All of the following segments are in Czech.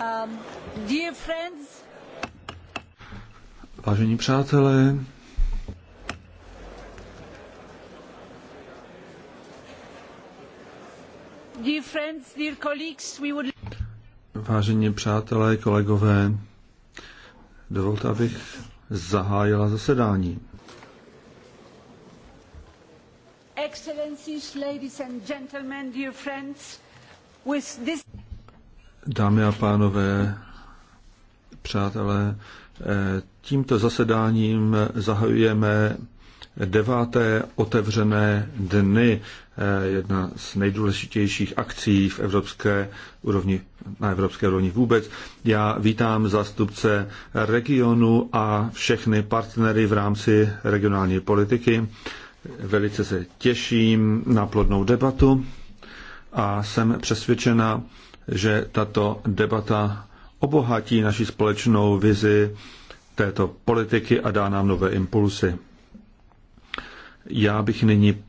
Um, dear friends. Vážení přátelé, dear friends, dear colleagues, we would... Vážení přátelé, kolegové, dovolte, abych zahájila zasedání. Excellencies, ladies and gentlemen, dear friends, with this... Dámy a pánové, přátelé, eh, tímto zasedáním zahajujeme deváté otevřené dny, eh, jedna z nejdůležitějších akcí v evropské úrovni, na evropské úrovni vůbec. Já vítám zástupce regionu a všechny partnery v rámci regionální politiky. Velice se těším na plodnou debatu a jsem přesvědčena, že tato debata obohatí naši společnou vizi této politiky a dá nám nové impulsy. Já bych nyní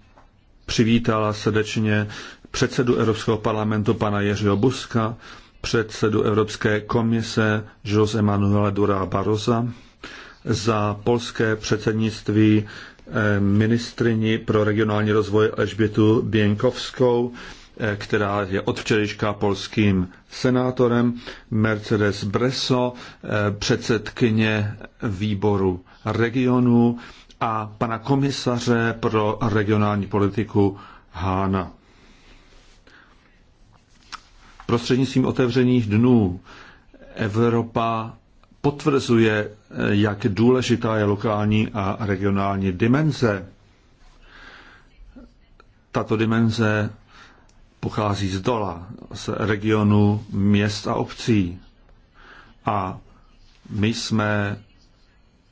přivítala srdečně předsedu Evropského parlamentu pana Jiřího Buska, předsedu Evropské komise Jose Manuela Dura Barroza, za polské předsednictví eh, ministrini pro regionální rozvoj Elžbětu Běnkovskou Eh, která je od včerejška polským senátorem, Mercedes Breso, eh, předsedkyně výboru regionu a pana komisaře pro regionální politiku Hána. Prostřednictvím otevřených dnů Evropa potvrzuje, eh, jak důležitá je lokální a regionální dimenze. Tato dimenze pochází z dola, z regionu měst a obcí. A my jsme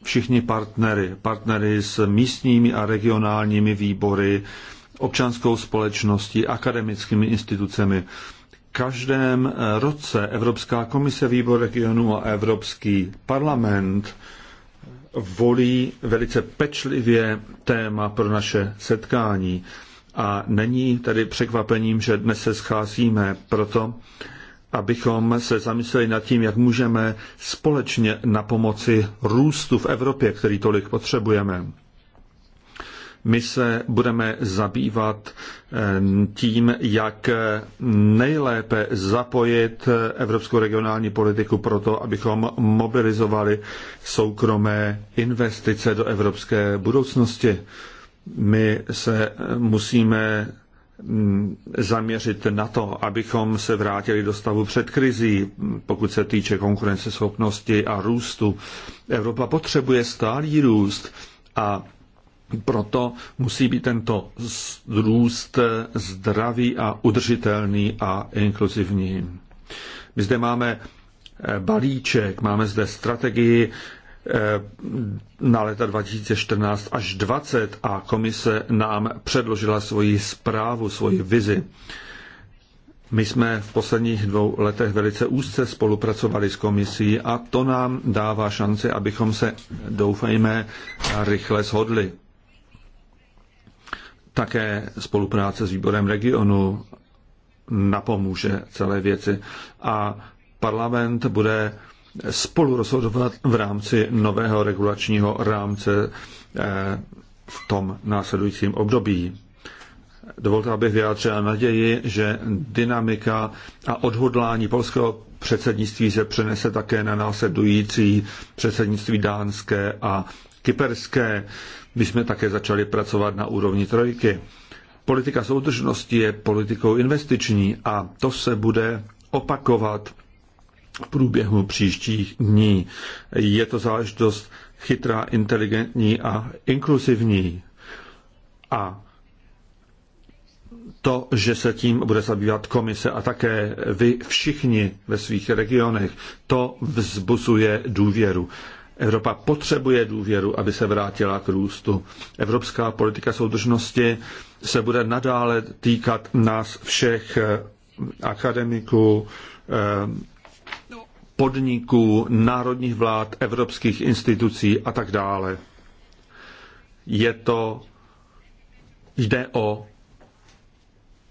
všichni partnery, partnery s místními a regionálními výbory, občanskou společností, akademickými institucemi. Každém roce Evropská komise výbor regionu a Evropský parlament volí velice pečlivě téma pro naše setkání. A není tedy překvapením, že dnes se scházíme proto, abychom se zamysleli nad tím, jak můžeme společně na pomoci růstu v Evropě, který tolik potřebujeme. My se budeme zabývat eh, tím, jak nejlépe zapojit evropskou regionální politiku pro to, abychom mobilizovali soukromé investice do evropské budoucnosti. My se eh, musíme mm, zaměřit na to, abychom se vrátili do stavu před krizí, pokud se týče konkurenceschopnosti a růstu. Evropa potřebuje stálý růst a proto musí být tento růst eh, zdravý a udržitelný a inkluzivní. My zde máme eh, balíček, máme zde strategii Eh, na leta 2014 až 2020 a komise nám předložila svoji zprávu, svoji vizi. My jsme v posledních dvou letech velice úzce spolupracovali s komisí a to nám dává šanci, abychom se, doufejme, rychle shodli. Také spolupráce s výborem regionu napomůže celé věci a parlament bude spolu rozhodovat v rámci nového regulačního rámce eh, v tom následujícím období. Dovolte, abych vyjádřil naději, že dynamika a odhodlání polského předsednictví se přenese také na následující předsednictví dánské a kyperské. My jsme také začali pracovat na úrovni trojky. Politika soudržnosti je politikou investiční a to se bude opakovat v průběhu příštích dní. Je to záležitost chytrá, inteligentní a inkluzivní. A to, že se tím bude zabývat komise a také vy všichni ve svých regionech, to vzbuzuje důvěru. Evropa potřebuje důvěru, aby se vrátila k růstu. Evropská politika soudržnosti se bude nadále týkat nás všech eh, akademiků, eh, podniků, národních vlád, evropských institucí a tak dále. Je to, jde o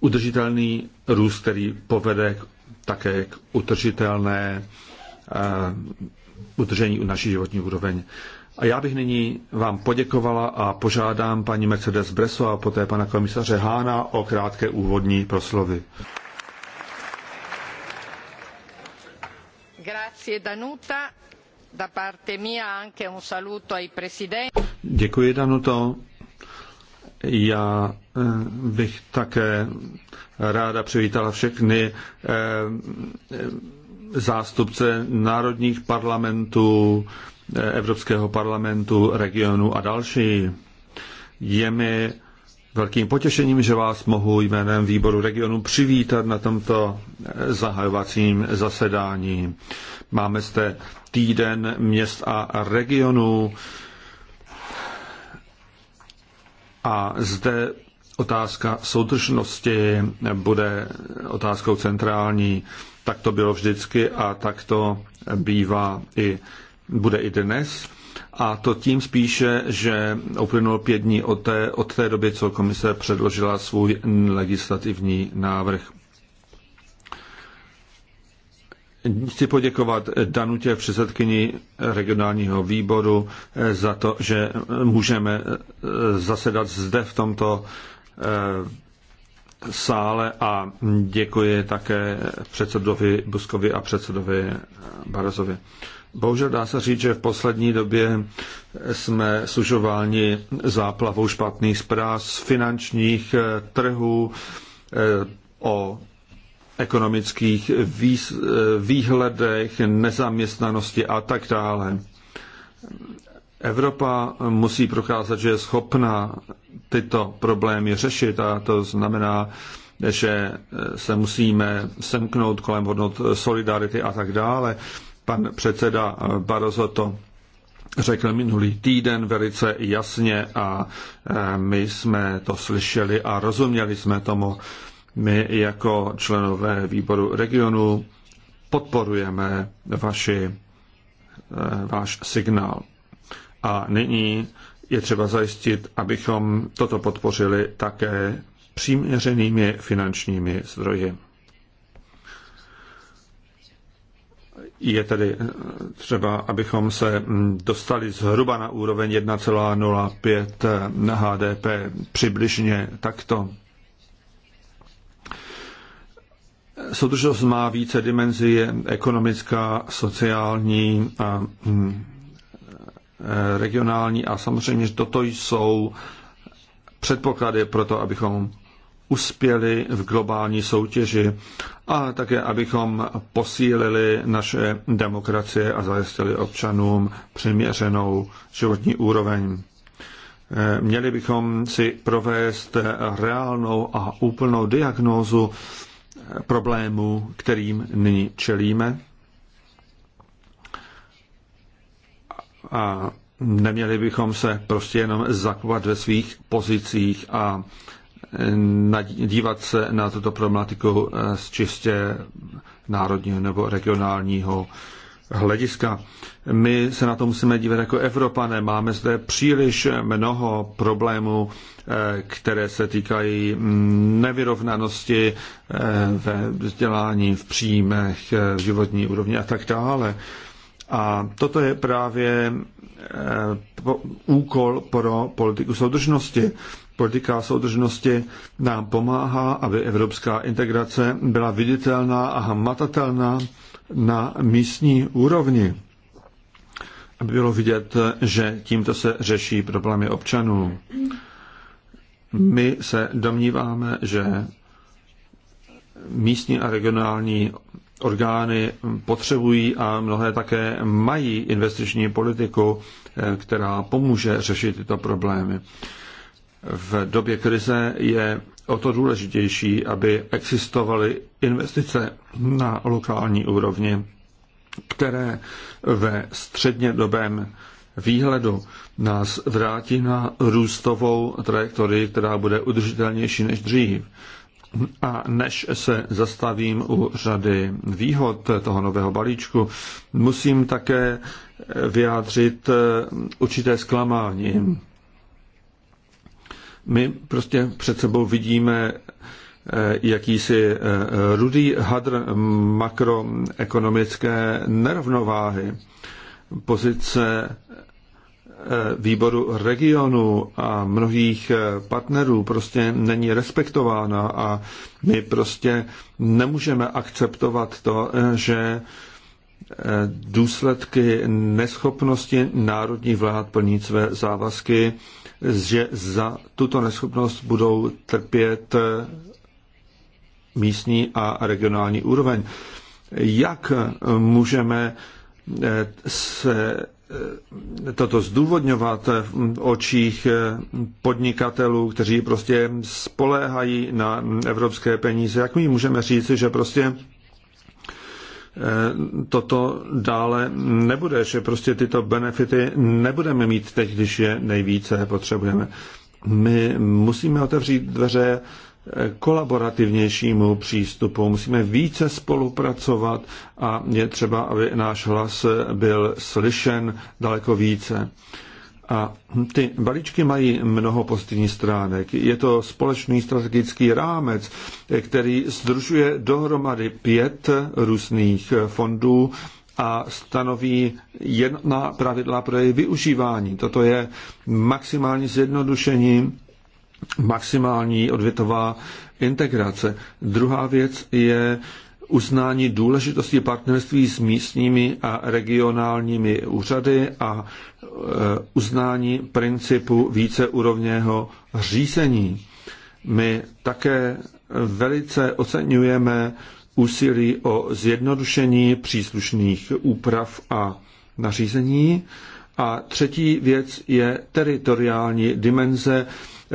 udržitelný růst, který povede také k utržitelné uh, udržení naší životní úroveň. A já bych nyní vám poděkovala a požádám paní Mercedes Breso a poté pana komisaře Hána o krátké úvodní proslovy. Danuta. Děkuji Danuto. Já eh, bych také ráda přivítala všechny eh, eh, zástupce národních parlamentů, Evropského parlamentu, regionu a další. Je mi velkým potěšením, že vás mohu jménem výboru regionu přivítat na tomto eh, zahajovacím zasedání. Máme zde týden měst a regionů a zde otázka soudržnosti bude otázkou centrální. Tak to bylo vždycky a tak to bývá i bude i dnes. A to tím spíše, že uplynulo pět dní od té, od té doby, co komise předložila svůj legislativní návrh. Chci poděkovat Danutě, předsedkyni regionálního výboru, za to, že můžeme zasedat zde v tomto eh, sále a děkuji také předsedovi Buskovi a předsedovi Barazovi. Bohužel dá se říct, že v poslední době jsme služováni záplavou špatných zpráv z finančních eh, trhů eh, o ekonomických eh, výhledech, nezaměstnanosti a tak dále. Evropa musí prokázat, že je schopna tyto problémy řešit a to znamená, že se musíme semknout kolem hodnot solidarity a tak dále, Pan předseda Barozo to řekl minulý týden velice jasně a e, my jsme to slyšeli a rozuměli jsme tomu. My jako členové výboru regionu podporujeme vaši, e, váš signál. A nyní je třeba zajistit, abychom toto podpořili také příměřenými finančními zdroji. Je tedy eh, třeba, abychom se mm, dostali zhruba na úroveň 1,05 na HDP, přibližně takto. Soudržnost má více dimenzí, ekonomická, sociální a mm, eh, regionální a samozřejmě, že toto jsou předpoklady pro to, abychom uspěli v globální soutěži a také, abychom posílili naše demokracie a zajistili občanům přiměřenou životní úroveň. Eh, měli bychom si provést reálnou a úplnou diagnózu eh, problémů, kterým nyní čelíme. A neměli bychom se prostě jenom zakovat ve svých pozicích a dívat se na tuto problematiku eh, z čistě národního nebo regionálního hlediska. My se na to musíme dívat jako Evropané. Máme zde příliš mnoho problémů, eh, které se týkají mm, nevyrovnanosti eh, ve vzdělání, v příjmech, v životní úrovni a tak dále. A toto je právě úkol pro politiku soudržnosti politika soudržnosti nám pomáhá, aby evropská integrace byla viditelná a hmatatelná na místní úrovni, aby bylo vidět, že tímto se řeší problémy občanů. My se domníváme, že místní a regionální orgány potřebují a mnohé také mají investiční politiku, která pomůže řešit tyto problémy. V době krize je o to důležitější, aby existovaly investice na lokální úrovni, které ve středně dobém výhledu nás vrátí na růstovou trajektorii, která bude udržitelnější než dřív. A než se zastavím u řady výhod toho nového balíčku, musím také vyjádřit určité zklamání my prostě před sebou vidíme eh, jakýsi eh, rudý hadr makroekonomické nerovnováhy. Pozice eh, výboru regionu a mnohých partnerů prostě není respektována a my prostě nemůžeme akceptovat to, že důsledky neschopnosti národních vlád plnit své závazky že za tuto neschopnost budou trpět eh, místní a regionální úroveň. Jak eh, můžeme eh, se toto zdůvodňovat v očích podnikatelů, kteří prostě spoléhají na mm, evropské peníze. Jak my můžeme říci, že prostě Eh, toto dále nebude, že prostě tyto benefity nebudeme mít teď, když je nejvíce potřebujeme. My musíme otevřít dveře eh, kolaborativnějšímu přístupu, musíme více spolupracovat a je třeba, aby náš hlas byl slyšen daleko více. A ty balíčky mají mnoho pozitivních stránek. Je to společný strategický rámec, který združuje dohromady pět různých fondů a stanoví jedna pravidla pro jejich využívání. Toto je maximální zjednodušení, maximální odvětová integrace. Druhá věc je uznání důležitosti partnerství s místními a regionálními úřady a e, uznání principu víceúrovněho řízení. My také velice oceňujeme úsilí o zjednodušení příslušných úprav a nařízení. A třetí věc je teritoriální dimenze,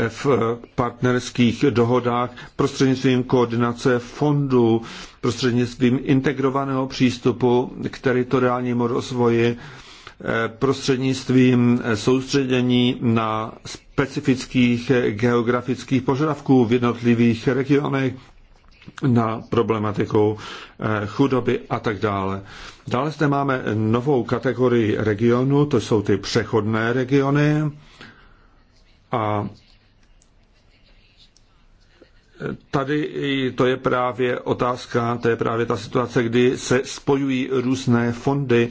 v partnerských dohodách prostřednictvím koordinace fondů, prostřednictvím integrovaného přístupu k teritoriálnímu rozvoji, eh, prostřednictvím soustředění na specifických geografických požadavků v jednotlivých regionech, na problematiku eh, chudoby a tak dále. Dále zde máme novou kategorii regionu, to jsou ty přechodné regiony a tady to je právě otázka, to je právě ta situace, kdy se spojují různé fondy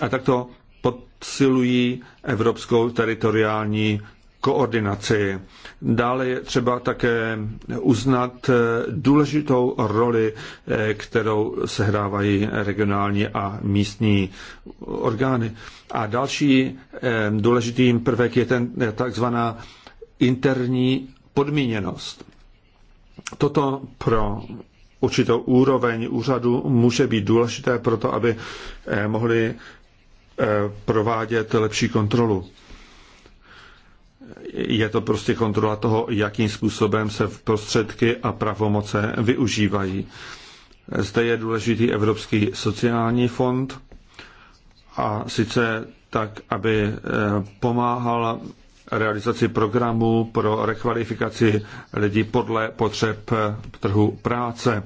a takto podsilují evropskou teritoriální koordinaci. Dále je třeba také uznat důležitou roli, eh, kterou sehrávají regionální a místní orgány. A další eh, důležitým prvek je ten eh, takzvaná interní podmíněnost. Toto pro určitou úroveň úřadu může být důležité pro to, aby eh, mohli eh, provádět lepší kontrolu. Je to prostě kontrola toho, jakým způsobem se prostředky a pravomoce využívají. Zde je důležitý Evropský sociální fond a sice tak, aby eh, pomáhal realizaci programů pro rekvalifikaci lidí podle potřeb trhu práce.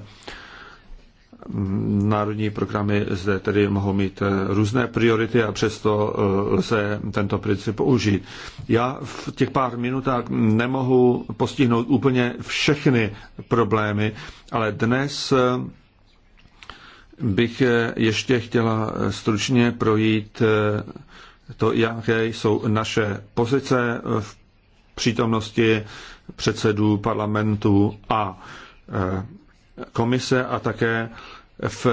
Národní programy zde tedy mohou mít různé priority a přesto eh, lze tento princip použít. Já v těch pár minutách nemohu postihnout úplně všechny problémy, ale dnes eh, bych eh, ještě chtěla stručně projít to, jaké jsou naše pozice v přítomnosti předsedů parlamentu a e, komise a také v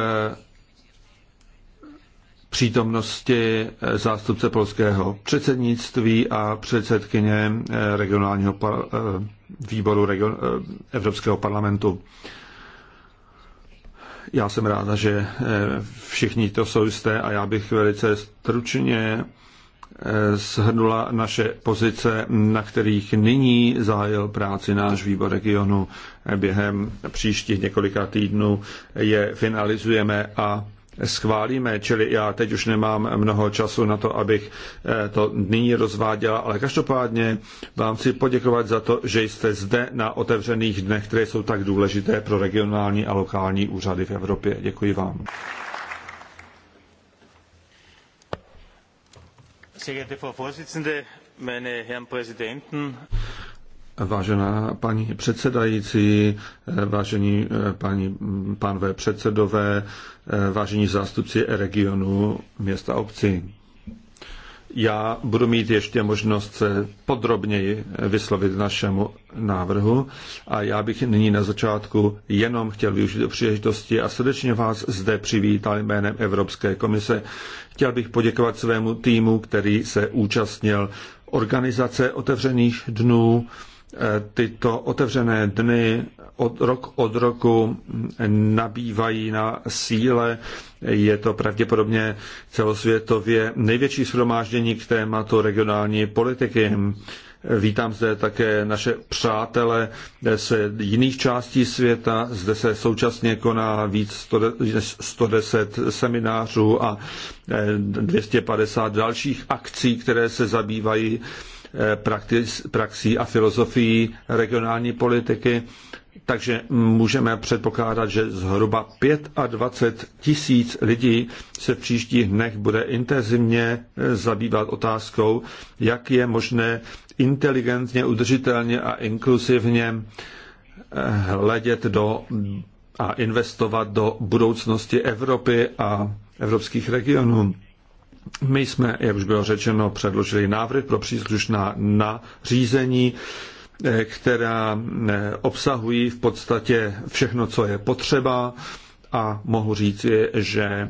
přítomnosti e, zástupce polského předsednictví a předsedkyně e, regionálního par- výboru region- Evropského parlamentu. Já jsem ráda, že všichni to jsou jisté a já bych velice stručně Eh, shrnula naše pozice, na kterých nyní zahájil práci náš výbor regionu během příštích několika týdnů. Je finalizujeme a schválíme, čili já teď už nemám mnoho času na to, abych eh, to nyní rozváděla, ale každopádně vám chci poděkovat za to, že jste zde na otevřených dnech, které jsou tak důležité pro regionální a lokální úřady v Evropě. Děkuji vám. Frau Vorsitzende, meine Herren Präsidenten. Vážená paní předsedající, vážení paní, pánové předsedové, vážení zástupci regionu města obcí já budu mít ještě možnost se podrobněji vyslovit našemu návrhu a já bych nyní na začátku jenom chtěl využít do příležitosti a srdečně vás zde přivítal jménem Evropské komise. Chtěl bych poděkovat svému týmu, který se účastnil organizace otevřených dnů. E, tyto otevřené dny od rok od roku nabývají na síle. Je to pravděpodobně celosvětově největší shromáždění k tématu regionální politiky. Vítám zde také naše přátele z jiných částí světa. Zde se současně koná víc než 110 seminářů a 250 eh, dalších akcí, které se zabývají eh, praxí a filozofií regionální politiky takže můžeme předpokládat, že zhruba 25 tisíc lidí se v příštích dnech bude intenzivně eh, zabývat otázkou, jak je možné inteligentně, udržitelně a inkluzivně eh, hledět do a investovat do budoucnosti Evropy a evropských regionů. My jsme, jak už bylo řečeno, předložili návrh pro příslušná nařízení. řízení která eh, obsahují v podstatě všechno, co je potřeba a mohu říct že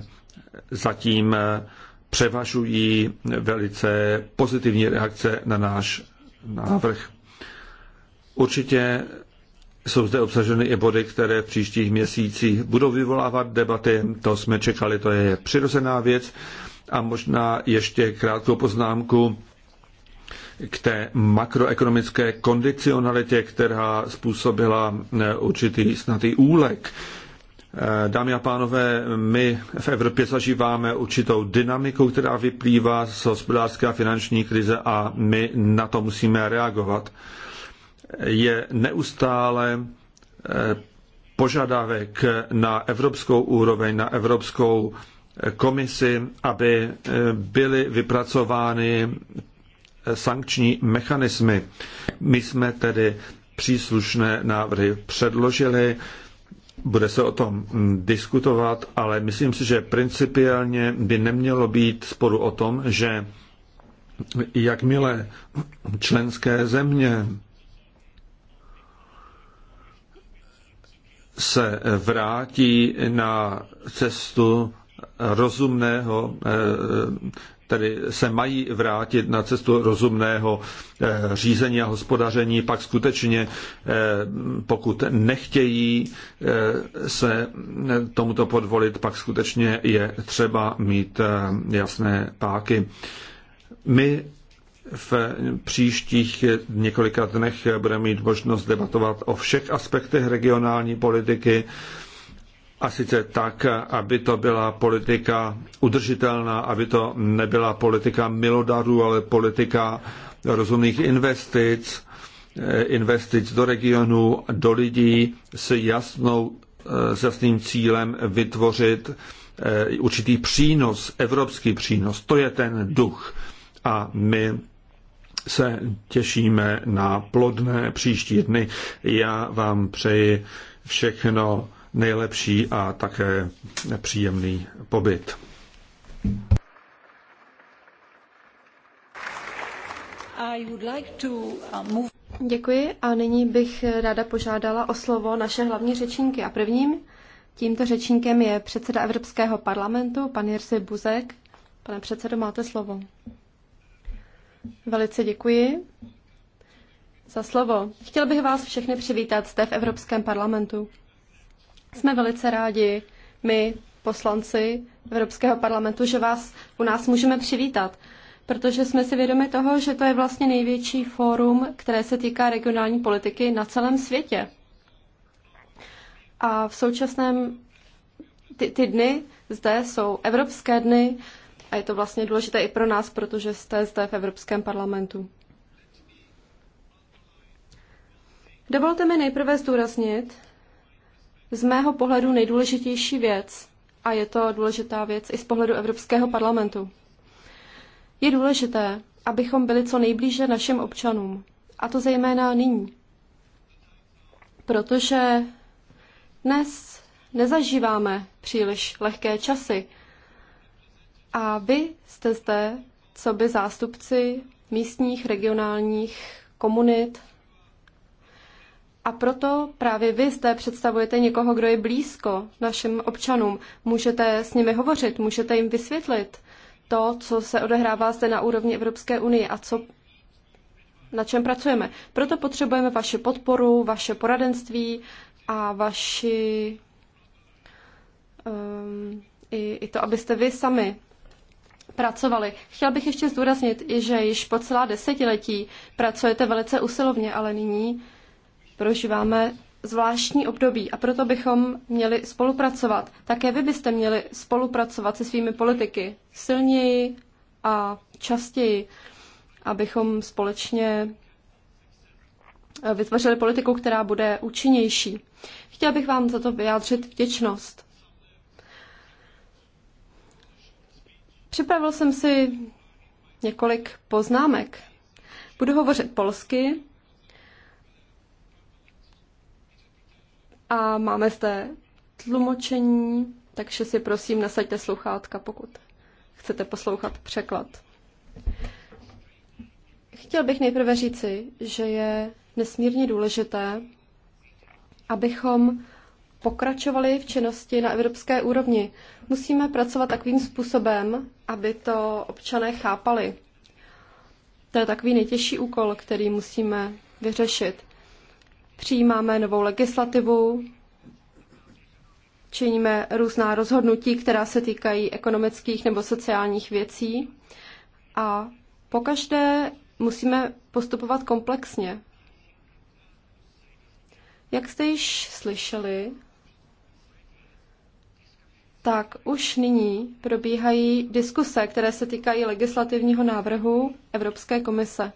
zatím eh, převažují velice pozitivní reakce na náš návrh. Určitě jsou zde obsaženy i body, které v příštích měsících budou vyvolávat debaty. To jsme čekali, to je přirozená věc. A možná ještě krátkou poznámku k té makroekonomické kondicionalitě, která způsobila eh, určitý snadý úlek. Eh, dámy a pánové, my v Evropě zažíváme určitou dynamiku, která vyplývá z hospodářské a finanční krize a my na to musíme reagovat. Je neustále eh, požadavek na evropskou úroveň, na evropskou komisi, aby byly vypracovány sankční mechanismy. My jsme tedy příslušné návrhy předložili, bude se o tom diskutovat, ale myslím si, že principiálně by nemělo být sporu o tom, že jakmile členské země se vrátí na cestu rozumného eh, tedy se mají vrátit na cestu rozumného eh, řízení a hospodaření, pak skutečně, eh, pokud nechtějí eh, se tomuto podvolit, pak skutečně je třeba mít jasné páky. My v příštích několika dnech budeme mít možnost debatovat o všech aspektech regionální politiky. A sice tak, aby to byla politika udržitelná, aby to nebyla politika milodarů, ale politika rozumných investic, eh, investic do regionu, do lidí s, jasnou, eh, s jasným cílem vytvořit eh, určitý přínos, evropský přínos. To je ten duch. A my se těšíme na plodné příští dny. Já vám přeji všechno nejlepší a také příjemný pobyt. Uh, děkuji a nyní bych ráda požádala o slovo naše hlavní řečníky. A prvním tímto řečníkem je předseda Evropského parlamentu, pan Jerzy Buzek. Pane předsedo, máte slovo. Velice děkuji za slovo. Chtěl bych vás všechny přivítat zde v Evropském parlamentu. Jsme velice rádi, my poslanci Evropského parlamentu, že vás u nás můžeme přivítat, protože jsme si vědomi toho, že to je vlastně největší fórum, které se týká regionální politiky na celém světě. A v současném ty, ty dny zde jsou evropské dny a je to vlastně důležité i pro nás, protože jste zde v Evropském parlamentu. Dovolte mi nejprve zdůraznit, z mého pohledu nejdůležitější věc, a je to důležitá věc i z pohledu Evropského parlamentu. Je důležité, abychom byli co nejblíže našim občanům, a to zejména nyní. Protože dnes nezažíváme příliš lehké časy. A vy jste zde, co by zástupci místních, regionálních komunit, a proto právě vy zde představujete někoho, kdo je blízko našim občanům. Můžete s nimi hovořit, můžete jim vysvětlit to, co se odehrává zde na úrovni Evropské unie a co, na čem pracujeme. Proto potřebujeme vaši podporu, vaše poradenství a vaši um, i, i to, abyste vy sami pracovali. Chtěl bych ještě zdůraznit, že již po celá desetiletí pracujete velice usilovně, ale nyní prožíváme zvláštní období a proto bychom měli spolupracovat. Také vy byste měli spolupracovat se svými politiky silněji a častěji, abychom společně eh, vytvořili politiku, která bude účinnější. Chtěla bych vám za to vyjádřit vděčnost. Připravil jsem si několik poznámek. Budu hovořit polsky, A máme zde tlumočení, takže si prosím nasaďte sluchátka, pokud chcete poslouchat překlad. Chtěl bych nejprve říci, že je nesmírně důležité, abychom pokračovali v činnosti na evropské úrovni. Musíme pracovat takovým způsobem, aby to občané chápali. To je takový nejtěžší úkol, který musíme vyřešit přijímáme novou legislativu, činíme různá rozhodnutí, která se týkají ekonomických nebo sociálních věcí a pokaždé musíme postupovat komplexně. Jak jste již slyšeli, tak už nyní probíhají diskuse, které se týkají legislativního návrhu Evropské komise.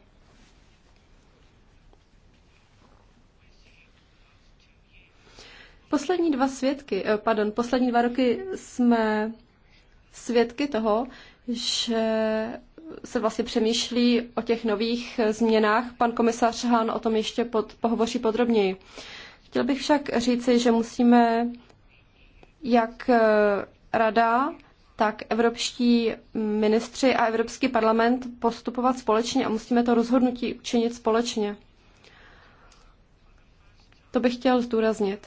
Poslední dva svědky, eh, pardon, poslední dva roky jsme svědky toho, že se vlastně přemýšlí o těch nových eh, změnách. Pan komisař Hán o tom ještě pod, pohovoří podrobněji. Chtěl bych však říci, že musíme jak eh, rada, tak evropští ministři a Evropský parlament postupovat společně a musíme to rozhodnutí učinit společně. To bych chtěl zdůraznit.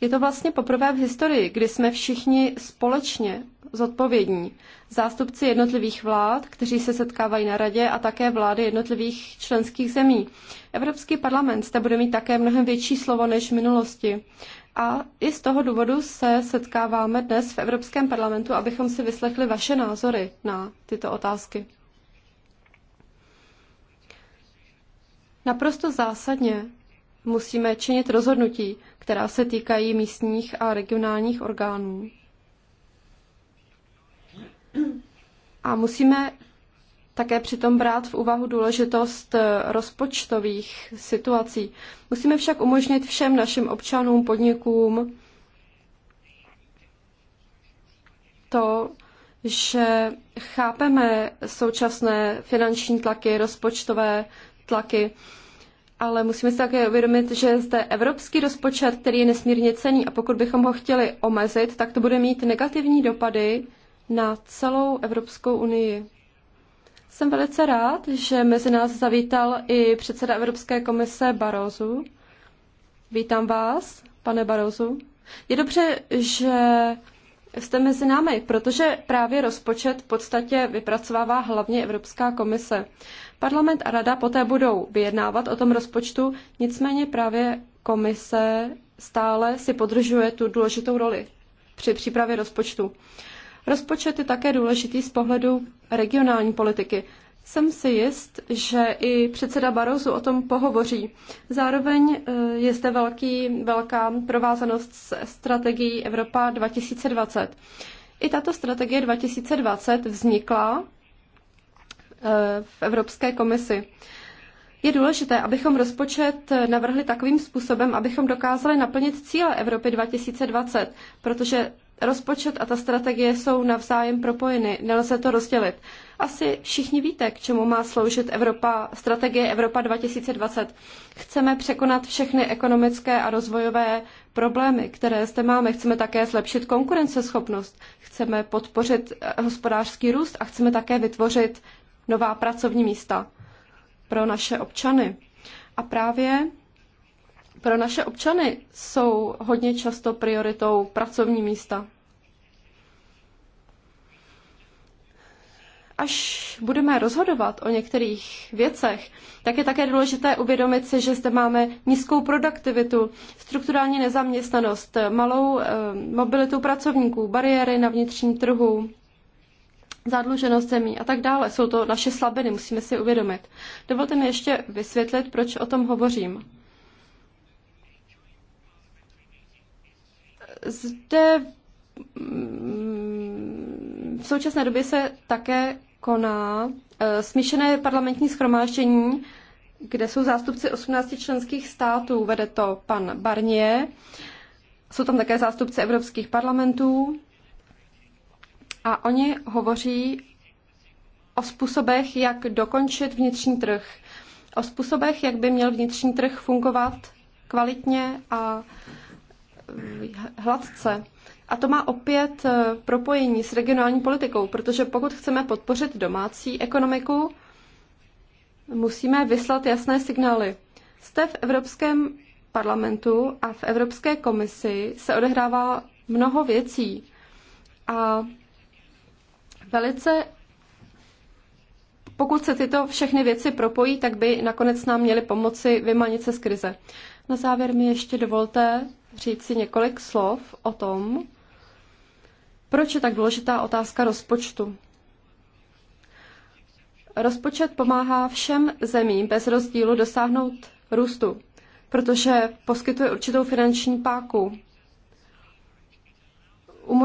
Je to vlastně poprvé v historii, kdy jsme všichni společně zodpovědní. Zástupci jednotlivých vlád, kteří se setkávají na radě a také vlády jednotlivých členských zemí. Evropský parlament zde bude mít také mnohem větší slovo než v minulosti. A i z toho důvodu se setkáváme dnes v Evropském parlamentu, abychom si vyslechli vaše názory na tyto otázky. Naprosto zásadně musíme činit rozhodnutí, která se týkají místních a regionálních orgánů. A musíme také přitom brát v úvahu důležitost eh, rozpočtových situací. Musíme však umožnit všem našim občanům, podnikům to, že chápeme současné finanční tlaky, rozpočtové tlaky ale musíme si také uvědomit, že zde evropský rozpočet, který je nesmírně cený a pokud bychom ho chtěli omezit, tak to bude mít negativní dopady na celou Evropskou unii. Jsem velice rád, že mezi nás zavítal i předseda Evropské komise Barozu. Vítám vás, pane Barozu. Je dobře, že jste mezi námi, protože právě rozpočet v podstatě vypracovává hlavně Evropská komise. Parlament a rada poté budou vyjednávat o tom rozpočtu, nicméně právě komise stále si podržuje tu důležitou roli při přípravě rozpočtu. Rozpočet je také důležitý z pohledu regionální politiky. Jsem si jist, že i předseda Barozu o tom pohovoří. Zároveň e, je zde velký, velká provázanost s strategií Evropa 2020. I tato strategie 2020 vznikla v Evropské komisi. Je důležité, abychom rozpočet navrhli takovým způsobem, abychom dokázali naplnit cíle Evropy 2020, protože rozpočet a ta strategie jsou navzájem propojeny, nelze to rozdělit. Asi všichni víte, k čemu má sloužit Evropa, strategie Evropa 2020. Chceme překonat všechny ekonomické a rozvojové problémy, které zde máme. Chceme také zlepšit konkurenceschopnost, chceme podpořit hospodářský růst a chceme také vytvořit nová pracovní místa pro naše občany. A právě pro naše občany jsou hodně často prioritou pracovní místa. Až budeme rozhodovat o některých věcech, tak je také důležité uvědomit si, že zde máme nízkou produktivitu, strukturální nezaměstnanost, malou eh, mobilitu pracovníků, bariéry na vnitřním trhu, zadluženost zemí a tak dále. Jsou to naše slabiny, musíme si uvědomit. Dovolte mi ještě vysvětlit, proč o tom hovořím. Zde mm, v současné době se také koná eh, smíšené parlamentní schromáždění, kde jsou zástupci 18 členských států. Vede to pan Barnier. Jsou tam také zástupci evropských parlamentů a oni hovoří o způsobech, jak dokončit vnitřní trh, o způsobech, jak by měl vnitřní trh fungovat kvalitně a hladce. A to má opět eh, propojení s regionální politikou, protože pokud chceme podpořit domácí ekonomiku, musíme vyslat jasné signály. Jste v Evropském parlamentu a v Evropské komisi se odehrává mnoho věcí. A Velice pokud se tyto všechny věci propojí, tak by nakonec nám měly pomoci vymanit se z krize. Na závěr mi ještě dovolte říct si několik slov o tom, proč je tak důležitá otázka rozpočtu. Rozpočet pomáhá všem zemím bez rozdílu dosáhnout růstu, protože poskytuje určitou finanční páku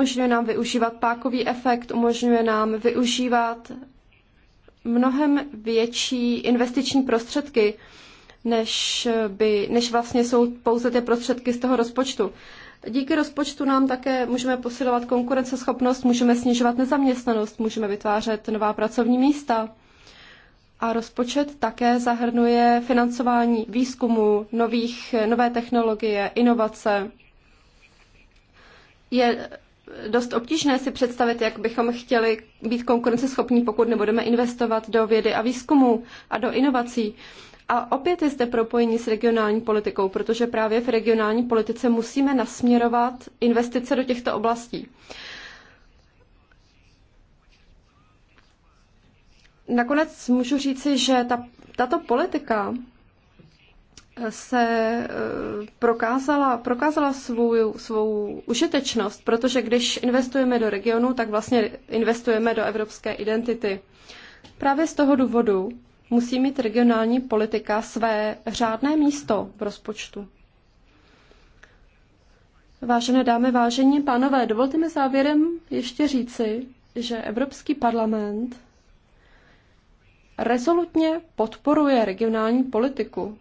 umožňuje nám využívat pákový efekt, umožňuje nám využívat mnohem větší investiční prostředky, než, by, než vlastně jsou pouze ty prostředky z toho rozpočtu. Díky rozpočtu nám také můžeme posilovat konkurenceschopnost, můžeme snižovat nezaměstnanost, můžeme vytvářet nová pracovní místa. A rozpočet také zahrnuje financování výzkumu, nových, nové technologie, inovace. Je dost obtížné si představit, jak bychom chtěli být konkurenceschopní, pokud nebudeme investovat do vědy a výzkumu a do inovací. A opět je zde propojení s regionální politikou, protože právě v regionální politice musíme nasměrovat investice do těchto oblastí. Nakonec můžu říci, že ta, tato politika se eh, prokázala, prokázala svou, svou užitečnost, protože když investujeme do regionu, tak vlastně investujeme do evropské identity. Právě z toho důvodu musí mít regionální politika své řádné místo v rozpočtu. Vážené dámy, vážení pánové, dovolte mi závěrem ještě říci, že Evropský parlament rezolutně podporuje regionální politiku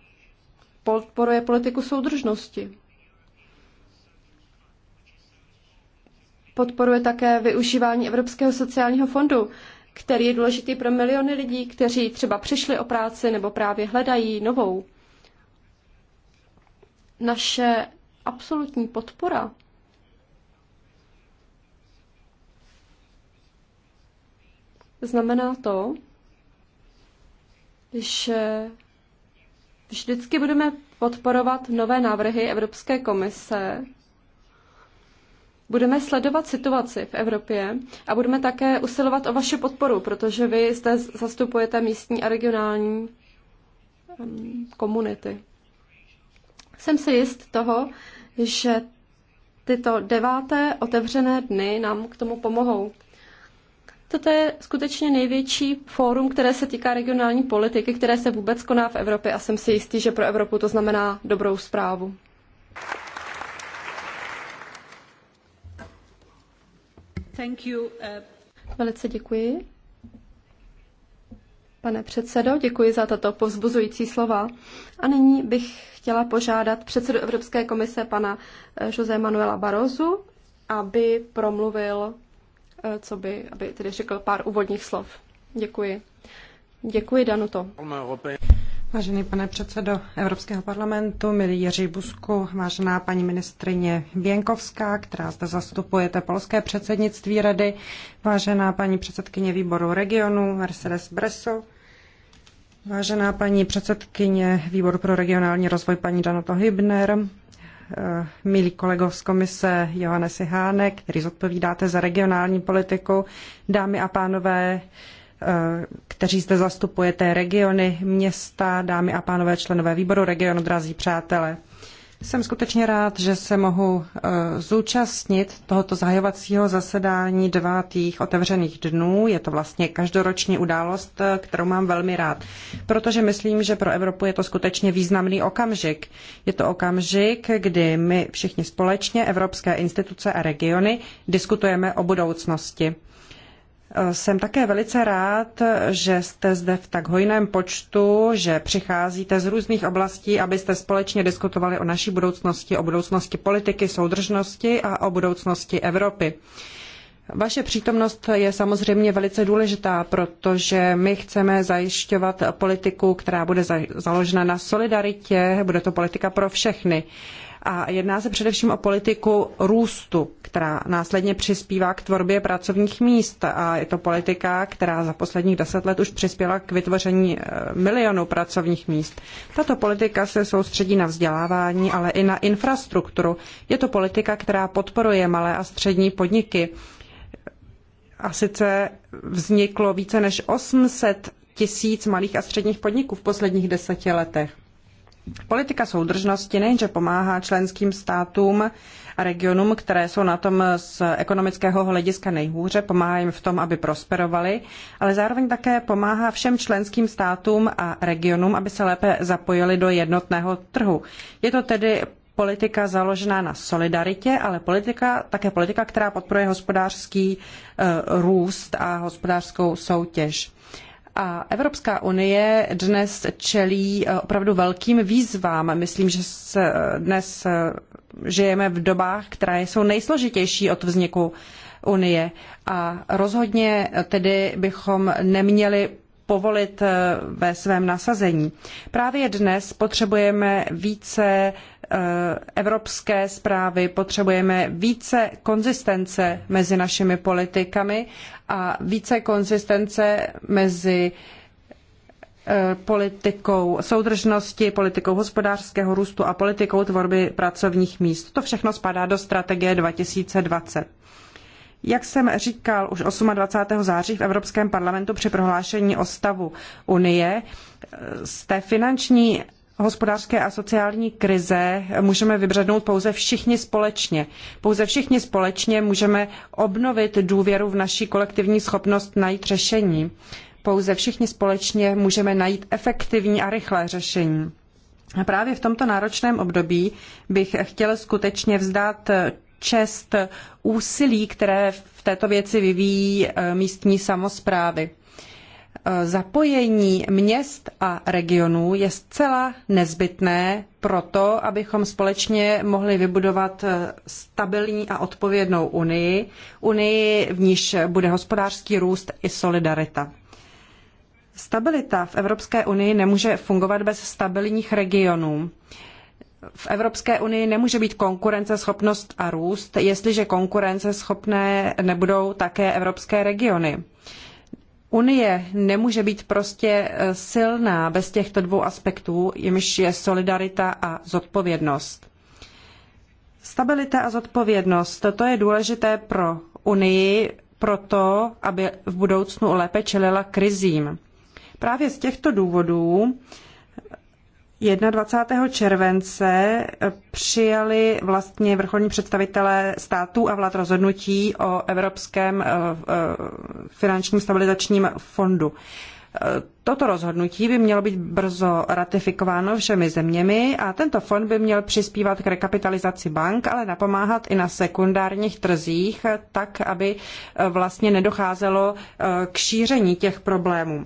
podporuje politiku soudržnosti. Podporuje také využívání Evropského sociálního fondu, který je důležitý pro miliony lidí, kteří třeba přišli o práci nebo právě hledají novou. Naše absolutní podpora znamená to, že Vždycky budeme podporovat nové návrhy Evropské komise. Budeme sledovat situaci v Evropě a budeme také usilovat o vaši podporu, protože vy zde zastupujete místní a regionální komunity. Jsem si jist toho, že tyto deváté otevřené dny nám k tomu pomohou. Toto je skutečně největší fórum, které se týká regionální politiky, které se vůbec koná v Evropě a jsem si jistý, že pro Evropu to znamená dobrou zprávu. Thank you. Uh, Velice děkuji. Pane předsedo, děkuji za tato povzbuzující slova. A nyní bych chtěla požádat předsedu Evropské komise pana eh, Jose Manuela Barozu, aby promluvil Eh, co by, aby tedy řekl pár úvodních slov. Děkuji. Děkuji, Danuto. Vážený pane předsedo Evropského parlamentu, milý Jiří Busku, vážená paní ministrině Věnkovská, která zde zastupujete polské předsednictví rady, vážená paní předsedkyně výboru regionu Mercedes Breso, vážená paní předsedkyně výboru pro regionální rozvoj paní Danuto Hybner, Eh, milý kolego z komise Johannesi Háne, který zodpovídáte za regionální politiku, dámy a pánové, eh, kteří zde zastupujete regiony, města, dámy a pánové členové výboru regionu, drazí přátelé. Jsem skutečně rád, že se mohu eh, zúčastnit tohoto zahajovacího zasedání devátých otevřených dnů. Je to vlastně každoroční událost, eh, kterou mám velmi rád, protože myslím, že pro Evropu je to skutečně významný okamžik. Je to okamžik, kdy my všichni společně, evropské instituce a regiony, diskutujeme o budoucnosti. Jsem také velice rád, že jste zde v tak hojném počtu, že přicházíte z různých oblastí, abyste společně diskutovali o naší budoucnosti, o budoucnosti politiky soudržnosti a o budoucnosti Evropy. Vaše přítomnost je samozřejmě velice důležitá, protože my chceme zajišťovat politiku, která bude založena na solidaritě, bude to politika pro všechny. A jedná se především o politiku růstu, která následně přispívá k tvorbě pracovních míst. A je to politika, která za posledních deset let už přispěla k vytvoření eh, milionů pracovních míst. Tato politika se soustředí na vzdělávání, ale i na infrastrukturu. Je to politika, která podporuje malé a střední podniky. A sice vzniklo více než 800 tisíc malých a středních podniků v posledních deseti letech. Politika soudržnosti nejenže pomáhá členským státům a regionům, které jsou na tom z ekonomického hlediska nejhůře, pomáhá jim v tom, aby prosperovali, ale zároveň také pomáhá všem členským státům a regionům, aby se lépe zapojili do jednotného trhu. Je to tedy politika založená na solidaritě, ale politika, také politika, která podporuje hospodářský eh, růst a hospodářskou soutěž. A Evropská unie dnes čelí eh, opravdu velkým výzvám. Myslím, že se eh, dnes eh, žijeme v dobách, které jsou nejsložitější od vzniku Unie. A rozhodně tedy bychom neměli povolit eh, ve svém nasazení. Právě dnes potřebujeme více eh, evropské zprávy, potřebujeme více konzistence mezi našimi politikami a více konzistence mezi eh, politikou soudržnosti, politikou hospodářského růstu a politikou tvorby pracovních míst. To všechno spadá do strategie 2020. Jak jsem říkal už 28. září v Evropském parlamentu při prohlášení o stavu Unie, z té finanční hospodářské a sociální krize můžeme vybřednout pouze všichni společně. Pouze všichni společně můžeme obnovit důvěru v naši kolektivní schopnost najít řešení. Pouze všichni společně můžeme najít efektivní a rychlé řešení. A právě v tomto náročném období bych chtěl skutečně vzdát čest úsilí, které v této věci vyvíjí eh, místní samosprávy. Eh, zapojení měst a regionů je zcela nezbytné pro to, abychom společně mohli vybudovat eh, stabilní a odpovědnou unii, unii, v níž bude hospodářský růst i solidarita. Stabilita v Evropské unii nemůže fungovat bez stabilních regionů v Evropské unii nemůže být konkurenceschopnost a růst, jestliže konkurenceschopné nebudou také evropské regiony. Unie nemůže být prostě eh, silná bez těchto dvou aspektů, jimž je solidarita a zodpovědnost. Stabilita a zodpovědnost, to je důležité pro Unii, proto, aby v budoucnu lépe čelila krizím. Právě z těchto důvodů 21. července přijali vlastně vrcholní představitelé států a vlád rozhodnutí o Evropském eh, eh, finančním stabilizačním fondu. Eh, toto rozhodnutí by mělo být brzo ratifikováno všemi zeměmi a tento fond by měl přispívat k rekapitalizaci bank, ale napomáhat i na sekundárních trzích, tak aby vlastně nedocházelo k šíření těch problémů.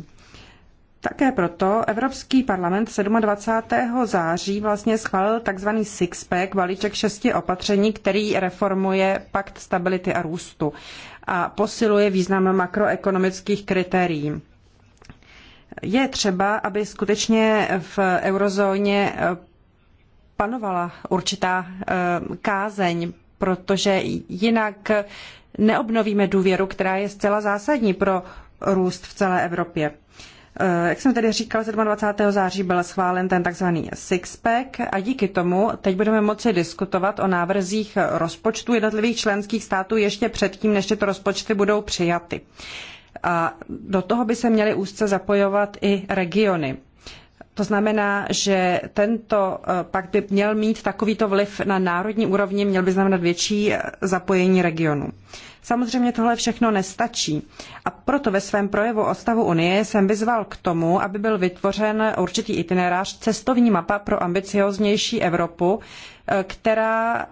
Také proto Evropský parlament 27. září vlastně schválil tzv. six-pack, balíček šesti opatření, který reformuje pakt stability a růstu a posiluje význam makroekonomických kritérií. Je třeba, aby skutečně v eurozóně eh, panovala určitá eh, kázeň, protože jinak neobnovíme důvěru, která je zcela zásadní pro růst v celé Evropě. Eh, jak jsem tedy říkal, 27. září byl schválen ten tzv. six-pack a díky tomu teď budeme moci diskutovat o návrzích rozpočtu jednotlivých členských států ještě předtím, než tyto rozpočty budou přijaty. A do toho by se měly úzce zapojovat i regiony. To znamená, že tento eh, pakt by měl mít takovýto vliv na národní úrovni, měl by znamenat větší eh, zapojení regionu. Samozřejmě tohle všechno nestačí a proto ve svém projevu o stavu Unie jsem vyzval k tomu, aby byl vytvořen určitý itinerář, cestovní mapa pro ambicioznější Evropu, eh, která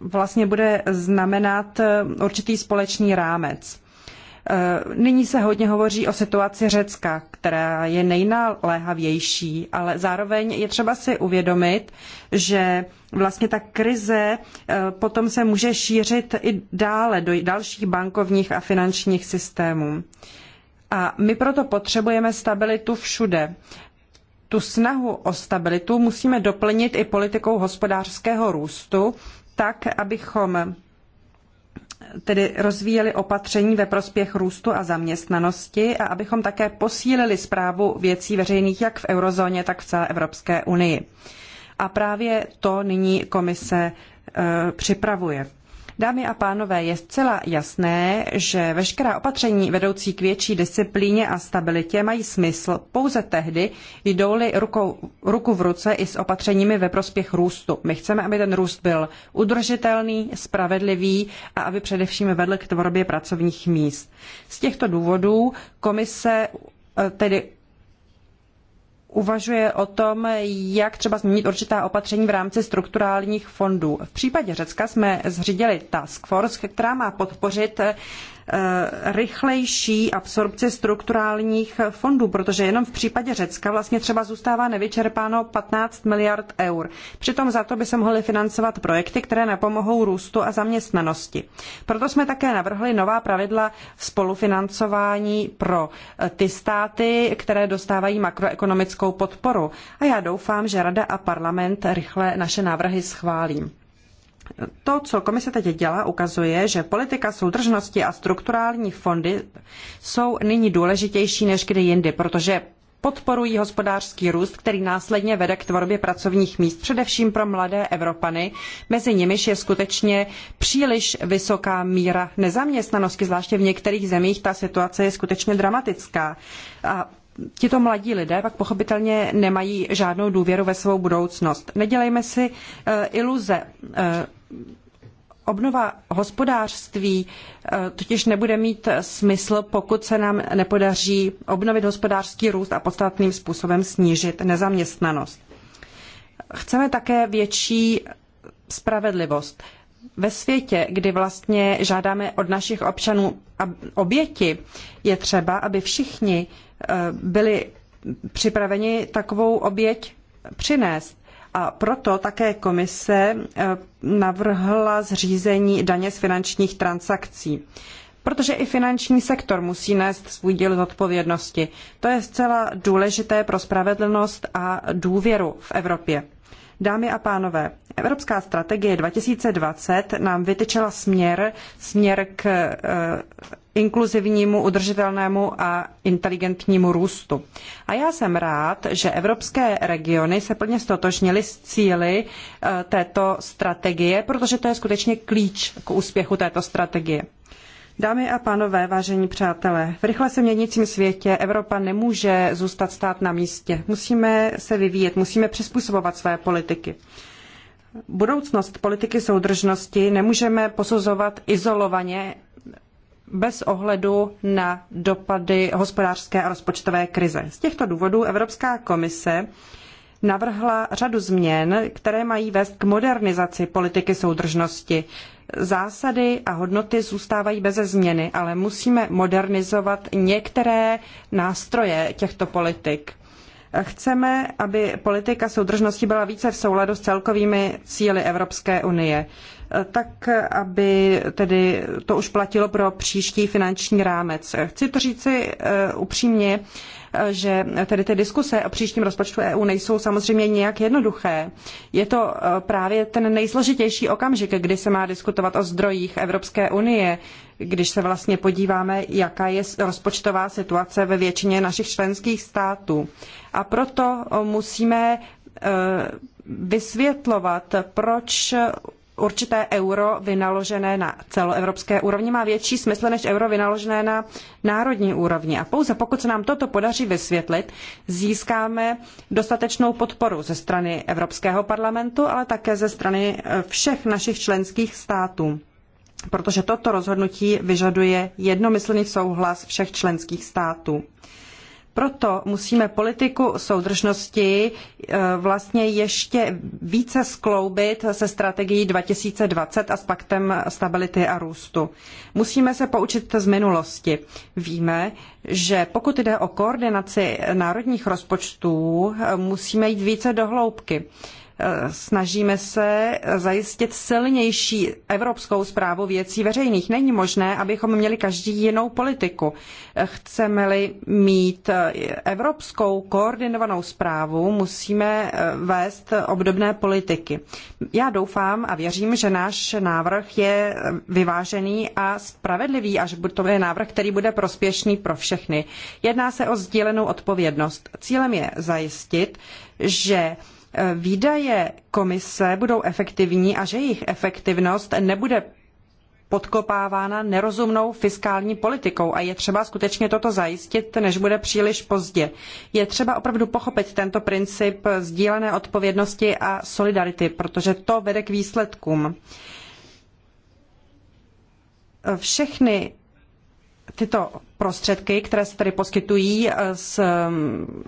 vlastně bude znamenat určitý společný rámec. Eh, nyní se hodně hovoří o situaci Řecka, která je nejnaléhavější, ale zároveň je třeba si uvědomit, že vlastně ta krize eh, potom se může šířit i dále do dalších bankovních a finančních systémů. A my proto potřebujeme stabilitu všude. Tu snahu o stabilitu musíme doplnit i politikou hospodářského růstu, tak, abychom tedy rozvíjeli opatření ve prospěch růstu a zaměstnanosti a abychom také posílili správu věcí veřejných jak v eurozóně, tak v celé Evropské unii. A právě to nyní komise eh, připravuje. Dámy a pánové, je zcela jasné, že veškerá opatření vedoucí k větší disciplíně a stabilitě mají smysl pouze tehdy, jdou-li rukou, ruku v ruce i s opatřeními ve prospěch růstu. My chceme, aby ten růst byl udržitelný, spravedlivý a aby především vedl k tvorbě pracovních míst. Z těchto důvodů komise tedy uvažuje o tom, jak třeba změnit určitá opatření v rámci strukturálních fondů. V případě Řecka jsme zřídili task force, která má podpořit Eh, rychlejší absorpce strukturálních fondů, protože jenom v případě Řecka vlastně třeba zůstává nevyčerpáno 15 miliard eur. Přitom za to by se mohly financovat projekty, které napomohou růstu a zaměstnanosti. Proto jsme také navrhli nová pravidla spolufinancování pro eh, ty státy, které dostávají makroekonomickou podporu. A já doufám, že Rada a parlament rychle naše návrhy schválí. To, co komise teď dělá, ukazuje, že politika soudržnosti a strukturální fondy jsou nyní důležitější než kdy jindy, protože podporují hospodářský růst, který následně vede k tvorbě pracovních míst, především pro mladé Evropany. Mezi nimiž je skutečně příliš vysoká míra nezaměstnanosti, zvláště v některých zemích ta situace je skutečně dramatická. A tito mladí lidé pak pochopitelně nemají žádnou důvěru ve svou budoucnost. Nedělejme si eh, iluze. Eh, obnova hospodářství eh, totiž nebude mít smysl, pokud se nám nepodaří obnovit hospodářský růst a podstatným způsobem snížit nezaměstnanost. Chceme také větší spravedlivost. Ve světě, kdy vlastně žádáme od našich občanů oběti, je třeba, aby všichni Eh, byli připraveni takovou oběť přinést. A proto také komise eh, navrhla zřízení daně z finančních transakcí. Protože i finanční sektor musí nést svůj díl zodpovědnosti. To je zcela důležité pro spravedlnost a důvěru v Evropě. Dámy a pánové, Evropská strategie 2020 nám vytyčila směr, směr k eh, inkluzivnímu, udržitelnému a inteligentnímu růstu. A já jsem rád, že evropské regiony se plně stotožnily s cíly eh, této strategie, protože to je skutečně klíč k úspěchu této strategie. Dámy a pánové, vážení přátelé, v rychle se měnícím světě Evropa nemůže zůstat stát na místě. Musíme se vyvíjet, musíme přizpůsobovat své politiky. Budoucnost politiky soudržnosti nemůžeme posuzovat izolovaně bez ohledu na dopady hospodářské a rozpočtové krize. Z těchto důvodů Evropská komise navrhla řadu změn, které mají vést k modernizaci politiky soudržnosti. Zásady a hodnoty zůstávají beze změny, ale musíme modernizovat některé nástroje těchto politik. Chceme, aby politika soudržnosti byla více v souladu s celkovými cíli Evropské unie, tak aby tedy to už platilo pro příští finanční rámec. Chci to říci eh, upřímně, že tedy ty diskuse o příštím rozpočtu EU nejsou samozřejmě nějak jednoduché. Je to eh, právě ten nejsložitější okamžik, kdy se má diskutovat o zdrojích Evropské unie, když se vlastně podíváme, jaká je rozpočtová situace ve většině našich členských států. A proto eh, musíme eh, vysvětlovat, proč určité euro vynaložené na celoevropské úrovni má větší smysl než euro vynaložené na národní úrovni. A pouze pokud se nám toto podaří vysvětlit, získáme dostatečnou podporu ze strany Evropského parlamentu, ale také ze strany eh, všech našich členských států. Protože toto rozhodnutí vyžaduje jednomyslný souhlas všech členských států. Proto musíme politiku soudržnosti eh, vlastně ještě více skloubit se strategií 2020 a s paktem stability a růstu. Musíme se poučit z minulosti. Víme, že pokud jde o koordinaci národních rozpočtů, eh, musíme jít více do hloubky snažíme se zajistit silnější evropskou zprávu věcí veřejných. Není možné, abychom měli každý jinou politiku. Chceme-li mít evropskou koordinovanou zprávu, musíme vést obdobné politiky. Já doufám a věřím, že náš návrh je vyvážený a spravedlivý, až to je návrh, který bude prospěšný pro všechny. Jedná se o sdílenou odpovědnost. Cílem je zajistit, že výdaje komise budou efektivní a že jejich efektivnost nebude podkopávána nerozumnou fiskální politikou a je třeba skutečně toto zajistit, než bude příliš pozdě. Je třeba opravdu pochopit tento princip sdílené odpovědnosti a solidarity, protože to vede k výsledkům. Všechny tyto prostředky, které se tedy poskytují eh, z mm,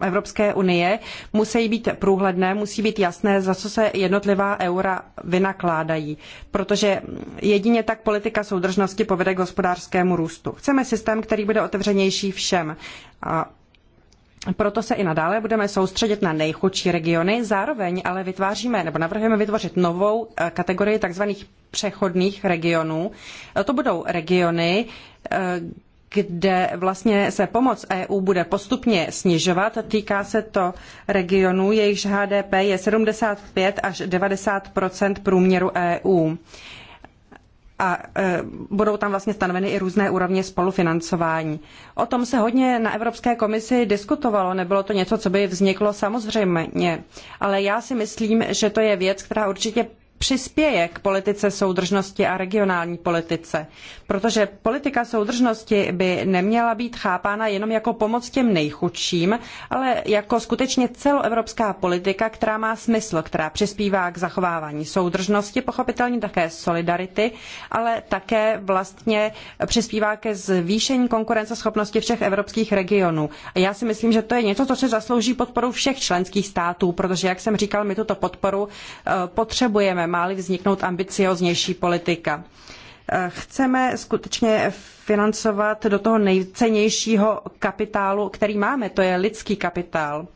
Evropské unie, musí být průhledné, musí být jasné, za co se jednotlivá eura vynakládají, protože jedině tak politika soudržnosti povede k hospodářskému růstu. Chceme systém, který bude otevřenější všem. A proto se i nadále budeme soustředit na nejchudší regiony, zároveň ale vytváříme nebo navrhujeme vytvořit novou eh, kategorii tzv. přechodných regionů. To budou regiony, eh, kde vlastně se pomoc EU bude postupně snižovat. Týká se to regionů, jejichž HDP je 75 až 90 průměru EU. A e, budou tam vlastně stanoveny i různé úrovně spolufinancování. O tom se hodně na Evropské komisi diskutovalo, nebylo to něco, co by vzniklo samozřejmě. Ale já si myslím, že to je věc, která určitě přispěje k politice soudržnosti a regionální politice. Protože politika soudržnosti by neměla být chápána jenom jako pomoc těm nejchudším, ale jako skutečně celoevropská politika, která má smysl, která přispívá k zachovávání soudržnosti, pochopitelně také solidarity, ale také vlastně přispívá ke zvýšení konkurenceschopnosti všech evropských regionů. A já si myslím, že to je něco, co se zaslouží podporu všech členských států, protože, jak jsem říkal, my tuto podporu eh, potřebujeme má-li vzniknout ambicioznější politika. Eh, chceme skutečně financovat do toho nejcennějšího kapitálu, který máme, to je lidský kapitál.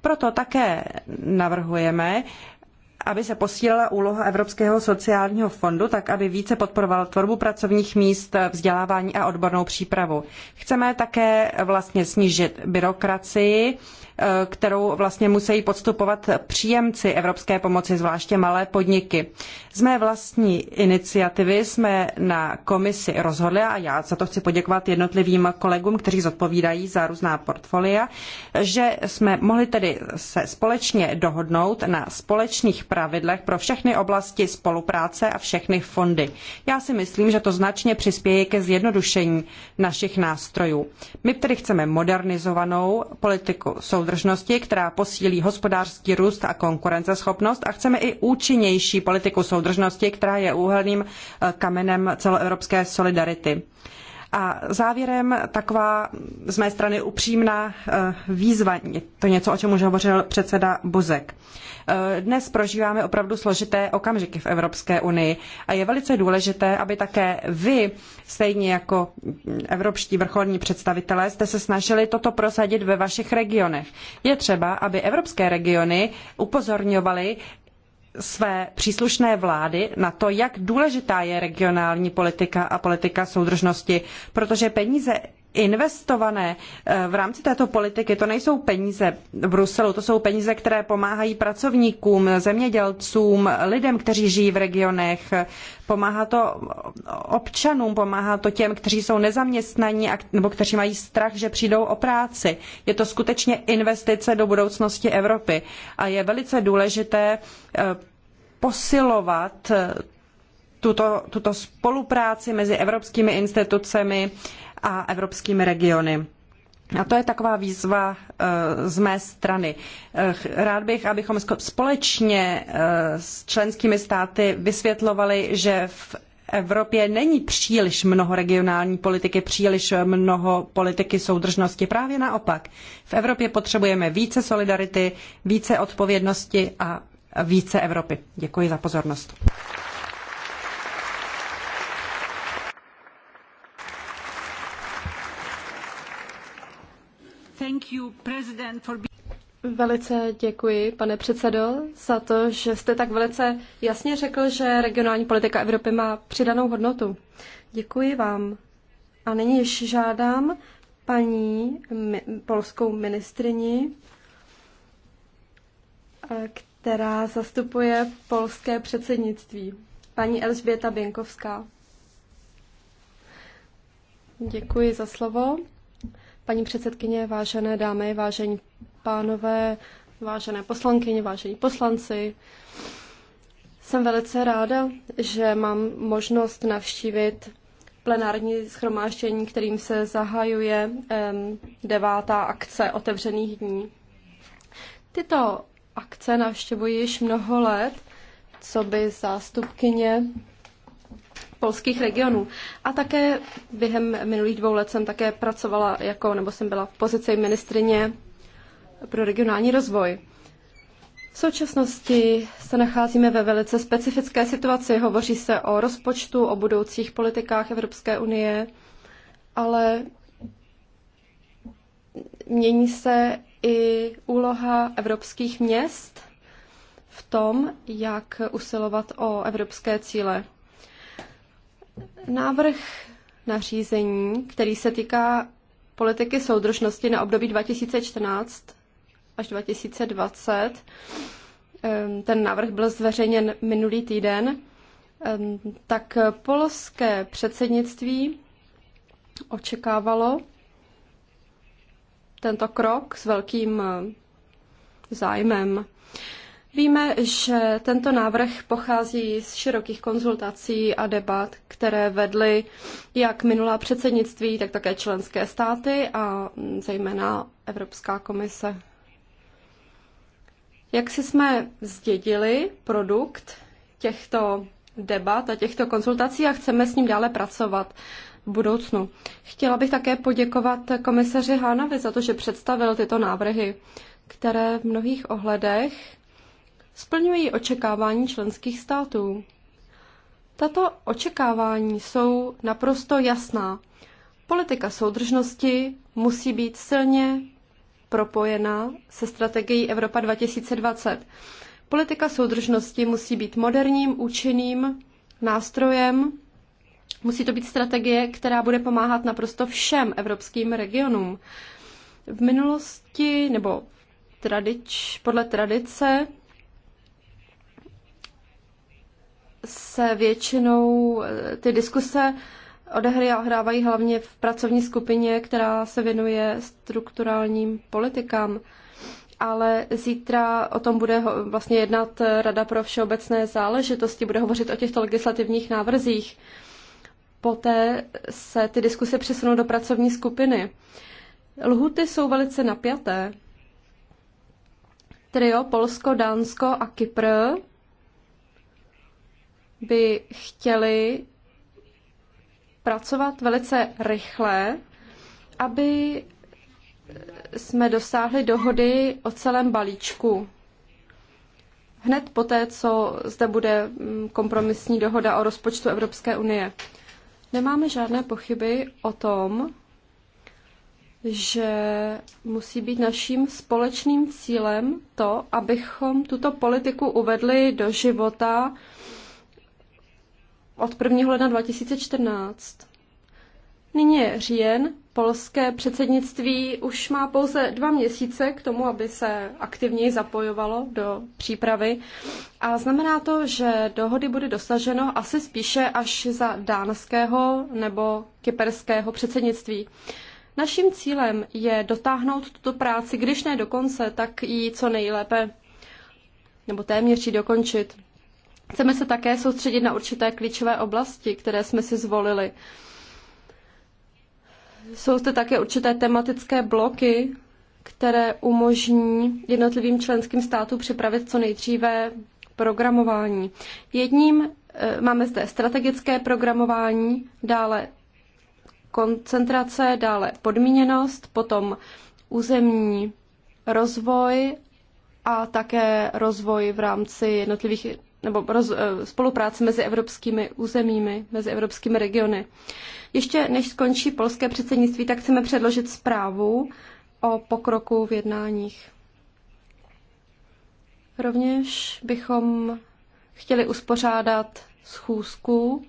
Proto také navrhujeme, aby se posílila úloha Evropského sociálního fondu, tak aby více podporoval tvorbu pracovních míst, vzdělávání a odbornou přípravu. Chceme také vlastně snížit byrokracii, eh, kterou vlastně musí podstupovat příjemci evropské pomoci, zvláště malé podniky. Z mé vlastní iniciativy jsme na komisi rozhodli, a já za to chci poděkovat jednotlivým kolegům, kteří zodpovídají za různá portfolia, že jsme mohli tedy se společně dohodnout na společných pravidlech pro všechny oblasti spolupráce a všechny fondy. Já si myslím, že to značně přispěje ke zjednodušení našich nástrojů. My tedy chceme modernizovanou politiku soudržnosti, která posílí hospodářský růst a konkurenceschopnost a chceme i účinnější politiku soudržnosti, která je úhelným eh, kamenem celoevropské solidarity. A závěrem taková z mé strany upřímná eh, výzva. Je to něco, o čem už hovořil předseda Buzek. Eh, dnes prožíváme opravdu složité okamžiky v Evropské unii a je velice důležité, aby také vy, stejně jako evropští vrcholní představitelé, jste se snažili toto prosadit ve vašich regionech. Je třeba, aby evropské regiony upozorňovaly své příslušné vlády na to, jak důležitá je regionální politika a politika soudržnosti, protože peníze investované eh, v rámci této politiky, to nejsou peníze v Bruselu, to jsou peníze, které pomáhají pracovníkům, zemědělcům, lidem, kteří žijí v regionech, pomáhá to občanům, pomáhá to těm, kteří jsou nezaměstnaní nebo kteří mají strach, že přijdou o práci. Je to skutečně investice do budoucnosti Evropy a je velice důležité eh, posilovat eh, tuto, tuto spolupráci mezi evropskými institucemi a evropskými regiony. A to je taková výzva eh, z mé strany. Eh, rád bych, abychom společně eh, s členskými státy vysvětlovali, že v Evropě není příliš mnoho regionální politiky, příliš mnoho politiky soudržnosti. Právě naopak. V Evropě potřebujeme více solidarity, více odpovědnosti a více Evropy. Děkuji za pozornost. Velice děkuji, pane předsedo, za to, že jste tak velice jasně řekl, že regionální politika Evropy má přidanou hodnotu. Děkuji vám. A nyní již žádám paní polskou ministrini, eh, která zastupuje polské předsednictví, paní Elžběta Běnkovská. Děkuji za slovo. Paní předsedkyně, vážené dámy, vážení pánové, vážené poslankyně, vážení poslanci, jsem velice ráda, že mám možnost navštívit plenární schromáždění, kterým se zahajuje devátá akce otevřených dní. Tyto akce navštěvuji již mnoho let, co by zástupkyně polských regionů. A také během minulých dvou let jsem také pracovala jako, nebo jsem byla v pozici ministrině pro regionální rozvoj. V současnosti se nacházíme ve velice specifické situaci. Hovoří se o rozpočtu, o budoucích politikách Evropské unie, ale mění se i úloha evropských měst v tom, jak usilovat o evropské cíle. Návrh nařízení, který se týká politiky soudržnosti na období 2014 až 2020, ten návrh byl zveřejněn minulý týden, tak polské předsednictví očekávalo tento krok s velkým zájmem. Víme, že tento návrh pochází z širokých konzultací a debat, které vedly jak minulá předsednictví, tak také členské státy a zejména Evropská komise. Jak si jsme zdědili produkt těchto debat a těchto konzultací a chceme s ním dále pracovat v budoucnu. Chtěla bych také poděkovat komisaři Hánovi za to, že představil tyto návrhy, které v mnohých ohledech splňují očekávání členských států. Tato očekávání jsou naprosto jasná. Politika soudržnosti musí být silně propojena se strategií Evropa 2020. Politika soudržnosti musí být moderním, účinným nástrojem. Musí to být strategie, která bude pomáhat naprosto všem evropským regionům. V minulosti nebo tradič, podle tradice se většinou eh, ty diskuse odehrávají hlavně v pracovní skupině, která se věnuje strukturálním politikám. Ale zítra o tom bude vlastně jednat Rada pro všeobecné záležitosti, bude hovořit o těchto legislativních návrzích. Poté se ty diskuse přesunou do pracovní skupiny. Lhuty jsou velice napjaté. Trio Polsko, Dánsko a Kypr by chtěli pracovat velice rychle, aby jsme dosáhli dohody o celém balíčku. Hned poté, co zde bude mm, kompromisní dohoda o rozpočtu Evropské unie. Nemáme žádné pochyby o tom, že musí být naším společným cílem to, abychom tuto politiku uvedli do života od 1. ledna 2014. Nyní je říjen, polské předsednictví už má pouze dva měsíce k tomu, aby se aktivněji zapojovalo do přípravy. A znamená to, že dohody bude dosaženo asi spíše až za dánského nebo kyperského předsednictví. Naším cílem je dotáhnout tuto práci, když ne dokonce, tak ji co nejlépe nebo téměř ji dokončit. Chceme se také soustředit na určité klíčové oblasti, které jsme si zvolili. Jsou zde také určité tematické bloky, které umožní jednotlivým členským státům připravit co nejdříve programování. Jedním eh, máme zde strategické programování, dále koncentrace, dále podmíněnost, potom územní rozvoj a také rozvoj v rámci jednotlivých nebo roz, eh, spolupráce mezi evropskými územími, mezi evropskými regiony. Ještě než skončí polské předsednictví, tak chceme předložit zprávu o pokroku v jednáních. Rovněž bychom chtěli uspořádat schůzku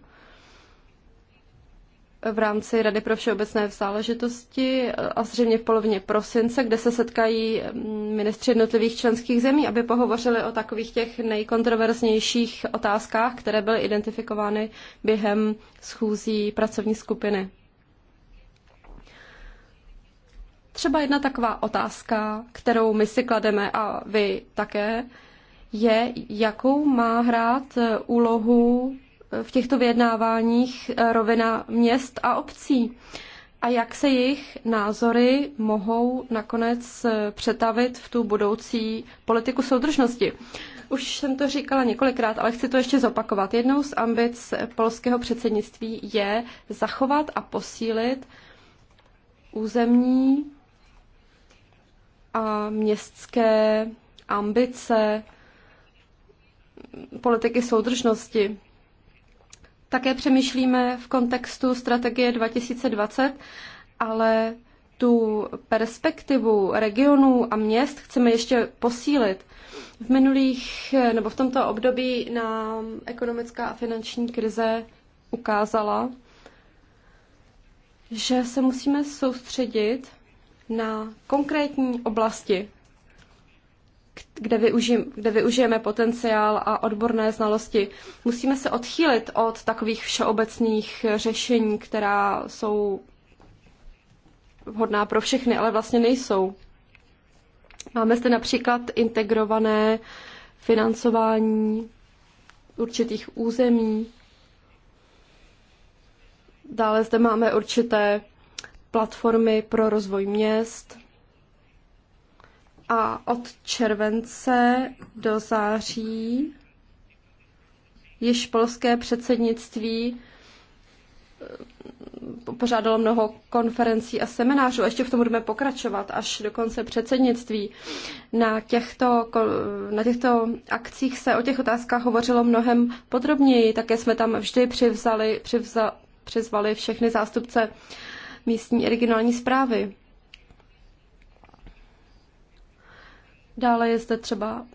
v rámci Rady pro všeobecné záležitosti a zřejmě v polovině prosince, kde se setkají mm, ministři jednotlivých členských zemí, aby pohovořili o takových těch nejkontroverznějších otázkách, které byly identifikovány během schůzí pracovní skupiny. Třeba jedna taková otázka, kterou my si klademe a vy také, je, jakou má hrát úlohu v těchto vyjednáváních eh, rovina měst a obcí a jak se jejich názory mohou nakonec eh, přetavit v tu budoucí politiku soudržnosti. Už jsem to říkala několikrát, ale chci to ještě zopakovat. Jednou z ambic polského předsednictví je zachovat a posílit územní a městské ambice politiky soudržnosti. Také přemýšlíme v kontextu strategie 2020, ale tu perspektivu regionů a měst chceme ještě posílit. V minulých nebo v tomto období nám ekonomická a finanční krize ukázala, že se musíme soustředit na konkrétní oblasti kde, využijem, kde využijeme potenciál a odborné znalosti. Musíme se odchýlit od takových všeobecných řešení, která jsou vhodná pro všechny, ale vlastně nejsou. Máme zde například integrované financování určitých území. Dále zde máme určité platformy pro rozvoj měst a od července do září již polské předsednictví eh, pořádalo mnoho konferencí a seminářů a ještě v tom budeme pokračovat až do konce předsednictví. Na těchto, na těchto akcích se o těch otázkách hovořilo mnohem podrobněji, také jsme tam vždy přivzali, přivza, přizvali všechny zástupce místní regionální zprávy. Dále je zde třeba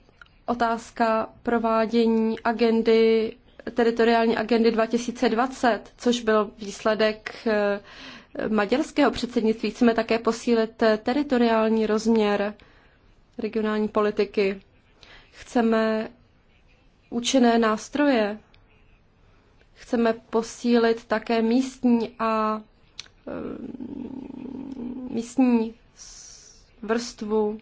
otázka provádění agendy, teritoriální agendy 2020, což byl výsledek eh, maďarského předsednictví. Chceme také posílit eh, teritoriální rozměr regionální politiky. Chceme účinné nástroje. Chceme posílit také místní a eh, místní vrstvu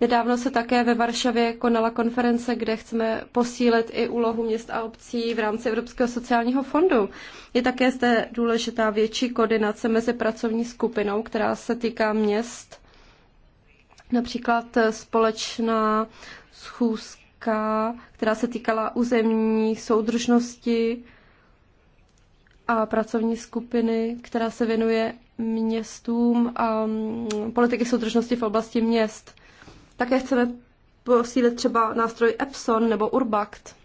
Nedávno se také ve Varšavě konala konference, kde chceme posílit i úlohu měst a obcí v rámci Evropského sociálního fondu. Je také zde důležitá větší koordinace mezi pracovní skupinou, která se týká měst, například společná schůzka, která se týkala územní soudržnosti a pracovní skupiny, která se věnuje městům a mm, politiky soudržnosti v oblasti měst. Také chceme posílit třeba nástroj Epson nebo Urbact.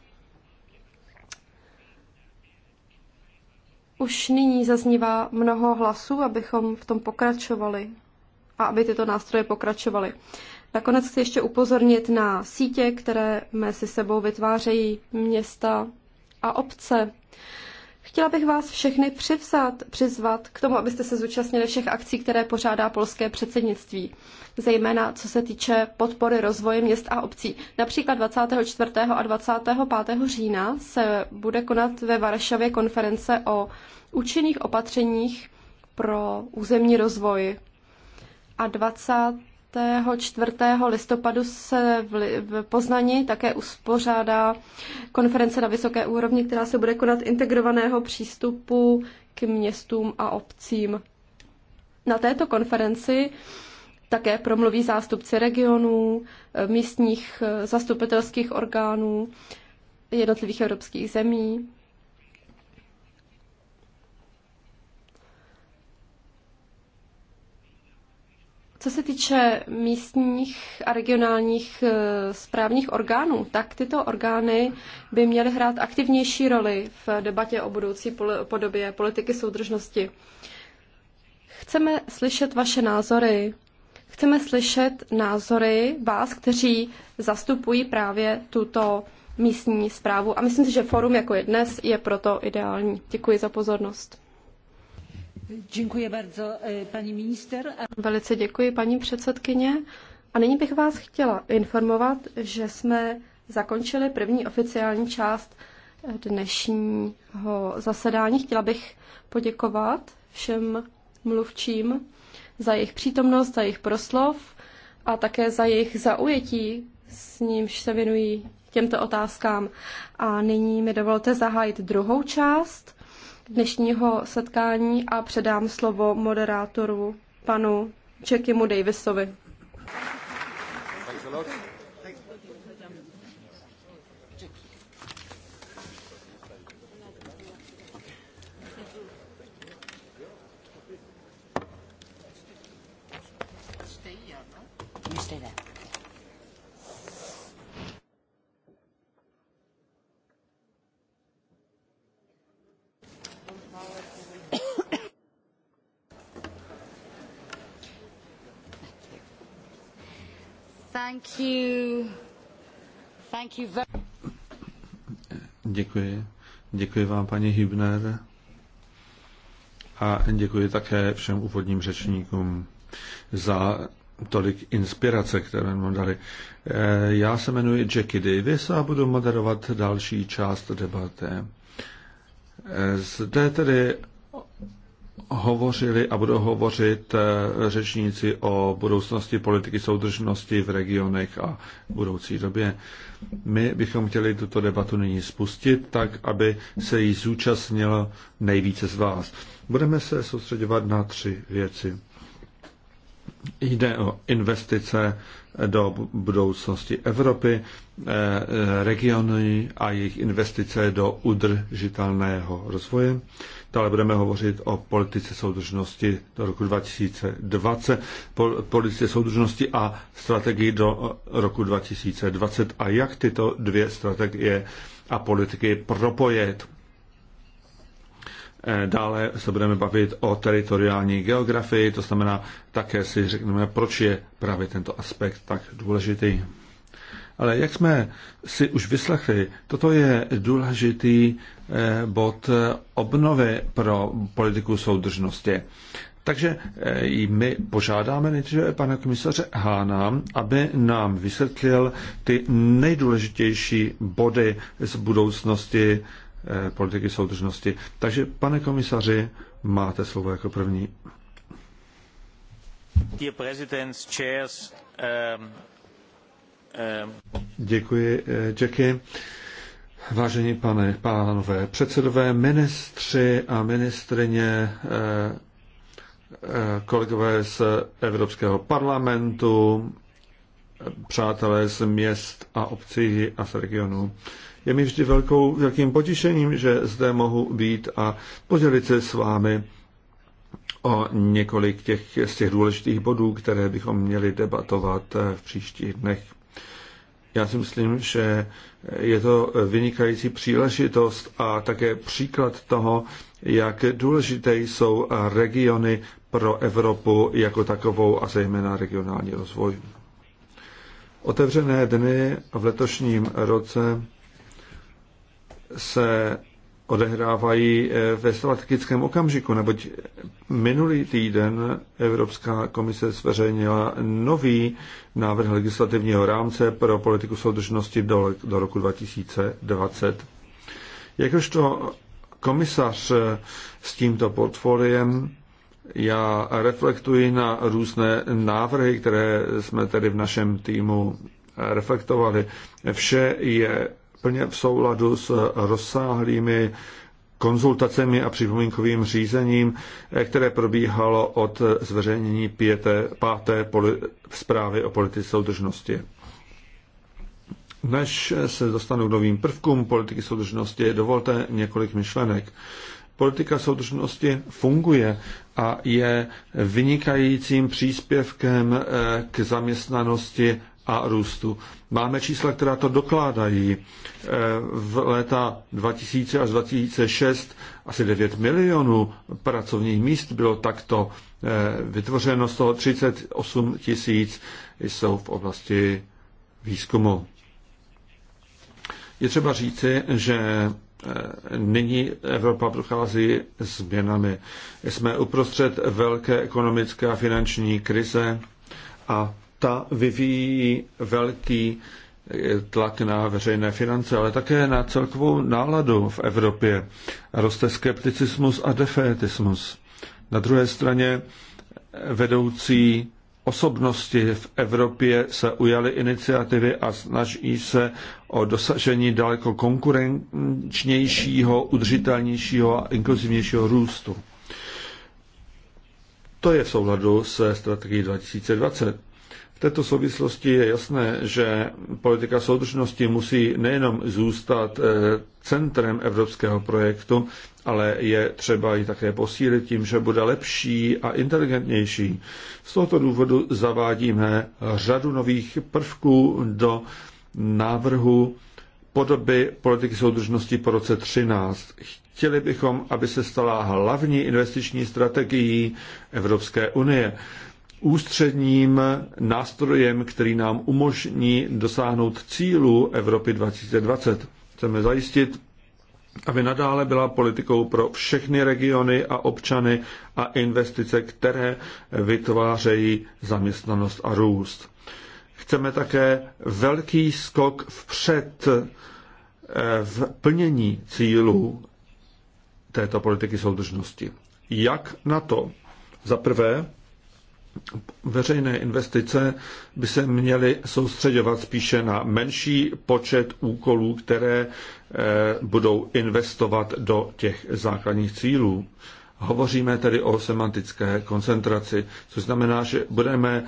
Už nyní zaznívá mnoho hlasů, abychom v tom pokračovali a aby tyto nástroje pokračovaly. Nakonec chci ještě upozornit na sítě, které mezi sebou vytvářejí města a obce. Chtěla bych vás všechny přivzat, přizvat k tomu, abyste se zúčastnili všech akcí, které pořádá polské předsednictví, zejména co se týče podpory rozvoje měst a obcí. Například 24. a 25. října se bude konat ve Varšavě konference o účinných opatřeních pro územní rozvoj a 20. 24. listopadu se v, v Poznani také uspořádá konference na vysoké úrovni, která se bude konat integrovaného přístupu k městům a obcím. Na této konferenci také promluví zástupci regionů, místních zastupitelských orgánů jednotlivých evropských zemí. Co se týče místních a regionálních eh, správních orgánů, tak tyto orgány by měly hrát aktivnější roli v debatě o budoucí podobě politiky soudržnosti. Chceme slyšet vaše názory. Chceme slyšet názory vás, kteří zastupují právě tuto místní zprávu. A myslím si, že forum jako je dnes je proto ideální. Děkuji za pozornost. E, Velice děkuji, paní předsedkyně. A nyní bych vás chtěla informovat, že jsme zakončili první oficiální část e, dnešního zasedání. Chtěla bych poděkovat všem mluvčím za jejich přítomnost, za jejich proslov a také za jejich zaujetí, s nímž se věnují těmto otázkám. A nyní mi dovolte zahájit druhou část dnešního setkání a předám slovo moderátoru panu Jackiemu Davisovi. Thanks a lot. Děkuji. Děkuji vám, paní Hübner. A děkuji také všem úvodním řečníkům za tolik inspirace, které nám dali. Eh, já se jmenuji Jackie Davis a budu moderovat další část debaty. Eh, zde tedy hovořili a budou hovořit eh, řečníci o budoucnosti politiky soudržnosti v regionech a budoucí době. My bychom chtěli tuto debatu nyní spustit, tak aby se jí zúčastnilo nejvíce z vás. Budeme se soustředovat na tři věci. Jde o investice do budoucnosti Evropy, eh, regiony a jejich investice do udržitelného rozvoje. Dále budeme hovořit o politice soudržnosti do roku 2020, politice soudržnosti a strategii do roku 2020 a jak tyto dvě strategie a politiky propojit. Eh, dále se budeme bavit o teritoriální geografii, to znamená také si řekneme, proč je právě tento aspekt tak důležitý. Ale jak jsme si už vyslechli, toto je důležitý eh, bod eh, obnovy pro politiku soudržnosti. Takže eh, my požádáme nejdříve pana komisaře Hána, aby nám vysvětlil ty nejdůležitější body z budoucnosti politiky soudržnosti. Takže, pane komisaři, máte slovo jako první. Dear chairs, um... Eh, děkuji, eh, Jackie. Vážení pane, pánové, předsedové, ministři a ministrině, eh, kolegové z Evropského parlamentu, přátelé z měst a obcí a z regionů. Je mi vždy velkou, velkým potěšením, že zde mohu být a podělit se s vámi o několik těch, z těch důležitých bodů, které bychom měli debatovat v příštích dnech. Já si myslím, že je to vynikající příležitost a také příklad toho, jak důležité jsou regiony pro Evropu jako takovou a zejména regionální rozvoj. Otevřené dny v letošním roce se odehrávají eh, ve strategickém okamžiku, neboť minulý týden Evropská komise zveřejnila nový návrh legislativního rámce pro politiku soudržnosti do, do roku 2020. Jakožto komisař eh, s tímto portfoliem já reflektuji na různé návrhy, které jsme tedy v našem týmu reflektovali. Vše je plně v souladu s rozsáhlými konzultacemi a připomínkovým řízením, eh, které probíhalo od zveřejnění pěté, páté poli, zprávy o politice soudržnosti. Než se dostanu k novým prvkům politiky soudržnosti, dovolte několik myšlenek. Politika soudržnosti funguje a je vynikajícím příspěvkem eh, k zaměstnanosti a růstu. Máme čísla, která to dokládají. Eh, v léta 2000 až 2006 asi 9 milionů pracovních míst bylo takto eh, vytvořeno, z toho 38 tisíc jsou v oblasti výzkumu. Je třeba říci, že eh, nyní Evropa prochází změnami. Jsme uprostřed velké ekonomické a finanční krize a ta vyvíjí velký eh, tlak na veřejné finance, ale také na celkovou náladu v Evropě. Roste skepticismus a defetismus. Na druhé straně eh, vedoucí osobnosti v Evropě se ujaly iniciativy a snaží se o dosažení daleko konkurenčnějšího, udržitelnějšího a inkluzivnějšího růstu. To je v souladu se strategií 2020 této souvislosti je jasné, že politika soudržnosti musí nejenom zůstat eh, centrem evropského projektu, ale je třeba ji také posílit tím, že bude lepší a inteligentnější. Z tohoto důvodu zavádíme řadu nových prvků do návrhu podoby politiky soudržnosti po roce 13. Chtěli bychom, aby se stala hlavní investiční strategií Evropské unie ústředním nástrojem, který nám umožní dosáhnout cílů Evropy 2020. Chceme zajistit, aby nadále byla politikou pro všechny regiony a občany a investice, které vytvářejí zaměstnanost a růst. Chceme také velký skok vpřed eh, v plnění cílů této politiky soudržnosti. Jak na to? Za prvé, veřejné investice by se měly soustředovat spíše na menší počet úkolů, které eh, budou investovat do těch základních cílů. Hovoříme tedy o semantické koncentraci, což znamená, že budeme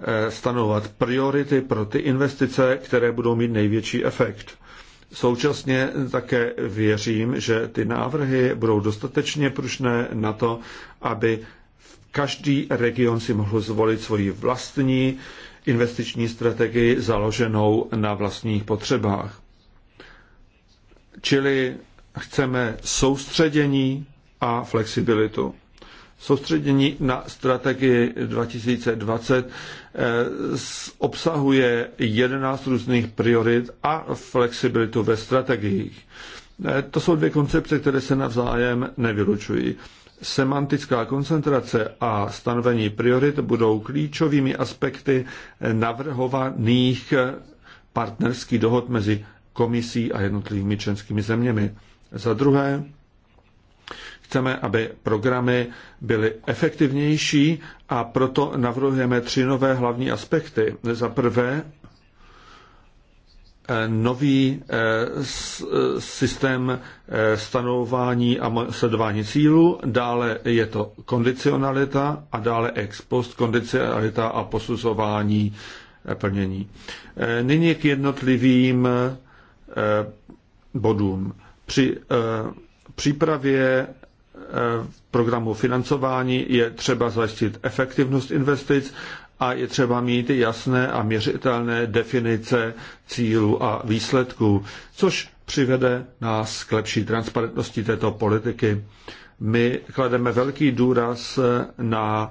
eh, stanovat priority pro ty investice, které budou mít největší efekt. Současně také věřím, že ty návrhy budou dostatečně prušné na to, aby Každý region si mohl zvolit svoji vlastní investiční strategii založenou na vlastních potřebách. Čili chceme soustředění a flexibilitu. Soustředění na strategii 2020 eh, obsahuje 11 různých priorit a flexibilitu ve strategiích. Eh, to jsou dvě koncepce, které se navzájem nevylučují. Semantická koncentrace a stanovení priorit budou klíčovými aspekty navrhovaných partnerských dohod mezi komisí a jednotlivými členskými zeměmi. Za druhé, chceme, aby programy byly efektivnější a proto navrhujeme tři nové hlavní aspekty. Za prvé, nový eh, eh, systém eh, stanovování a sledování cílů, dále je to kondicionalita a dále ex post kondicionalita a posuzování plnění. Nyní k jednotlivým bodům. Při přípravě programu financování je třeba zajistit efektivnost investic a je třeba mít jasné a měřitelné definice cílů a výsledků, což přivede nás k lepší transparentnosti této politiky. My klademe velký důraz na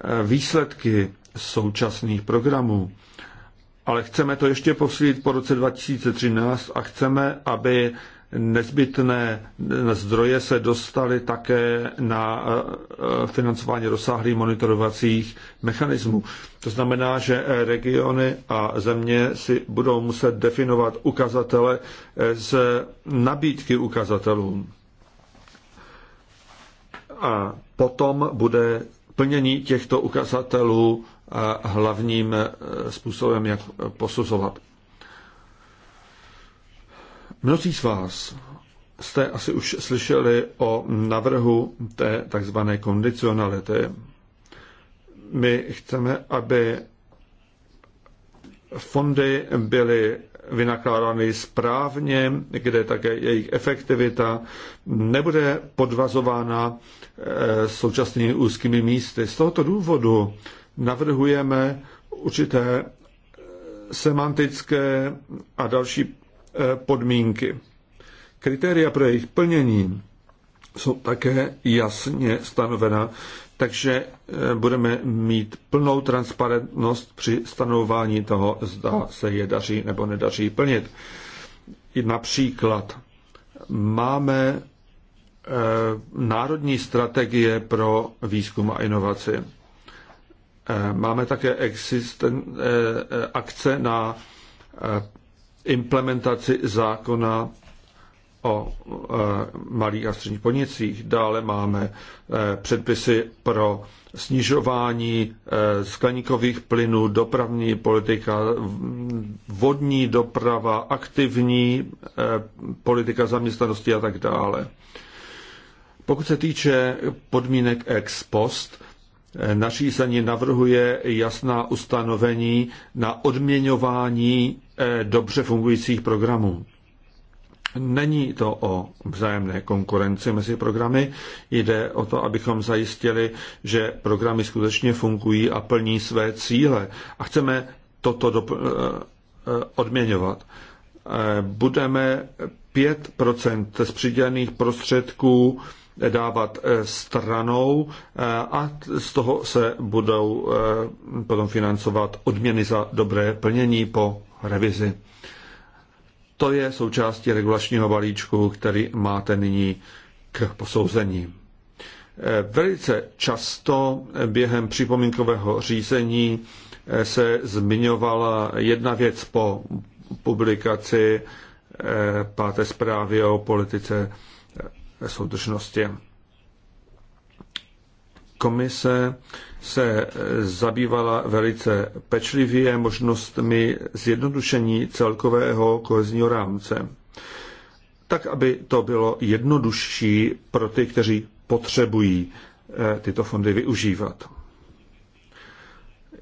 eh, výsledky současných programů. Ale chceme to ještě posílit po roce 2013 a chceme, aby Nezbytné zdroje se dostaly také na eh, financování rozsáhlých monitorovacích mechanismů. To znamená, že regiony a země si budou muset definovat ukazatele eh, z nabídky ukazatelů. A potom bude plnění těchto ukazatelů eh, hlavním způsobem, jak posuzovat. Mnozí z vás jste asi už slyšeli o navrhu té takzvané kondicionality. My chceme, aby fondy byly vynakládány správně, kde také jejich efektivita nebude podvazována eh, současnými úzkými místy. Z tohoto důvodu navrhujeme určité semantické a další Eh, podmínky. Kritéria pro jejich plnění jsou také jasně stanovena, takže eh, budeme mít plnou transparentnost při stanovování toho, zda se je daří nebo nedaří plnit. I například máme eh, národní strategie pro výzkum a inovaci. Máme také existen, akce na implementaci zákona o e, malých a středních podnicích. Dále máme e, předpisy pro snižování e, skleníkových plynů, dopravní politika, vodní doprava, aktivní politika zaměstnanosti a tak dále. Pokud se týče podmínek ex post, naší se navrhuje jasná ustanovení na odměňování Eh, dobře fungujících programů. Není to o vzájemné konkurenci mezi programy, jde o to, abychom zajistili, že programy skutečně fungují a plní své cíle. A chceme toto do, eh, eh, odměňovat. Budeme 5% z přidělených prostředků dávat stranou a z toho se budou potom financovat odměny za dobré plnění po revizi. To je součástí regulačního balíčku, který máte nyní k posouzení. Velice často během připomínkového řízení se zmiňovala jedna věc po publikaci eh, páté zprávy o politice eh, soudržnosti. Komise se eh, zabývala velice pečlivě možnostmi zjednodušení celkového kohezního rámce, tak aby to bylo jednodušší pro ty, kteří potřebují eh, tyto fondy využívat.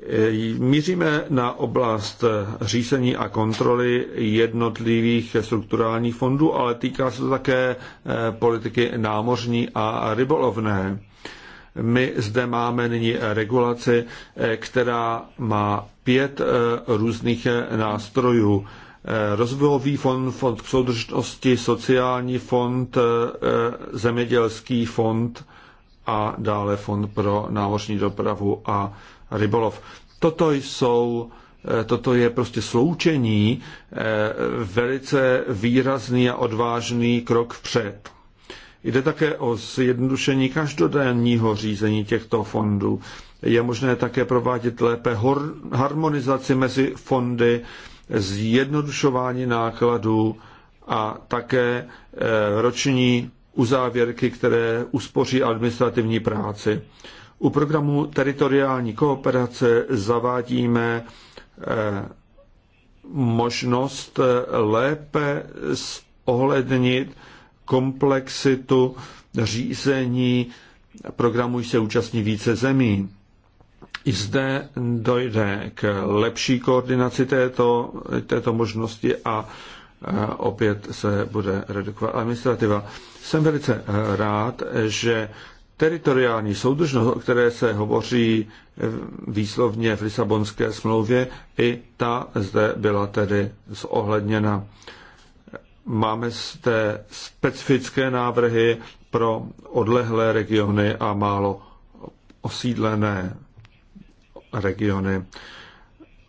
Eh, míříme na oblast řízení a kontroly jednotlivých strukturálních fondů, ale týká se to také politiky námořní a rybolovné. My zde máme nyní regulaci, eh, která má pět eh, různých eh, nástrojů. Rozvojový fond, fond k soudržnosti, sociální fond, zemědělský fond a dále fond pro námořní dopravu a rybolov. Toto jsou Toto je prostě sloučení, velice výrazný a odvážný krok vpřed. Jde také o zjednodušení každodenního řízení těchto fondů. Je možné také provádět lépe harmonizaci mezi fondy, zjednodušování nákladů a také eh, roční uzávěrky, které uspoří administrativní práci. U programu teritoriální kooperace zavádíme eh, možnost eh, lépe ohlednit komplexitu řízení programují se účastní více zemí. I zde dojde k lepší koordinaci této, této možnosti a opět se bude redukovat administrativa. Jsem velice rád, že teritoriální soudržnost, o které se hovoří výslovně v Lisabonské smlouvě, i ta zde byla tedy zohledněna. Máme zde specifické návrhy pro odlehlé regiony a málo osídlené regiony.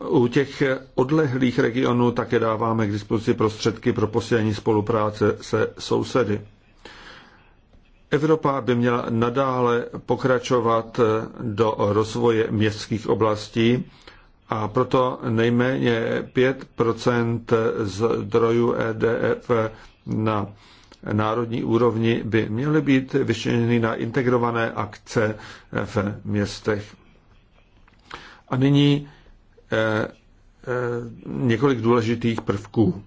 U těch odlehlých regionů také dáváme k dispozici prostředky pro posílení spolupráce se sousedy. Evropa by měla nadále pokračovat do rozvoje městských oblastí a proto nejméně 5 zdrojů EDF na národní úrovni by měly být vyčleněny na integrované akce v městech. A nyní eh, eh, několik důležitých prvků.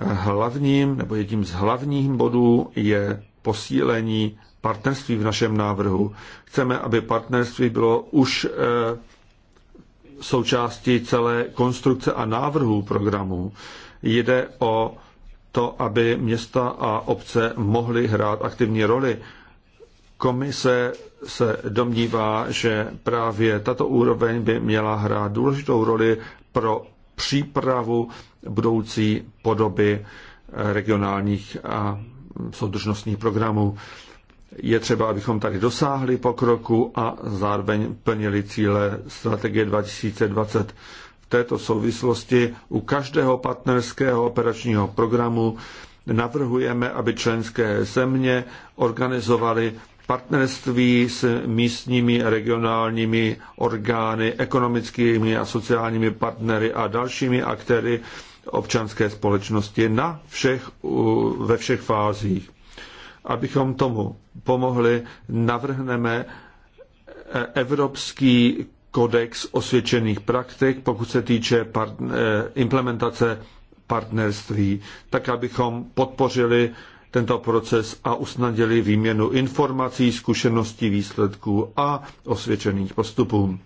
Hlavním nebo jedním z hlavních bodů je posílení partnerství v našem návrhu. Chceme, aby partnerství bylo už eh, součástí celé konstrukce a návrhů programů. Jde o to, aby města a obce mohly hrát aktivní roli. Komise se domnívá, že právě tato úroveň by měla hrát důležitou roli pro přípravu budoucí podoby regionálních a soudržnostních programů. Je třeba, abychom tady dosáhli pokroku a zároveň plnili cíle strategie 2020 v této souvislosti u každého partnerského operačního programu navrhujeme, aby členské země organizovaly partnerství s místními regionálními orgány, ekonomickými a sociálními partnery a dalšími aktéry občanské společnosti na všech, ve všech fázích abychom tomu pomohli, navrhneme eh, Evropský kodex osvědčených praktik, pokud se týče eh, implementace partnerství, tak abychom podpořili tento proces a usnadili výměnu informací, zkušeností, výsledků a osvědčených postupů.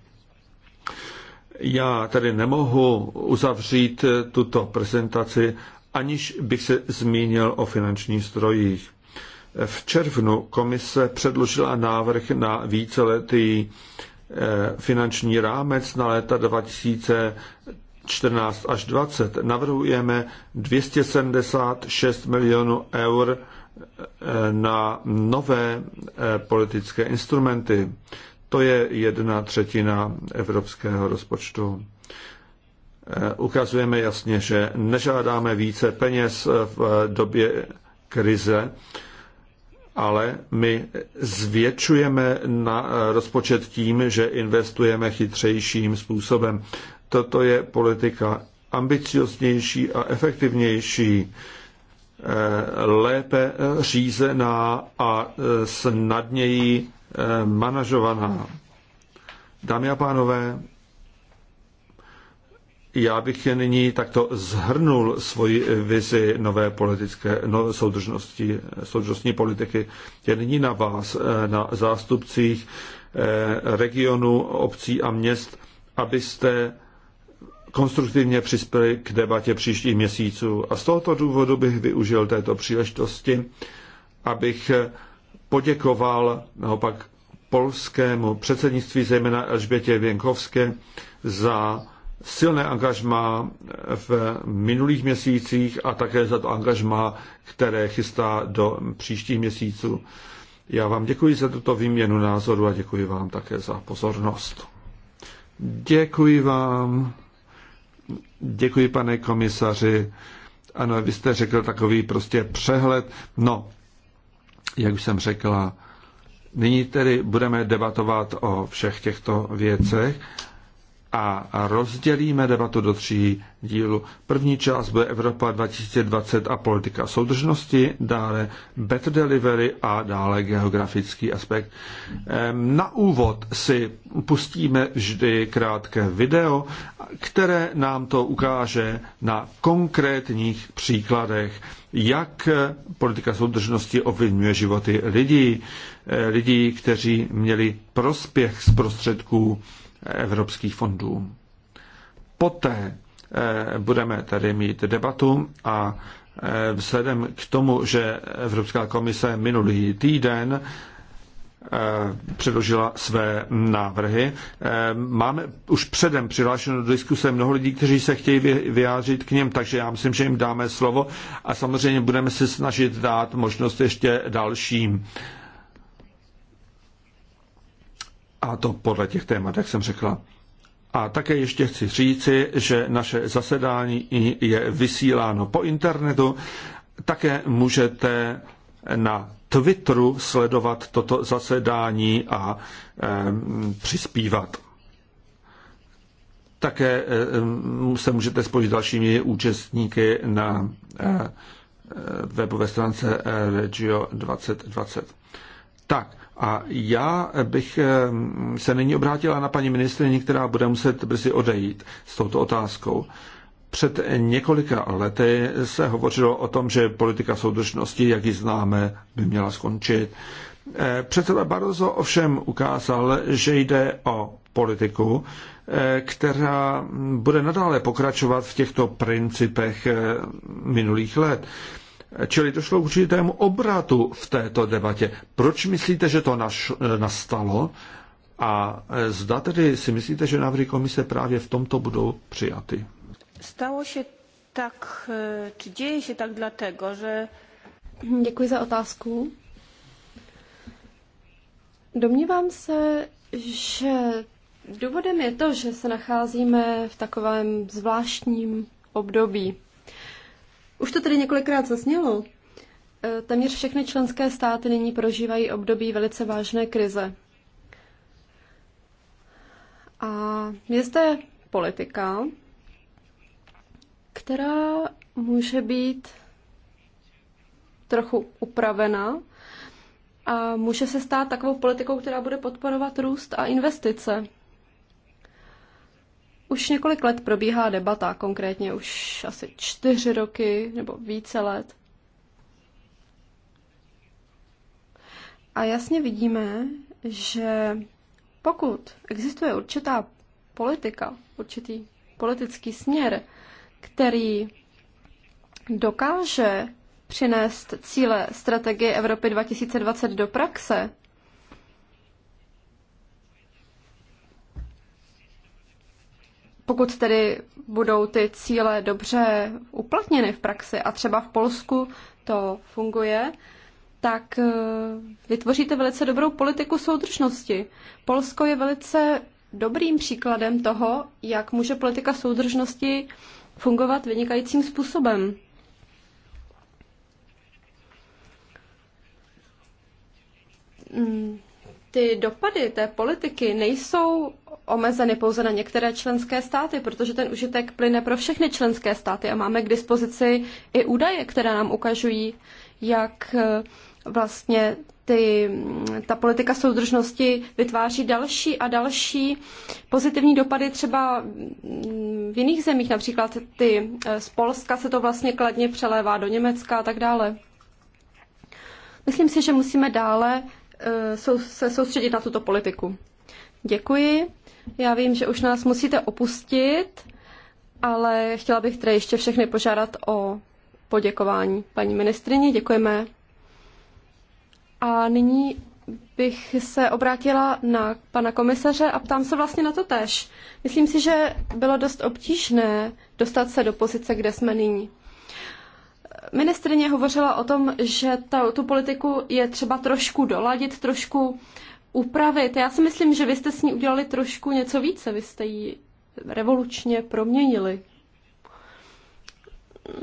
Já tady nemohu uzavřít eh, tuto prezentaci, aniž bych se zmínil o finančních strojích. V červnu komise předložila návrh na víceletý eh, finanční rámec na léta 2014 až 2020. Navrhujeme 276 milionů eur eh, na nové eh, politické instrumenty. To je jedna třetina evropského rozpočtu. Ukazujeme jasně, že nežádáme více peněz v době krize, ale my zvětšujeme na eh, rozpočet tím, že investujeme chytřejším způsobem. Toto je politika ambicioznější a efektivnější, eh, lépe řízená a eh, snadněji manažovaná. Dámy a pánové, já bych nyní takto zhrnul svoji vizi nové politické nové soudržnosti, soudržnostní politiky. Je nyní na vás, eh, na zástupcích eh, regionu, obcí a měst, abyste konstruktivně přispěli k debatě příští měsíců. A z tohoto důvodu bych využil této příležitosti, abych eh, poděkoval naopak polskému předsednictví, zejména Elžbětě Věnkovské, za silné angažma v minulých měsících a také za to angažma, které chystá do příštích měsíců. Já vám děkuji za tuto výměnu názoru a děkuji vám také za pozornost. Děkuji vám. Děkuji, pane komisaři. Ano, vy jste řekl takový prostě přehled. No, jak už jsem řekla, nyní tedy budeme debatovat o všech těchto věcech a rozdělíme debatu do tří dílů. První část bude Evropa 2020 a politika soudržnosti, dále better delivery a dále geografický aspekt. Na úvod si pustíme vždy krátké video, které nám to ukáže na konkrétních příkladech, jak politika soudržnosti ovlivňuje životy lidí, lidí, kteří měli prospěch z prostředků evropských fondů. Poté eh, budeme tady mít debatu a eh, vzhledem k tomu, že Evropská komise minulý týden eh, předložila své návrhy. Máme už předem přihlášeno do diskuse mnoho lidí, kteří se chtějí vyjádřit k něm, takže já myslím, že jim dáme slovo a samozřejmě budeme se snažit dát možnost ještě dalším. A to podle těch témat, jak jsem řekla. A také ještě chci říci, že naše zasedání je vysíláno po internetu. Také můžete na Twitteru sledovat toto zasedání a e, přispívat. Také e, se můžete spojit s dalšími účastníky na e, e webové stránce Regio 2020. Tak, a já bych eh, se nyní obrátila na paní ministrině, která bude muset brzy odejít s touto otázkou. Před několika lety se hovořilo o tom, že politika soudržnosti, jak ji známe, by měla skončit. Eh, předseda Barroso ovšem ukázal, že jde o politiku, eh, která bude nadále pokračovat v těchto principech minulých let. Čili došlo k určitému obratu v této debatě. Proč myslíte, že to naš, e, nastalo? A e, zda tedy si myslíte, že návrhy komise právě v tomto budou přijaty? Stalo se tak, či děje se tak dlatego, že... Děkuji za otázku. Domnívám se, že důvodem je to, že se nacházíme v takovém zvláštním období. Už to tedy několikrát zasnělo. E, téměř všechny členské státy nyní prožívají období velice vážné krize. A je zde politika, která může být trochu upravena a může se stát takovou politikou, která bude podporovat růst a investice. Už několik let probíhá debata, konkrétně už asi čtyři roky nebo více let. A jasně vidíme, že pokud existuje určitá politika, určitý politický směr, který dokáže přinést cíle strategie Evropy 2020 do praxe, pokud tedy budou ty cíle dobře uplatněny v praxi a třeba v Polsku to funguje, tak eh, vytvoříte velice dobrou politiku soudržnosti. Polsko je velice dobrým příkladem toho, jak může politika soudržnosti fungovat vynikajícím způsobem. Mm ty dopady té politiky nejsou omezeny pouze na některé členské státy, protože ten užitek plyne pro všechny členské státy a máme k dispozici i údaje, které nám ukazují, jak eh, vlastně ty, mm, ta politika soudržnosti vytváří další a další pozitivní dopady třeba mm, v jiných zemích, například ty eh, z Polska se to vlastně kladně přelévá do Německa a tak dále. Myslím si, že musíme dále Eh, se soustředit na tuto politiku. Děkuji. Já vím, že už nás musíte opustit, ale chtěla bych tedy ještě všechny požádat o poděkování paní ministrině. Děkujeme. A nyní bych se obrátila na pana komisaře a ptám se vlastně na to tež. Myslím si, že bylo dost obtížné dostat se do pozice, kde jsme nyní. Ministrině hovořila o tom, že ta, tu politiku je třeba trošku doladit, trošku upravit. Já si myslím, že vy jste s ní udělali trošku něco více. Vy jste ji revolučně proměnili.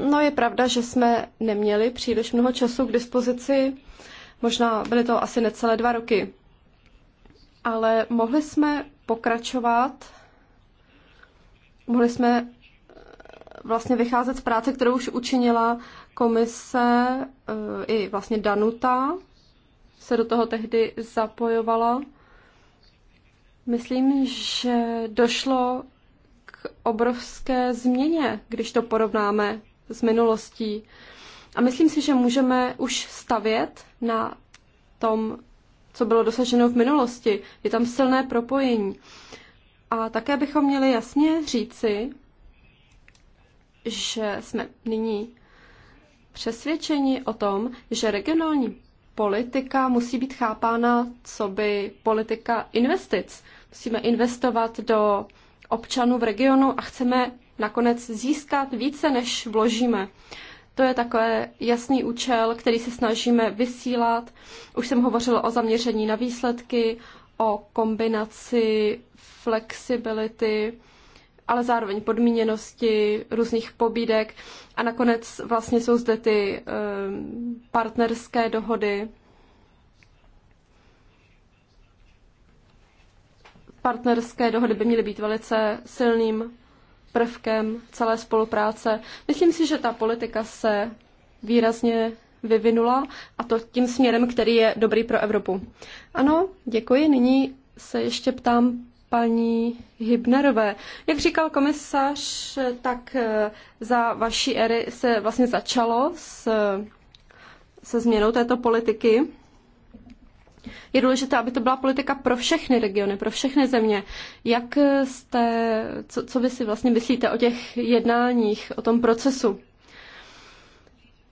No je pravda, že jsme neměli příliš mnoho času k dispozici. Možná byly to asi necelé dva roky. Ale mohli jsme pokračovat, mohli jsme eh, vlastně vycházet z práce, kterou už učinila Komise eh, i vlastně Danuta se do toho tehdy zapojovala. Myslím, že došlo k obrovské změně, když to porovnáme s minulostí. A myslím si, že můžeme už stavět na tom, co bylo dosaženo v minulosti. Je tam silné propojení. A také bychom měli jasně říci, že jsme nyní přesvědčeni o tom, že regionální politika musí být chápána co by politika investic. Musíme investovat do občanů v regionu a chceme nakonec získat více, než vložíme. To je takové jasný účel, který se snažíme vysílat. Už jsem hovořila o zaměření na výsledky, o kombinaci flexibility ale zároveň podmíněnosti, různých pobídek a nakonec vlastně jsou zde ty ehm, partnerské dohody. Partnerské dohody by měly být velice silným prvkem celé spolupráce. Myslím si, že ta politika se výrazně vyvinula a to tím směrem, který je dobrý pro Evropu. Ano, děkuji. Nyní se ještě ptám paní Hybnerové. Jak říkal komisař, tak eh, za vaší éry se vlastně začalo s, eh, se změnou této politiky. Je důležité, aby to byla politika pro všechny regiony, pro všechny země. Jak eh, jste, co, co vy si vlastně myslíte o těch jednáních, o tom procesu?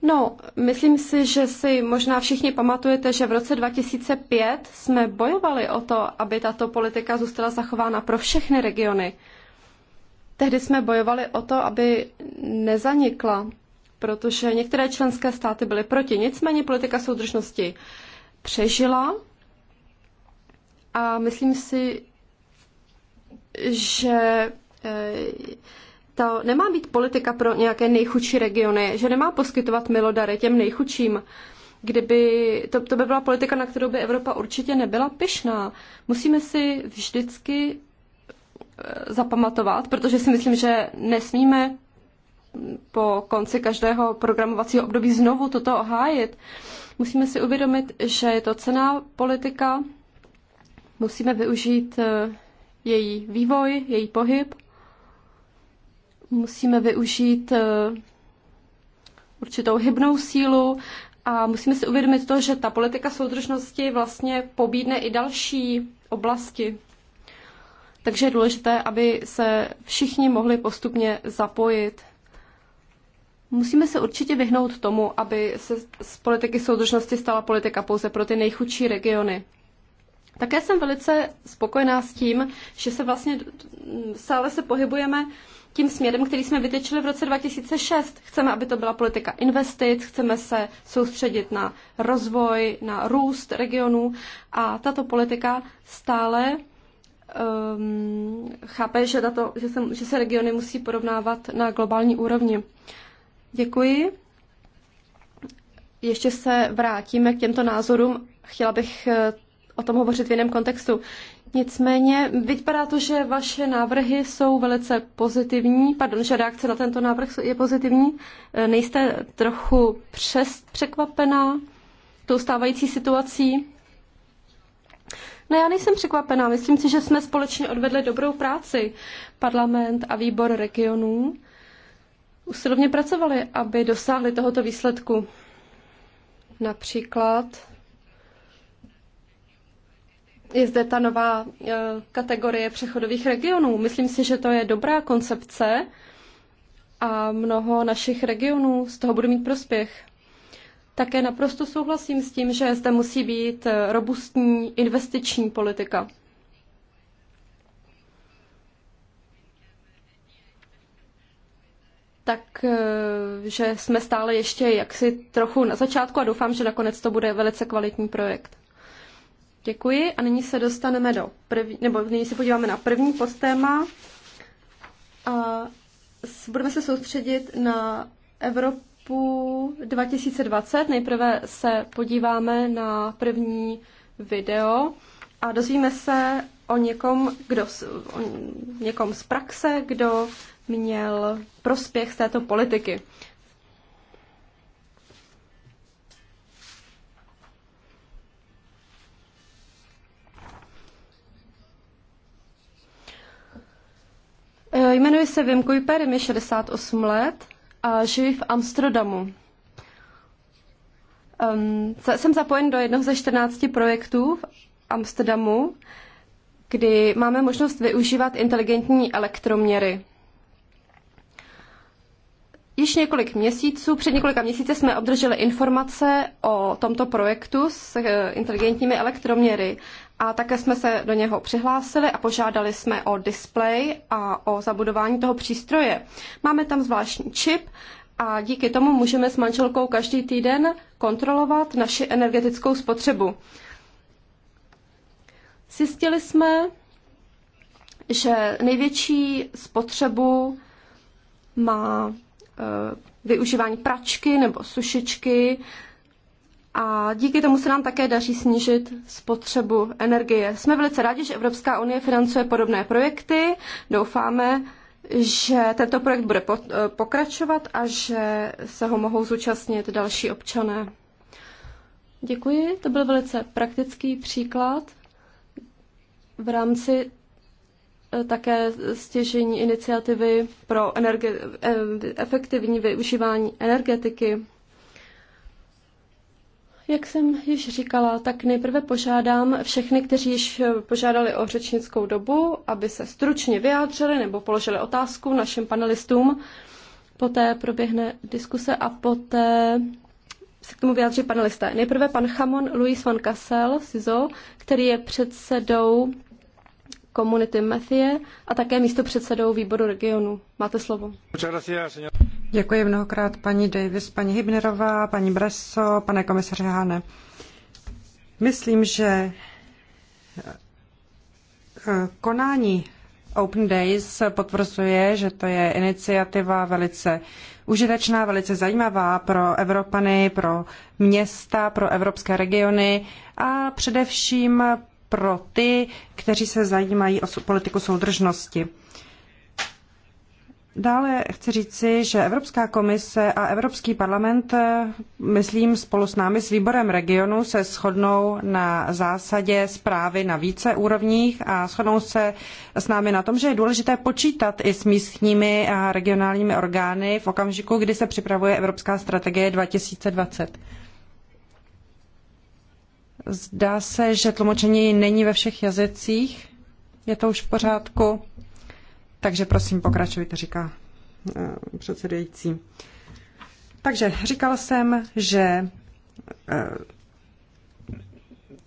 No, myslím si, že si možná všichni pamatujete, že v roce 2005 jsme bojovali o to, aby tato politika zůstala zachována pro všechny regiony. Tehdy jsme bojovali o to, aby nezanikla, protože některé členské státy byly proti. Nicméně politika soudržnosti přežila a myslím si, že eh, to nemá být politika pro nějaké nejchudší regiony, že nemá poskytovat milodary těm nejchudším. Kdyby, to, to by byla politika, na kterou by Evropa určitě nebyla pyšná. Musíme si vždycky eh, zapamatovat, protože si myslím, že nesmíme po konci každého programovacího období znovu toto ohájit. Musíme si uvědomit, že je to cená politika, musíme využít eh, její vývoj, její pohyb musíme využít eh, určitou hybnou sílu a musíme si uvědomit to, že ta politika soudržnosti vlastně pobídne i další oblasti. Takže je důležité, aby se všichni mohli postupně zapojit. Musíme se určitě vyhnout tomu, aby se z politiky soudržnosti stala politika pouze pro ty nejchudší regiony. Také jsem velice spokojená s tím, že se vlastně mm, stále se pohybujeme tím směrem, který jsme vytyčili v roce 2006. Chceme, aby to byla politika investic, chceme se soustředit na rozvoj, na růst regionů a tato politika stále um, chápe, že, tato, že, se, že se regiony musí porovnávat na globální úrovni. Děkuji. Ještě se vrátíme k těmto názorům. Chtěla bych eh, o tom hovořit v jiném kontextu. Nicméně vypadá to, že vaše návrhy jsou velice pozitivní, pardon, že reakce na tento návrh je pozitivní. E, nejste trochu přes překvapená tou stávající situací? No já nejsem překvapená, myslím si, že jsme společně odvedli dobrou práci. Parlament a výbor regionů usilovně pracovali, aby dosáhli tohoto výsledku. Například je zde ta nová eh, kategorie přechodových regionů. Myslím si, že to je dobrá koncepce a mnoho našich regionů z toho bude mít prospěch. Také naprosto souhlasím s tím, že zde musí být eh, robustní investiční politika. tak eh, že jsme stále ještě jaksi trochu na začátku a doufám, že nakonec to bude velice kvalitní projekt. Děkuji a nyní se dostaneme do první, nebo nyní se podíváme na první podtéma a budeme se soustředit na Evropu 2020. Nejprve se podíváme na první video a dozvíme se o někom, kdo, o někom z praxe, kdo měl prospěch z této politiky. Eh, Jmenuji se Wim Kuiper, mi 68 let a žiji v Amsterdamu. Um, jsem zapojen do jednoho ze 14 projektů v Amsterdamu, kdy máme možnost využívat inteligentní elektroměry. Již několik měsíců, před několika měsíci jsme obdrželi informace o tomto projektu s eh, inteligentními elektroměry a také jsme se do něho přihlásili a požádali jsme o displej a o zabudování toho přístroje. Máme tam zvláštní čip a díky tomu můžeme s manželkou každý týden kontrolovat naši energetickou spotřebu. Zjistili jsme, že největší spotřebu má e, využívání pračky nebo sušičky, e, a díky tomu se nám také daří snížit spotřebu energie. Jsme velice rádi, že Evropská unie financuje podobné projekty. Doufáme, že tento projekt bude pokračovat a že se ho mohou zúčastnit další občané. Děkuji, to byl velice praktický příklad v rámci eh, také stěžení iniciativy pro energe- eh, efektivní využívání energetiky. Jak jsem již říkala, tak nejprve požádám všechny, kteří již požádali o řečnickou dobu, aby se stručně vyjádřili nebo položili otázku našim panelistům. Poté proběhne diskuse a poté se k tomu vyjádří panelisté. Nejprve pan Chamon Luis van Kassel, SIZO, který je předsedou komunity Mathie a také místo předsedou výboru regionu. Máte slovo. Děkuji mnohokrát paní Davis, paní Hybnerová, paní Bresso, pane komisaře Hane. Myslím, že eh, konání Open Days potvrzuje, že to je iniciativa velice užitečná, velice zajímavá pro Evropany, pro města, pro evropské regiony a především pro ty, kteří se zajímají o politiku soudržnosti. Dále chci říci, že Evropská komise a Evropský parlament, eh, myslím, spolu s námi, s výborem regionu, se shodnou na zásadě zprávy na více úrovních a shodnou se s námi na tom, že je důležité počítat i s místními a regionálními orgány v okamžiku, kdy se připravuje Evropská strategie 2020. Zdá se, že tlumočení není ve všech jazycích. Je to už v pořádku? Takže prosím, pokračujte, říká eh, předsedající. Takže říkal jsem, že eh,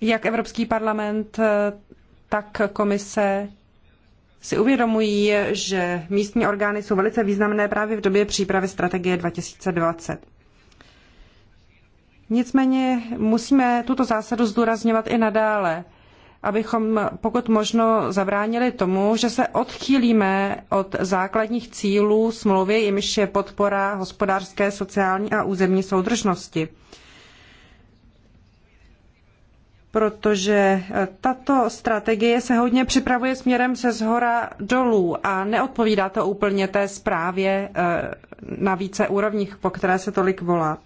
jak Evropský parlament, eh, tak komise si uvědomují, že místní orgány jsou velice významné právě v době přípravy strategie 2020. Nicméně musíme tuto zásadu zdůrazňovat i nadále abychom pokud možno zabránili tomu, že se odchýlíme od základních cílů smlouvy, jimž je podpora hospodářské, sociální a územní soudržnosti. Protože tato strategie se hodně připravuje směrem se zhora dolů a neodpovídá to úplně té zprávě eh, na více úrovních, po které se tolik volá.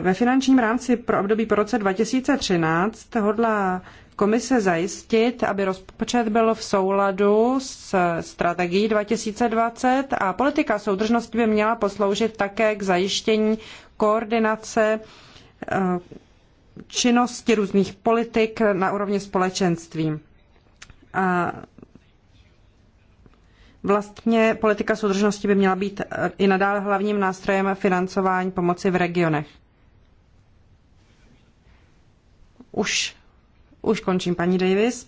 ve finančním rámci pro období po roce 2013 hodlá komise zajistit, aby rozpočet byl v souladu s strategií 2020 a politika soudržnosti by měla posloužit také k zajištění koordinace eh, činnosti různých politik na úrovni společenství. A Vlastně politika soudržnosti by měla být eh, i nadále hlavním nástrojem financování pomoci v regionech. Už už končím, paní Davis.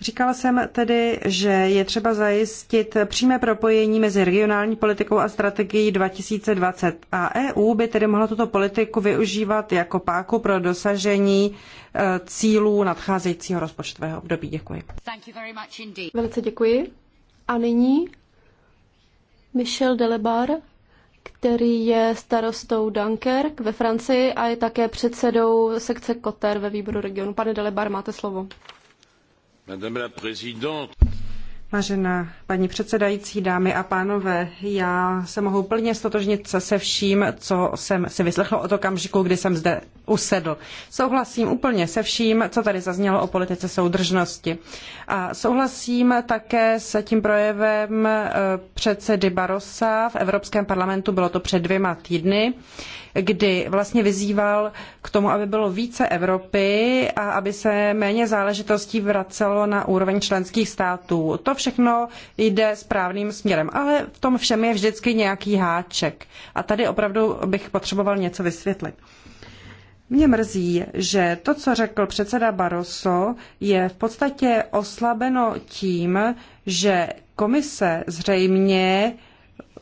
Říkala jsem tedy, že je třeba zajistit přímé propojení mezi regionální politikou a strategií 2020 a EU by tedy mohla tuto politiku využívat jako páku pro dosažení e, cílů nadcházejícího rozpočtového období. Děkuji. Velice děkuji. A nyní Michel Delebar který je starostou Dunkerque ve Francii a je také předsedou sekce Koter ve výboru regionu. Pane Delebar, máte slovo. Madame la présidente. Vážená paní předsedající, dámy a pánové, já se mohu plně stotožnit se vším, co jsem si vyslechl od okamžiku, kdy jsem zde usedl. Souhlasím úplně se vším, co tady zaznělo o politice soudržnosti. A souhlasím také s tím projevem eh, předsedy Barosa v Evropském parlamentu, bylo to před dvěma týdny, kdy vlastně vyzýval k tomu, aby bylo více Evropy a aby se méně záležitostí vracelo na úroveň členských států. To všechno jde správným směrem, ale v tom všem je vždycky nějaký háček. A tady opravdu bych potřeboval něco vysvětlit. Mě mrzí, že to, co řekl předseda Barroso, je v podstatě oslabeno tím, že komise zřejmě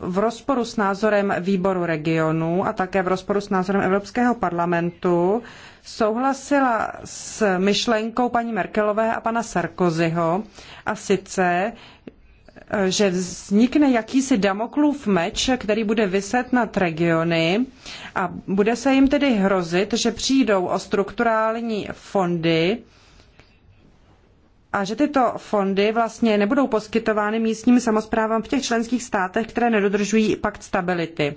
v rozporu s názorem výboru regionů a také v rozporu s názorem Evropského parlamentu souhlasila s myšlenkou paní Merkelové a pana Sarkozyho a sice, že vznikne jakýsi Damoklův meč, který bude vyset nad regiony a bude se jim tedy hrozit, že přijdou o strukturální fondy, a že tyto fondy vlastně nebudou poskytovány místním samozprávám v těch členských státech, které nedodržují pakt stability.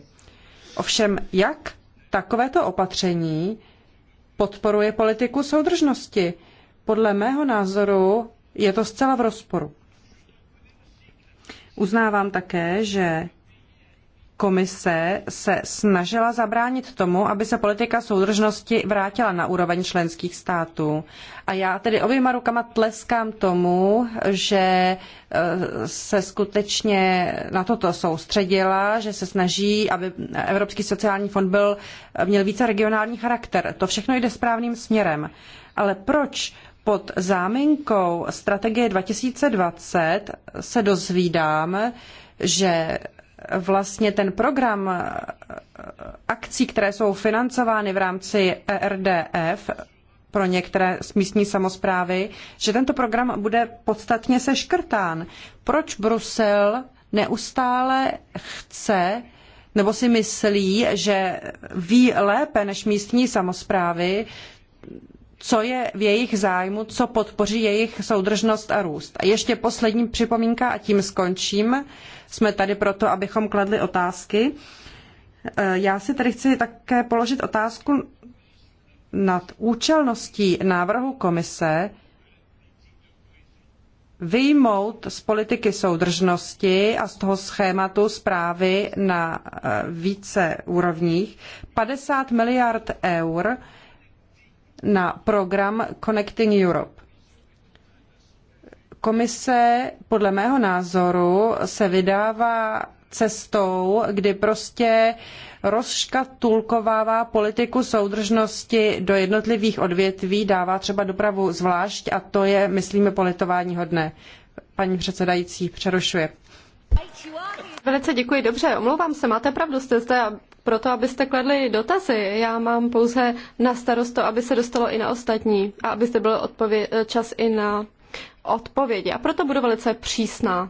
Ovšem, jak takovéto opatření podporuje politiku soudržnosti? Podle mého názoru je to zcela v rozporu. Uznávám také, že komise se snažila zabránit tomu, aby se politika soudržnosti vrátila na úroveň členských států. A já tedy oběma rukama tleskám tomu, že e, se skutečně na toto soustředila, že se snaží, aby Evropský sociální fond byl, e, měl více regionální charakter. To všechno jde správným směrem. Ale proč pod záminkou strategie 2020 se dozvídám, že vlastně ten program eh, akcí, které jsou financovány v rámci ERDF pro některé místní samosprávy, že tento program bude podstatně seškrtán. Proč Brusel neustále chce nebo si myslí, že ví lépe než místní samosprávy, co je v jejich zájmu, co podpoří jejich soudržnost a růst. A ještě poslední připomínka a tím skončím. Jsme tady proto, abychom kladli otázky. E, já si tady chci také položit otázku nad účelností návrhu komise vyjmout z politiky soudržnosti a z toho schématu zprávy na e, více úrovních 50 miliard eur, na program Connecting Europe. Komise podle mého názoru se vydává cestou, kdy prostě rozškatulkovává politiku soudržnosti do jednotlivých odvětví, dává třeba dopravu zvlášť a to je, myslíme, politování hodné. Paní předsedající přerušuje. Velice děkuji, dobře, omlouvám se, máte pravdu, jste zde proto, abyste kladli dotazy. Já mám pouze na starost to, aby se dostalo i na ostatní a abyste byl odpověd, čas i na odpovědi. A proto budu velice přísná.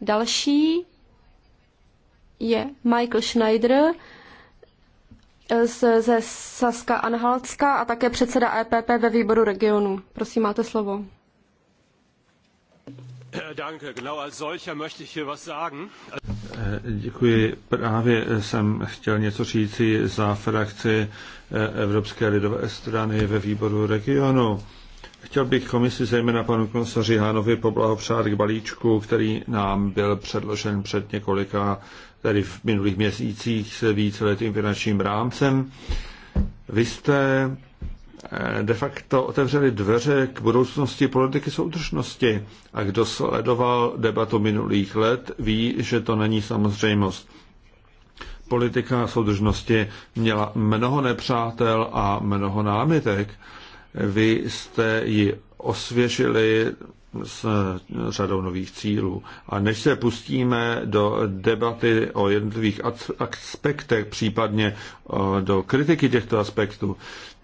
Další je Michael Schneider z, ze Saska Anhaltska a také předseda EPP ve výboru regionu. Prosím, máte slovo. Danke, genau als solcher möchte ich hier was sagen. Eh, děkuji. Právě eh, jsem chtěl něco říci za frakci eh, Evropské lidové strany ve výboru regionu. Chtěl bych komisi zejména panu komisaři Hánovi poblahopřát k balíčku, který nám byl předložen před několika, tedy v minulých měsících s víceletým finančním rámcem. Vy jste Eh, de facto otevřeli dveře k budoucnosti politiky soudržnosti. A kdo sledoval debatu minulých let, ví, že to není samozřejmost. Politika soudržnosti měla mnoho nepřátel a mnoho námitek. Vy jste ji osvěžili, s řadou nových cílů. A než se pustíme do debaty o jednotlivých aspektech, případně do kritiky těchto aspektů,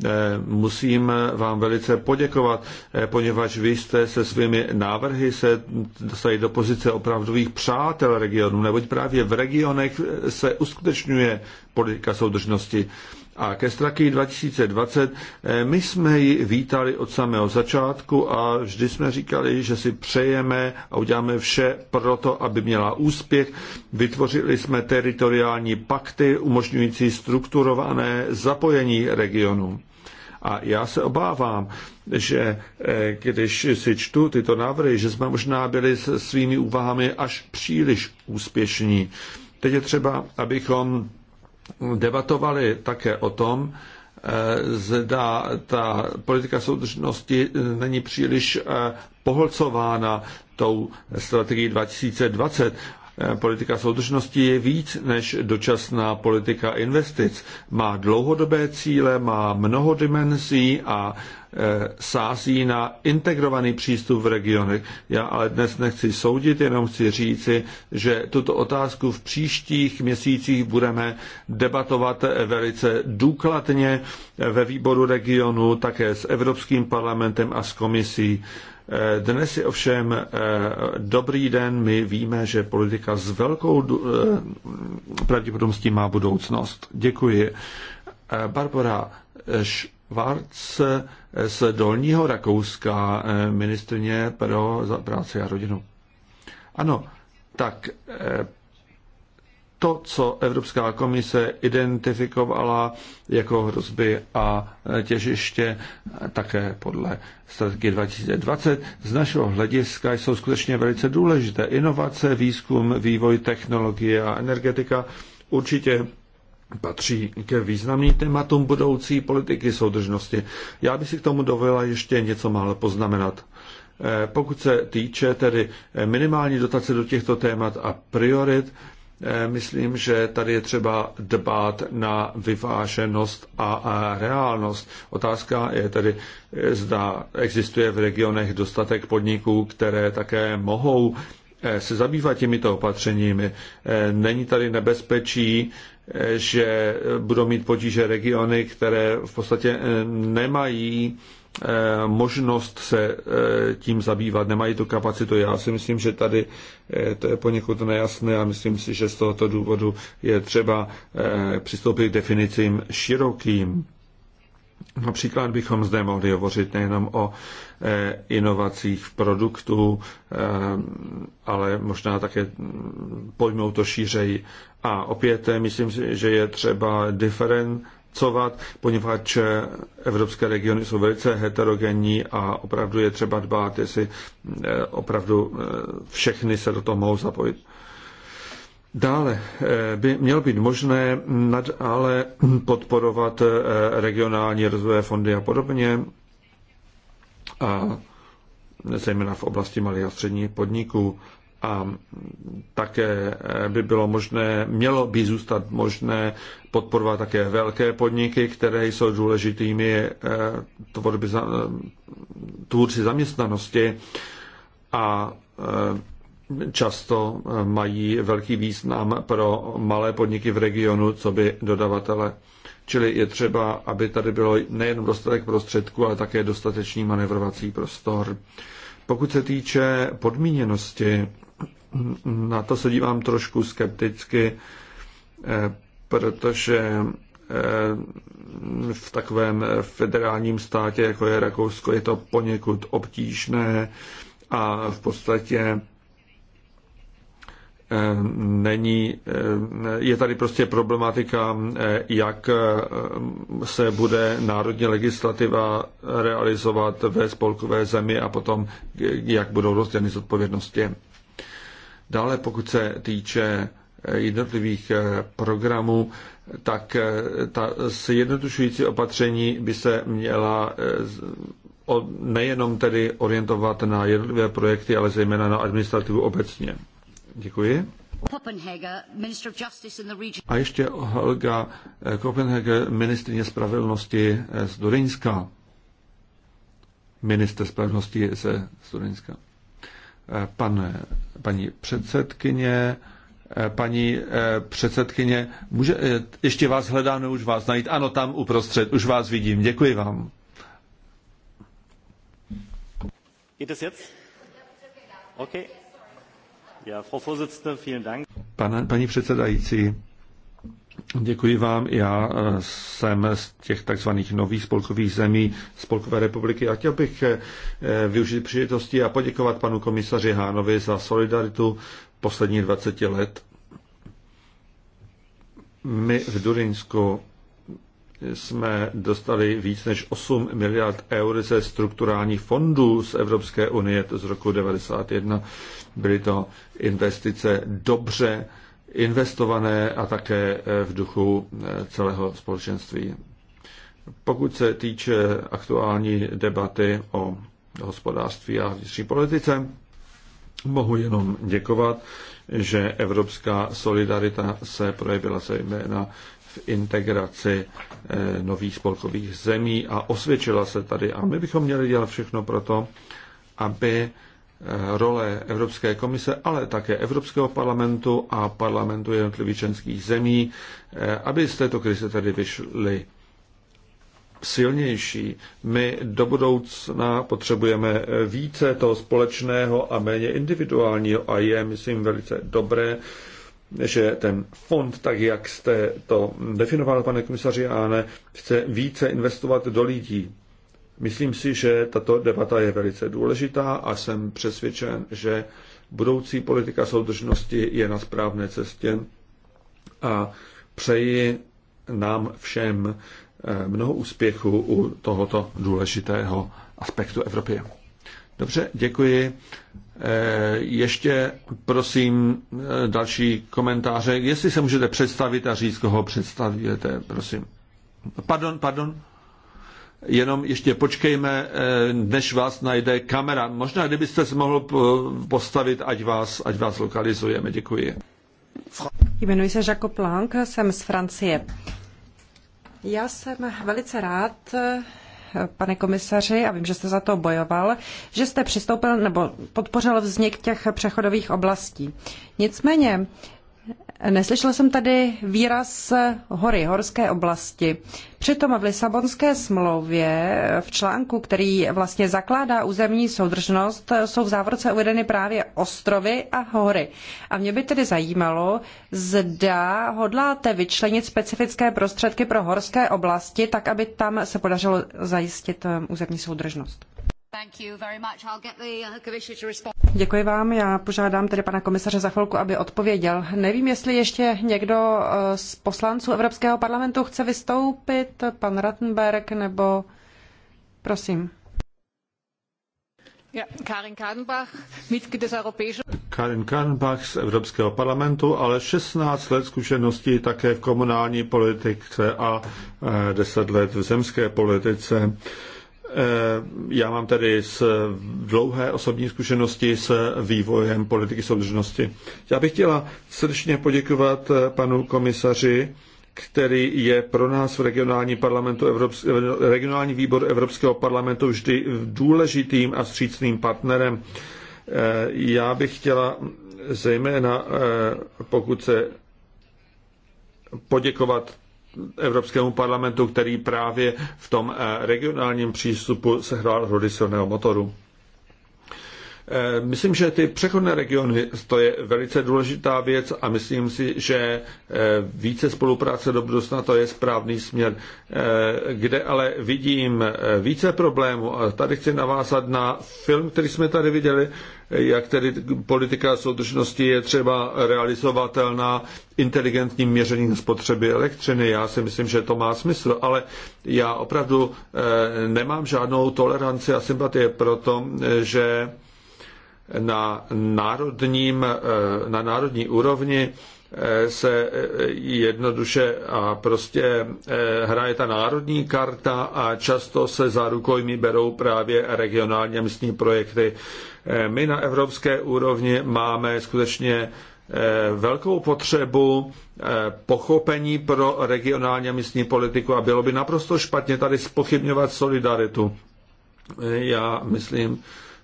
eh, musím vám velice poděkovat, eh, poněvadž vy jste se svými návrhy se dostali do pozice opravdových přátel regionu neboť právě v regionech se uskutečňuje politika soudržnosti. A ke Straky 2020 eh, my jsme ji vítali od samého začátku a vždy jsme říkali, že si přejeme a uděláme vše pro to, aby měla úspěch. Vytvořili jsme teritoriální pakty umožňující strukturované zapojení regionu. A já se obávám, že eh, když si čtu tyto návrhy, že jsme možná byli s svými úvahami až příliš úspěšní. Teď je třeba, abychom debatovali také o tom, eh, zda ta politika soudržnosti není příliš eh, pohlcována tou strategií 2020. Eh, politika soudržnosti je víc než dočasná politika investic. Má dlouhodobé cíle, má mnoho dimenzí a Eh, sází na integrovaný přístup v regionech. Já ale dnes nechci soudit, jenom chci říci, že tuto otázku v příštích měsících budeme debatovat velice důkladně ve výboru regionu, také s Evropským parlamentem a s komisí. Eh, dnes je ovšem eh, dobrý den, my víme, že politika s velkou pravděpodobností má budoucnost. Děkuji. Barbara Varc z Dolního Rakouska, eh, ministrně pro práci a rodinu. Ano, tak eh, to, co Evropská komise identifikovala jako hrozby a eh, těžiště, také podle strategie 2020, z našeho hlediska jsou skutečně velice důležité. Inovace, výzkum, vývoj, technologie a energetika určitě patří k významným tématům budoucí politiky soudržnosti. Já bych si k tomu dovolila ještě něco málo poznamenat. Eh, pokud se týče tedy minimální dotace do těchto témat a priorit, eh, myslím, že tady je třeba dbát na vyváženost a reálnost. Otázka je tedy, eh, zda existuje v regionech dostatek podniků, které také mohou se zabývat těmito opatřeními. Není tady nebezpečí, že budou mít potíže regiony, které v podstatě eh, nemají eh, možnost se eh, tím zabývat, nemají tu kapacitu. Já si myslím, že tady to je poněkud nejasné a myslím si, že z tohoto důvodu je třeba přistoupit k definicím širokým. Například bychom zde mohli hovořit nejenom o eh, inovacích v produktu, eh, ale možná také pojmout to šířeji. A opět eh, myslím že je třeba diferencovat, poněvadž evropské regiony jsou velice heterogenní a opravdu je třeba dbát, jestli opravdu všechny se do toho mohou zapojit. Dále eh, by mělo být možné nadále podporovat eh, regionální rozvojové fondy a podobně, a zejména v oblasti malých a středních podniků. A také eh, by bylo možné, mělo by zůstat možné podporovat také velké podniky, které jsou důležitými tvorby, tvůrci zaměstnanosti a často eh, mají velký význam pro malé podniky v regionu, co by dodavatele. Čili je třeba, aby tady bylo nejen dostatek prostředků, ale také dostatečný manevrovací prostor. Pokud se týče podmíněnosti, na to se dívám trošku skepticky, eh, protože eh, v takovém federálním státě, jako je Rakousko, je to poněkud obtížné a v podstatě Ehm, není, ehm, je tady prostě problematika, eh, jak ehm, se bude národní legislativa realizovat ve spolkové zemi a potom eh, jak budou rozděleny zodpovědnosti. Dále, pokud se týče eh, jednotlivých programů, tak ta sjednotušující opatření by se měla nejenom tedy orientovat na jednotlivé projekty, ale zejména na administrativu obecně. Děkuji. A ještě Helga eh, Kopenhager, ministrině spravedlnosti eh, z Durinska. Minister spravedlnosti ze Durinska. Eh, pan, paní předsedkyně, paní předsedkyně, může, ještě vás hledáme, už vás najít. Ano, tam uprostřed, už vás vidím. Děkuji vám. Geht to jetzt? Okay. Pane, paní předsedající, děkuji vám. Já eh, jsem z těch takzvaných nových spolkových zemí Spolkové republiky a chtěl bych eh, využít příležitosti a poděkovat panu komisaři Hánovi za solidaritu posledních 20 let. My v Durinsku jsme dostali víc než 8 miliard eur ze strukturálních fondů z Evropské unie z roku 1991. Byly to investice dobře investované a také eh, v duchu eh, celého společenství. Pokud se týče aktuální debaty o hospodářství a vnitřní politice, mohu jenom děkovat, že evropská solidarita se projevila zejména v integraci eh, nových spolkových zemí a osvědčila se tady. A my bychom měli dělat všechno pro to, aby role Evropské komise, ale také Evropského parlamentu a parlamentu jednotlivých členských zemí, eh, aby z této krize tedy vyšly silnější. My do budoucna potřebujeme více toho společného a méně individuálního a je, myslím, velice dobré, že ten fond, tak jak jste to definoval, pane komisaři Áne, chce více investovat do lidí. Myslím si, že tato debata je velice důležitá a jsem přesvědčen, že budoucí politika soudržnosti je na správné cestě a přeji nám všem eh, mnoho úspěchu u tohoto důležitého aspektu Evropy. Dobře, děkuji. Eh, ještě prosím eh, další komentáře. Jestli se můžete představit a říct, koho představíte, prosím. Pardon, pardon jenom ještě počkejme, eh, než vás najde kamera. Možná, kdybyste se mohl postavit, ať vás, ať vás lokalizujeme. Děkuji. Jmenuji se Jacques Planck, jsem z Francie. Já jsem velice rád, pane komisaři, a vím, že jste za to bojoval, že jste přistoupil nebo podpořil vznik těch přechodových oblastí. Nicméně Neslyšela jsem tady výraz hory, horské oblasti. Přitom v Lisabonské smlouvě v článku, který vlastně zakládá územní soudržnost, jsou v závorce uvedeny právě ostrovy a hory. A mě by tedy zajímalo, zda hodláte vyčlenit specifické prostředky pro horské oblasti, tak aby tam se podařilo zajistit um, územní soudržnost. Děkuji vám. Já požádám tedy pana komisaře za chvilku, aby odpověděl. Nevím, jestli ještě někdo uh, z poslanců Evropského parlamentu chce vystoupit, pan Rattenberg, nebo prosím. Karin Kadenbach, des Karin Kadenbach z Evropského parlamentu, ale 16 let zkušeností také v komunální politice a 10 eh, let v zemské politice. Eh, já mám tedy z dlouhé osobní zkušenosti s vývojem politiky soudržnosti. Já bych chtěla srdečně poděkovat eh, panu komisaři, který je pro nás v regionální, parlamentu Evropské, regionální výbor Evropského parlamentu vždy důležitým a střícným partnerem. Eh, já bych chtěla zejména, pokud se poděkovat Evropskému parlamentu, který právě v tom eh, regionálním přístupu sehrál roli silného motoru. Eh, myslím, že ty přechodné regiony, to je velice důležitá věc a myslím si, že eh, více spolupráce do budoucna to je správný směr. Eh, kde ale vidím více problémů, a tady chci navázat na film, který jsme tady viděli, jak tedy politika soudržnosti je třeba realizovatelná inteligentním měřením spotřeby elektřiny. Já si myslím, že to má smysl, ale já opravdu nemám žádnou toleranci a sympatie pro to, že na, národním, eh, na národní úrovni eh, se eh, jednoduše a prostě hraje ta národní karta a často se za rukojmí berou právě regionálně místní projekty. My na evropské úrovni máme skutečně velkou potřebu pochopení pro regionálně místní politiku a bylo by naprosto špatně tady spochybňovat solidaritu. Já myslím,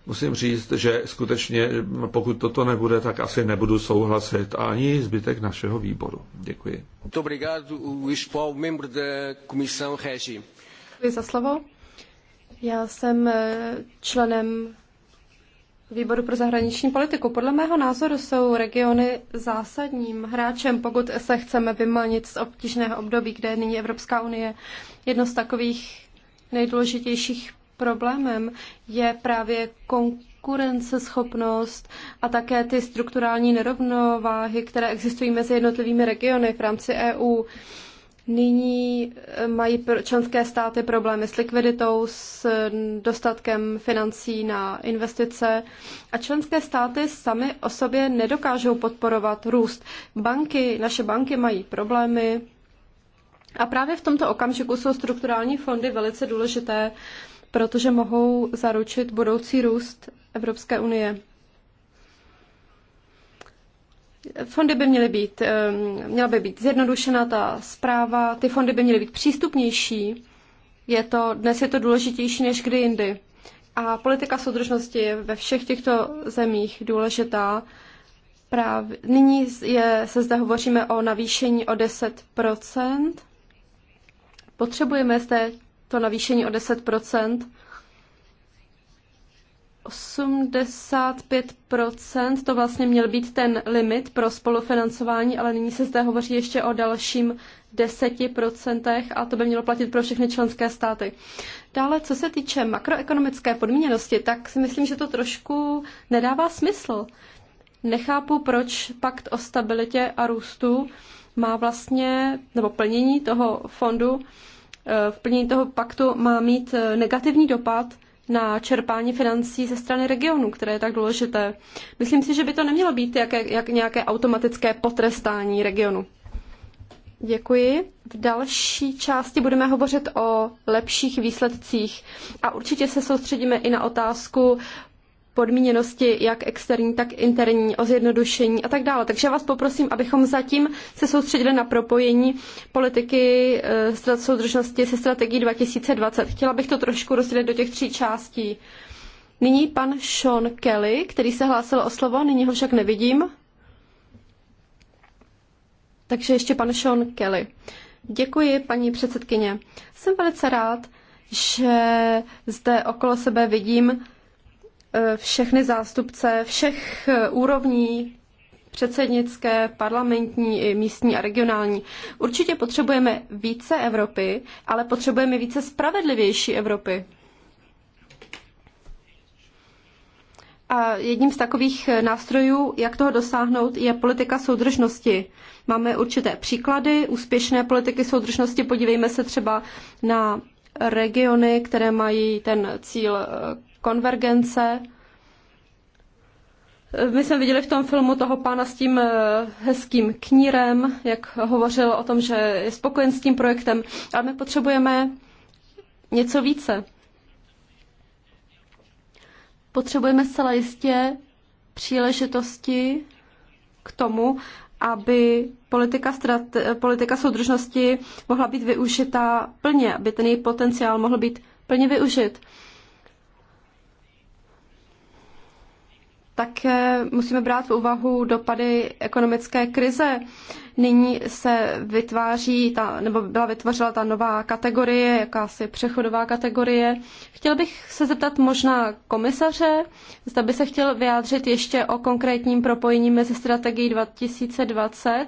musím říct, že skutečně pokud toto nebude, tak asi nebudu souhlasit ani zbytek našeho výboru. Děkuji. Děkuji za slovo. Já jsem eh, členem Výboru pro zahraniční politiku. Podle mého názoru jsou regiony zásadním hráčem, pokud se chceme vymanit z obtížného období, kde je nyní Evropská unie. Jedno z takových nejdůležitějších problémem je právě konkurenceschopnost a také ty strukturální nerovnováhy, které existují mezi jednotlivými regiony v rámci EU. Nyní eh, mají členské státy problémy s likviditou, s mm, dostatkem financí na investice a členské státy sami o sobě nedokážou podporovat růst. Banky, naše banky mají problémy a právě v tomto okamžiku jsou strukturální fondy velice důležité protože mohou zaručit budoucí růst Evropské unie. Fondy by měly být, eh, měla by být zjednodušena ta zpráva, ty fondy by měly být přístupnější. Je to, dnes je to důležitější než kdy jindy. A politika soudržnosti je ve všech těchto zemích důležitá. Právě, nyní je, se zde hovoříme o navýšení o 10 Potřebujeme zde to navýšení o 10 85 to vlastně měl být ten limit pro spolufinancování, ale nyní se zde hovoří ještě o dalším 10 a to by mělo platit pro všechny členské státy. Dále, co se týče makroekonomické podmíněnosti, tak si myslím, že to trošku nedává smysl. Nechápu, proč pakt o stabilitě a růstu má vlastně, nebo plnění toho fondu v plnění toho paktu má mít eh, negativní dopad na čerpání financí ze strany regionu, které je tak důležité. Myslím si, že by to nemělo být jaké, jak nějaké automatické potrestání regionu. Děkuji. V další části budeme hovořit o lepších výsledcích a určitě se soustředíme i na otázku podmíněnosti, jak externí, tak interní, o zjednodušení a tak dále. Takže vás poprosím, abychom zatím se soustředili na propojení politiky eh, soudržnosti se strategií 2020. Chtěla bych to trošku rozdělit do těch tří částí. Nyní pan Sean Kelly, který se hlásil o slovo, nyní ho však nevidím. Takže ještě pan Sean Kelly. Děkuji, paní předsedkyně. Jsem velice rád, že zde okolo sebe vidím Eh, všechny zástupce všech eh, úrovní předsednické, parlamentní, i místní a regionální. Určitě potřebujeme více Evropy, ale potřebujeme více spravedlivější Evropy. A jedním z takových eh, nástrojů, jak toho dosáhnout, je politika soudržnosti. Máme určité příklady úspěšné politiky soudržnosti. Podívejme se třeba na regiony, které mají ten cíl konvergence. My jsme viděli v tom filmu toho pána s tím eh, hezkým knírem, jak hovořil o tom, že je spokojen s tím projektem, ale my potřebujeme něco více. Potřebujeme zcela jistě příležitosti k tomu, aby politika, strat, politika soudržnosti mohla být využita plně, aby ten její potenciál mohl být plně využit. Také musíme brát v úvahu dopady ekonomické krize. Nyní se vytváří, ta, nebo byla vytvořena ta nová kategorie, jakási přechodová kategorie. Chtěl bych se zeptat možná komisaře, zda by se chtěl vyjádřit ještě o konkrétním propojení mezi strategií 2020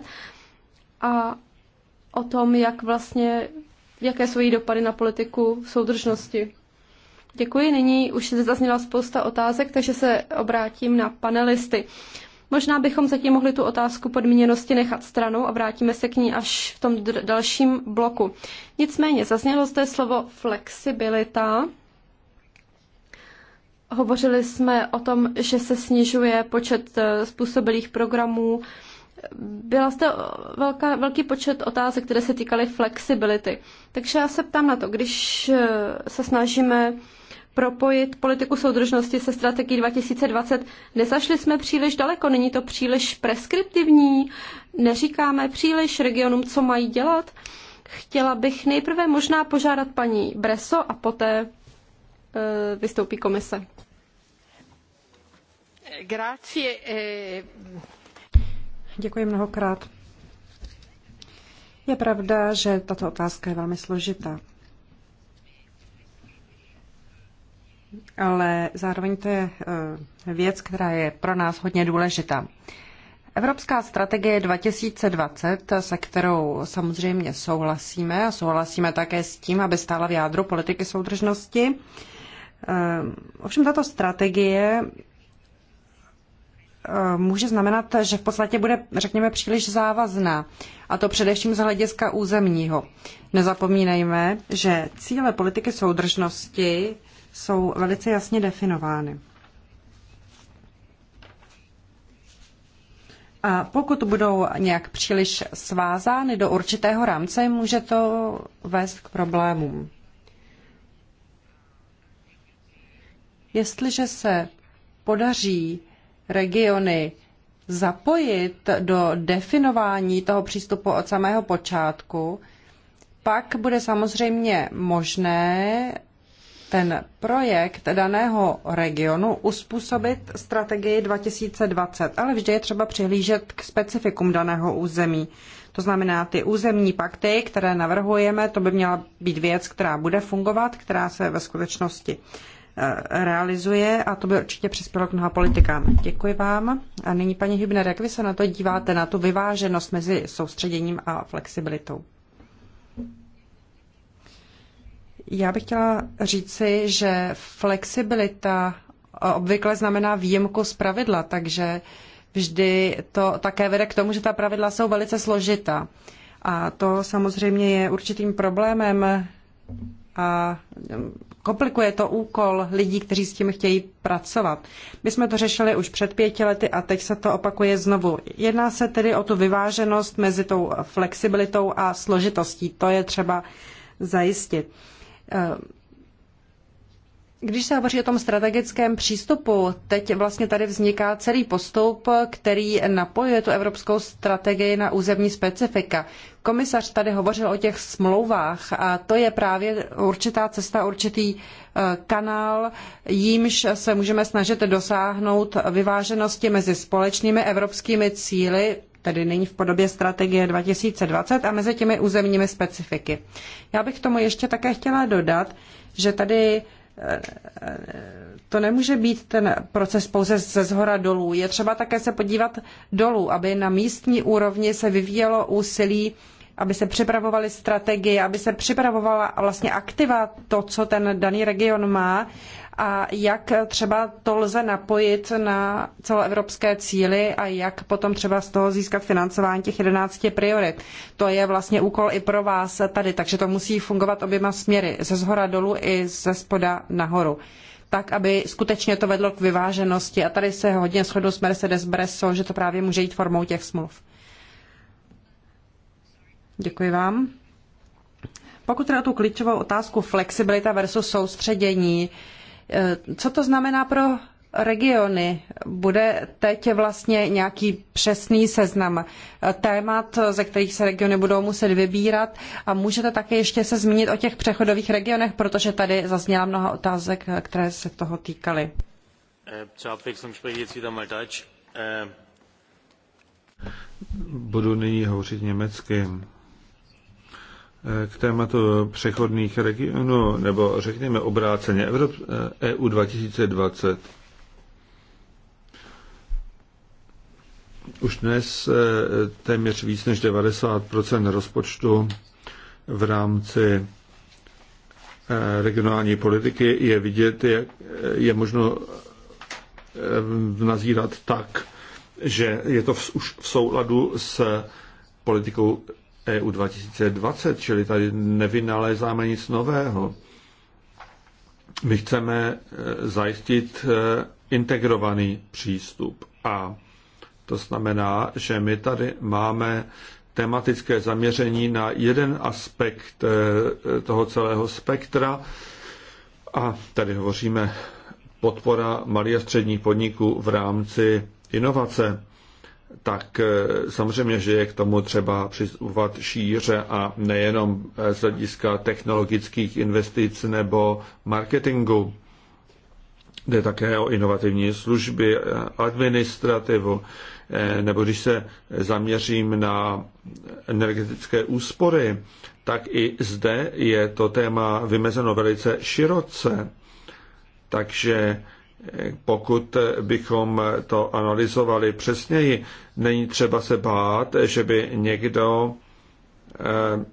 a o tom, jak vlastně, jaké jsou její dopady na politiku soudržnosti. Děkuji. Nyní už zazněla spousta otázek, takže se obrátím na panelisty. Možná bychom zatím mohli tu otázku podmíněnosti nechat stranou a vrátíme se k ní až v tom dalším bloku. Nicméně zaznělo zde slovo flexibilita. Hovořili jsme o tom, že se snižuje počet e, způsobilých programů. Byla zde velká, velký počet otázek, které se týkaly flexibility. Takže já se ptám na to, když e, se snažíme propojit politiku soudržnosti se strategií 2020. Nezašli jsme příliš daleko, není to příliš preskriptivní, neříkáme příliš regionům, co mají dělat. Chtěla bych nejprve možná požádat paní Breso a poté e, vystoupí komise. Grazie. E- Děkuji mnohokrát. Je pravda, že tato otázka je velmi složitá. ale zároveň to je eh, věc, která je pro nás hodně důležitá. Evropská strategie 2020, se kterou samozřejmě souhlasíme a souhlasíme také s tím, aby stála v jádru politiky soudržnosti. Eh, ovšem tato strategie eh, může znamenat, že v podstatě bude, řekněme, příliš závazná, a to především z hlediska územního. Nezapomínejme, že cíle politiky soudržnosti jsou velice jasně definovány. A pokud budou nějak příliš svázány do určitého rámce, může to vést k problémům. Jestliže se podaří regiony zapojit do definování toho přístupu od samého počátku, pak bude samozřejmě možné ten projekt daného regionu uspůsobit strategii 2020, ale vždy je třeba přihlížet k specifikum daného území. To znamená, ty územní pakty, které navrhujeme, to by měla být věc, která bude fungovat, která se ve skutečnosti eh, realizuje a to by určitě přispělo k mnoha politikám. Děkuji vám. A nyní, paní hybner, jak vy se na to díváte, na tu vyváženost mezi soustředěním a flexibilitou? Já bych chtěla říci, že flexibilita obvykle znamená výjimku z pravidla, takže vždy to také vede k tomu, že ta pravidla jsou velice složitá. A to samozřejmě je určitým problémem a komplikuje to úkol lidí, kteří s tím chtějí pracovat. My jsme to řešili už před pěti lety a teď se to opakuje znovu. Jedná se tedy o tu vyváženost mezi tou flexibilitou a složitostí. To je třeba zajistit. Eh, když se hovoří o tom strategickém přístupu, teď vlastně tady vzniká celý postup, který napojuje tu evropskou strategii na územní specifika. Komisař tady hovořil o těch smlouvách a to je právě určitá cesta, určitý eh, kanál, jímž se můžeme snažit dosáhnout vyváženosti mezi společnými evropskými cíly tedy není v podobě strategie 2020 a mezi těmi územními specifiky. Já bych tomu ještě také chtěla dodat, že tady eh, eh, to nemůže být ten proces pouze ze zhora dolů. Je třeba také se podívat dolů, aby na místní úrovni se vyvíjelo úsilí, aby se připravovaly strategie, aby se připravovala vlastně aktiva to, co ten daný region má a jak třeba to lze napojit na celoevropské cíly a jak potom třeba z toho získat financování těch 11 priorit. To je vlastně úkol i pro vás tady, takže to musí fungovat oběma směry, ze zhora dolů i ze spoda nahoru tak, aby skutečně to vedlo k vyváženosti. A tady se hodně shodl s Mercedes Bresso, že to právě může jít formou těch smluv. Děkuji vám. Pokud teda tu klíčovou otázku flexibilita versus soustředění, Eh, co to znamená pro regiony? Bude teď vlastně nějaký přesný seznam eh, témat, ze kterých se regiony budou muset vybírat a můžete také ještě se zmínit o těch přechodových regionech, protože tady zazněla mnoha otázek, eh, které se toho týkaly. Budu nyní hovořit německy k tématu přechodných regionů, nebo řekněme obráceně Evrop, EU 2020. Už dnes e, téměř víc než 90 rozpočtu v rámci e, regionální politiky je vidět, jak je možno e, nazírat tak, že je to v, už v souladu s politikou EU 2020, čili tady nevynalézáme nic nového. My chceme e, zajistit e, integrovaný přístup a to znamená, že my tady máme tematické zaměření na jeden aspekt e, toho celého spektra a tady hovoříme podpora malých a středních podniků v rámci inovace tak eh, samozřejmě, že je k tomu třeba přizvat šíře a nejenom eh, z hlediska technologických investic nebo marketingu. Jde také o inovativní služby, eh, administrativu, nebo když se zaměřím na energetické úspory, tak i zde je to téma vymezeno velice široce. Takže pokud bychom to analyzovali přesněji, není třeba se bát, že by někdo eh,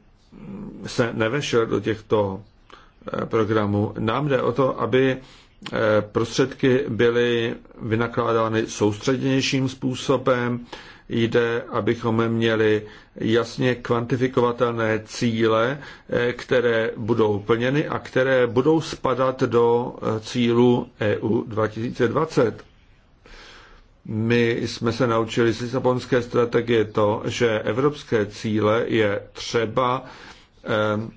se nevešel do těchto eh, programů. Nám jde o to, aby eh, prostředky byly vynakládány soustředěnějším způsobem, jde, abychom měli jasně kvantifikovatelné cíle, eh, které budou plněny a které budou spadat do eh, cílu EU 2020. My jsme se naučili z Lisabonské strategie to, že evropské cíle je třeba ehm,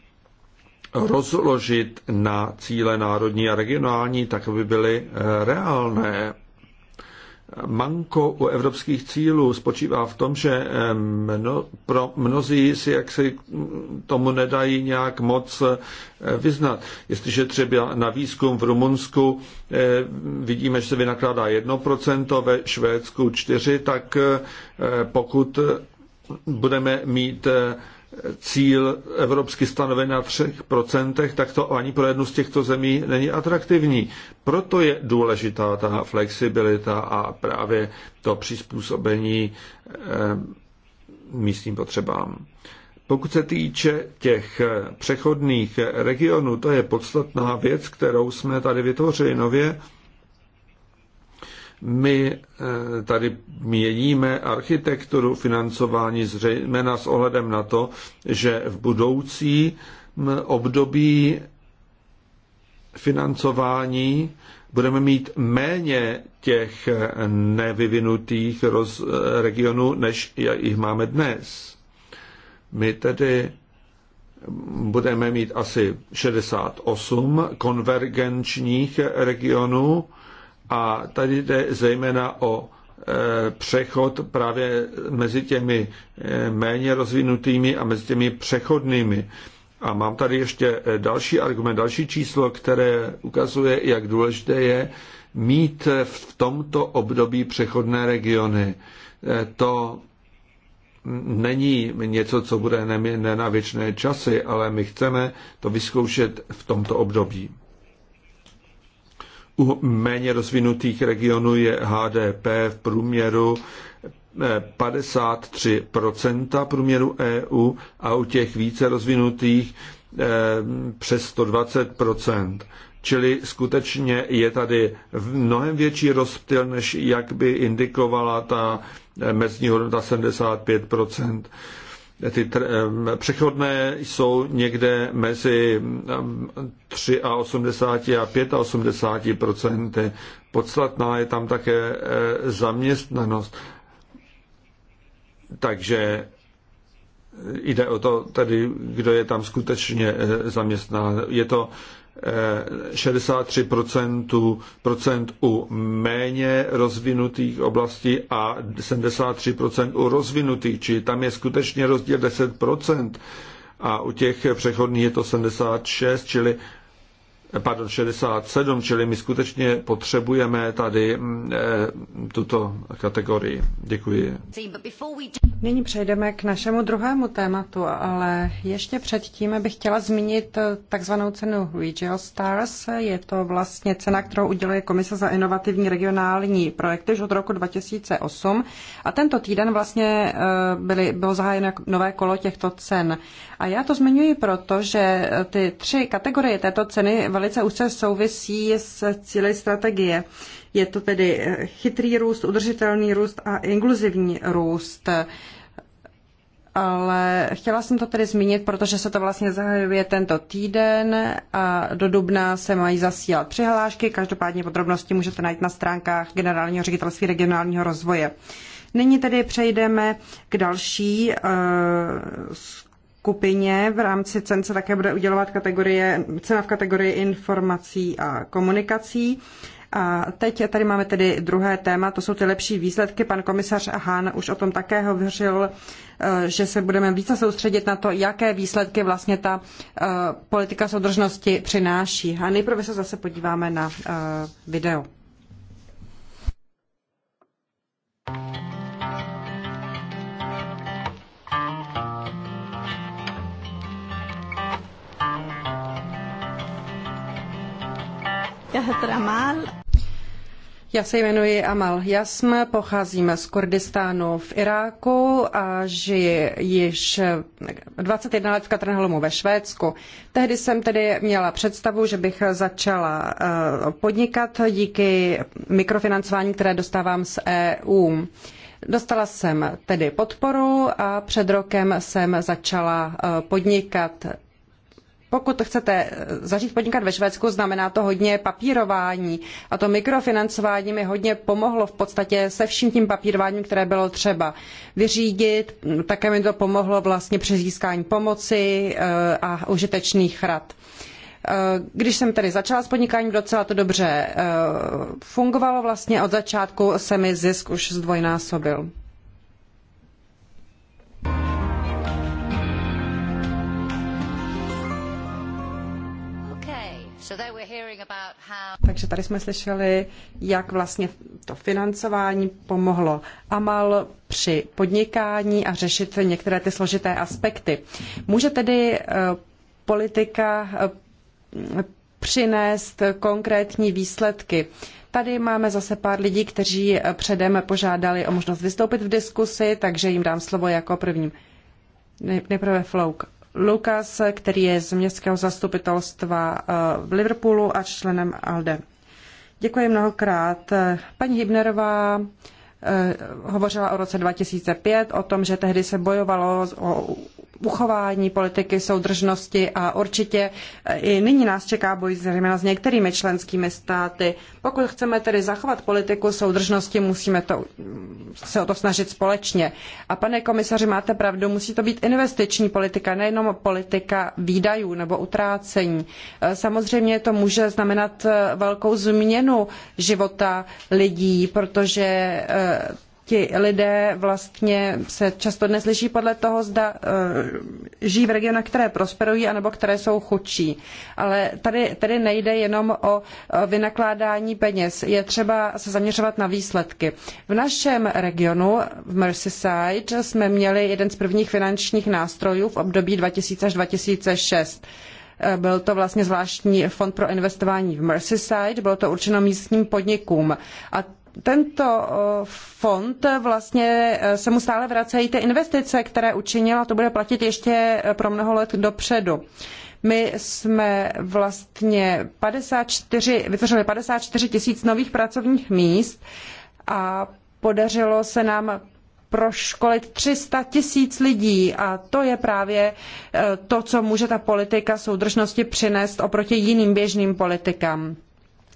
rozložit na cíle národní a regionální, tak aby byly eh, reálné manko u evropských cílů spočívá v tom, že mno, pro mnozí si jaksi tomu nedají nějak moc eh, vyznat. Jestliže třeba na výzkum v Rumunsku eh, vidíme, že se vynakládá 1%, ve Švédsku 4%, tak eh, pokud budeme mít cíl evropsky stanoven na 3%, tak to ani pro jednu z těchto zemí není atraktivní. Proto je důležitá ta flexibilita a právě to přizpůsobení eh, místním potřebám. Pokud se týče těch eh, přechodných regionů, to je podstatná věc, kterou jsme tady vytvořili nově my eh, tady měníme architekturu financování zřejmě s ohledem na to, že v budoucí období financování budeme mít méně těch eh, nevyvinutých roz, eh, regionů, než jich máme dnes. My tedy budeme mít asi 68 konvergenčních regionů a tady jde zejména o e, přechod právě mezi těmi e, méně rozvinutými a mezi těmi přechodnými. A mám tady ještě e, další argument, další číslo, které ukazuje, jak důležité je mít v tomto období přechodné regiony. To není něco, co bude ne na věčné časy, ale my chceme to vyzkoušet v tomto období. U méně rozvinutých regionů je HDP v průměru 53 eh, průměru EU a u těch více rozvinutých eh, přes 120 Čili skutečně je tady v mnohem větší rozptyl, než jak by indikovala ta mezní hodnota 75 ty tr- přechodné jsou někde mezi 3 a 80 a 5 a 80 procenty. Podstatná je tam také e, zaměstnanost. Takže e, jde o to, tedy, kdo je tam skutečně e, zaměstnán. Je to 63% procent u méně rozvinutých oblastí a 73% u rozvinutých, či tam je skutečně rozdíl 10% a u těch přechodných je to 76, čili pardon, 67, čili my skutečně potřebujeme tady mm, eh, tuto kategorii. Děkuji. Nyní přejdeme k našemu druhému tématu, ale ještě předtím bych chtěla zmínit takzvanou cenu Regio Stars. Je to vlastně cena, kterou uděluje Komise za inovativní regionální projekty už od roku 2008. A tento týden vlastně eh, byly, bylo zahájeno jako nové kolo těchto cen. A já to zmiňuji proto, že ty tři kategorie této ceny velice úzce souvisí s cíly strategie. Je to tedy chytrý růst, udržitelný růst a inkluzivní růst ale chtěla jsem to tedy zmínit, protože se to vlastně zahajuje tento týden a do dubna se mají zasílat přihlášky. Každopádně podrobnosti můžete najít na stránkách Generálního ředitelství regionálního rozvoje. Nyní tedy přejdeme k další uh, skupině v rámci cen se také bude udělovat kategorie, cena v kategorii informací a komunikací. A teď tady máme tedy druhé téma, to jsou ty lepší výsledky. Pan komisař Hahn už o tom také hovořil, eh, že se budeme více soustředit na to, jaké výsledky vlastně ta eh, politika soudržnosti přináší. A nejprve se zase podíváme na eh, video. Já se jmenuji Amal Jasm, pocházím z Kurdistánu v Iráku a žiji již 21 eh, let v Katrnhelmu ve Švédsku. Tehdy jsem tedy měla představu, že bych začala eh, podnikat díky mikrofinancování, které dostávám z EU. Dostala jsem tedy podporu a před rokem jsem začala eh, podnikat pokud chcete eh, zažít podnikat ve Švédsku, znamená to hodně papírování. A to mikrofinancování mi hodně pomohlo v podstatě se vším tím papírováním, které bylo třeba vyřídit. Také mi to pomohlo vlastně při získání pomoci eh, a užitečných rad. Eh, když jsem tedy začala s podnikáním, docela to dobře fungovalo. Vlastně od začátku se mi zisk už zdvojnásobil. Takže tady jsme slyšeli, jak vlastně to financování pomohlo Amal při podnikání a řešit některé ty složité aspekty. Může tedy eh, politika eh, přinést konkrétní výsledky. Tady máme zase pár lidí, kteří eh, předem požádali o možnost vystoupit v diskusi, takže jim dám slovo jako prvním. Nejprve Flouk. Lukas, který je z městského zastupitelstva eh, v Liverpoolu a členem ALDE. Děkuji mnohokrát. Paní Hibnerová eh, hovořila o roce 2005, o tom, že tehdy se bojovalo o uchování politiky soudržnosti a určitě eh, i nyní nás čeká boj zejména s některými členskými státy. Pokud chceme tedy zachovat politiku soudržnosti, musíme to, se o to snažit společně. A pane komisaři, máte pravdu, musí to být investiční politika, nejenom politika výdajů nebo utrácení. Eh, samozřejmě to může znamenat eh, velkou změnu života lidí, protože ti lidé vlastně se často dnes liší podle toho, zda eh, žijí v regionech, které prosperují, anebo které jsou chudší. Ale tady, tady nejde jenom o vynakládání peněz. Je třeba se zaměřovat na výsledky. V našem regionu, v Merseyside, jsme měli jeden z prvních finančních nástrojů v období 2000 až 2006. Eh, byl to vlastně zvláštní fond pro investování v Merseyside, bylo to určeno místním podnikům. A tento eh, fond vlastně eh, se mu stále vracejí ty investice, které učinil a to bude platit ještě eh, pro mnoho let dopředu. My jsme vlastně 54, vytvořili 54 tisíc nových pracovních míst a podařilo se nám proškolit 300 tisíc lidí a to je právě to, co může ta politika soudržnosti přinést oproti jiným běžným politikám.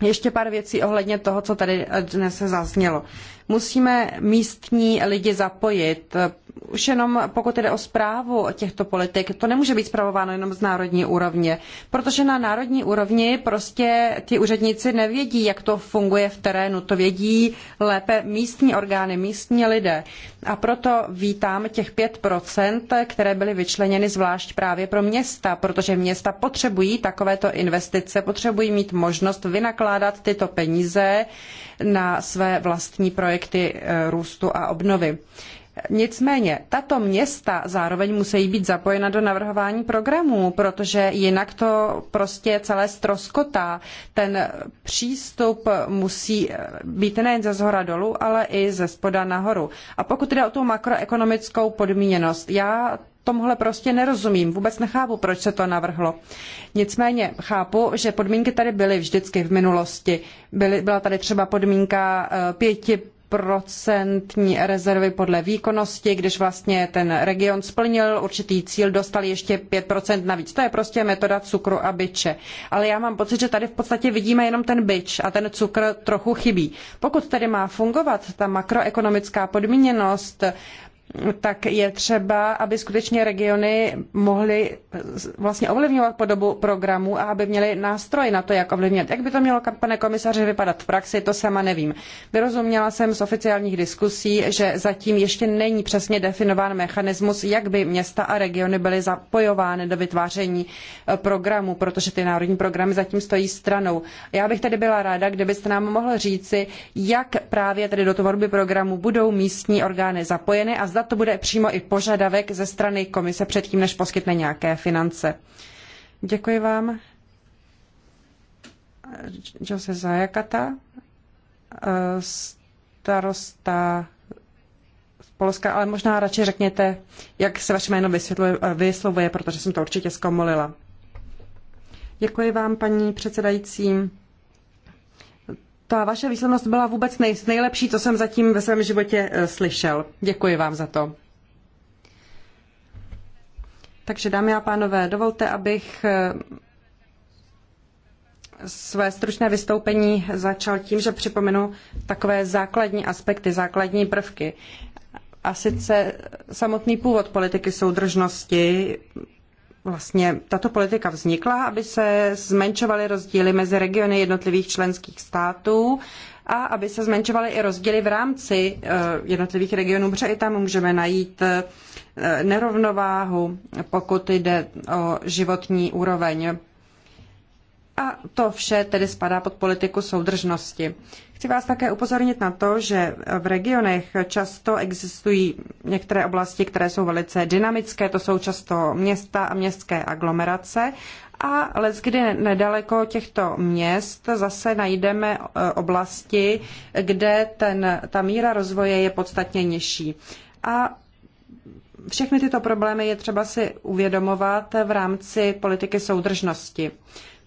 Ještě pár věcí ohledně toho, co tady dnes zaznělo. Musíme místní lidi zapojit, už jenom pokud jde o zprávu těchto politik, to nemůže být zpravováno jenom z národní úrovně, protože na národní úrovni prostě ti úředníci nevědí, jak to funguje v terénu, to vědí lépe místní orgány, místní lidé. A proto vítám těch 5%, které byly vyčleněny zvlášť právě pro města, protože města potřebují takovéto investice, potřebují mít možnost vynakládat tyto peníze na své vlastní projekty eh, růstu a obnovy. Nicméně tato města zároveň musí být zapojena do navrhování programů, protože jinak to prostě celé stroskotá. Ten přístup musí eh, být nejen ze zhora dolů, ale i ze spoda nahoru. A pokud jde o tu makroekonomickou podmíněnost, já tomuhle prostě nerozumím, vůbec nechápu, proč se to navrhlo. Nicméně chápu, že podmínky tady byly vždycky v minulosti. Byly, byla tady třeba podmínka eh, pěti procentní rezervy podle výkonnosti, když vlastně ten region splnil určitý cíl, dostal ještě 5% navíc. To je prostě metoda cukru a byče. Ale já mám pocit, že tady v podstatě vidíme jenom ten byč a ten cukr trochu chybí. Pokud tedy má fungovat ta makroekonomická podmíněnost, tak je třeba, aby skutečně regiony mohly vlastně ovlivňovat podobu programu a aby měly nástroj na to, jak ovlivnit. Jak by to mělo, pane komisaři, vypadat v praxi, to sama nevím. Vyrozuměla jsem z oficiálních diskusí, že zatím ještě není přesně definován mechanismus, jak by města a regiony byly zapojovány do vytváření eh, programu, protože ty národní programy zatím stojí stranou. Já bych tedy byla ráda, kdybyste nám mohl říci, jak právě tedy do tvorby programu budou místní orgány zapojeny a zda to bude přímo i požadavek ze strany komise předtím, než poskytne nějaké finance. Děkuji vám. Jose Zajakata, eh, starosta z Polska, ale možná radši řekněte, jak se vaše jméno eh, vyslovuje, protože jsem to určitě zkomolila. Děkuji vám, paní předsedající ta vaše výslovnost byla vůbec nej, nejlepší, co jsem zatím ve svém životě e, slyšel. Děkuji vám za to. Takže dámy a pánové, dovolte, abych e, své stručné vystoupení začal tím, že připomenu takové základní aspekty, základní prvky. A sice samotný původ politiky soudržnosti, Vlastně tato politika vznikla, aby se zmenšovaly rozdíly mezi regiony jednotlivých členských států a aby se zmenšovaly i rozdíly v rámci eh, jednotlivých regionů, protože i tam můžeme najít eh, nerovnováhu, pokud jde o životní úroveň a to vše tedy spadá pod politiku soudržnosti. Chci vás také upozornit na to, že v regionech často existují některé oblasti, které jsou velice dynamické, to jsou často města a městské aglomerace. A leckdy nedaleko těchto měst zase najdeme e, oblasti, kde ten, ta míra rozvoje je podstatně nižší. A všechny tyto problémy je třeba si uvědomovat v rámci politiky soudržnosti.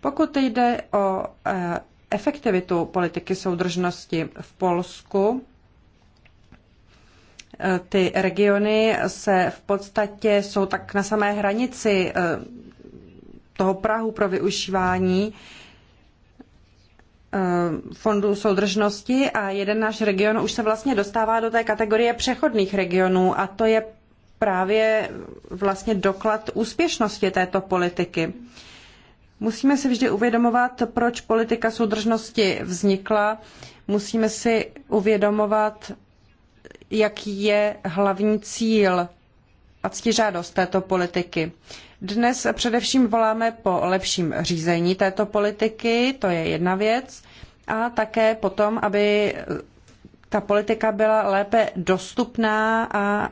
Pokud jde o eh, efektivitu politiky soudržnosti v Polsku, eh, ty regiony se v podstatě jsou tak na samé hranici eh, toho Prahu pro využívání fondů soudržnosti a jeden náš region už se vlastně dostává do té kategorie přechodných regionů a to je právě vlastně doklad úspěšnosti této politiky. Musíme si vždy uvědomovat, proč politika soudržnosti vznikla. Musíme si uvědomovat, jaký je hlavní cíl a ctižádost této politiky. Dnes především voláme po lepším řízení této politiky, to je jedna věc, a také potom, aby ta politika byla lépe dostupná a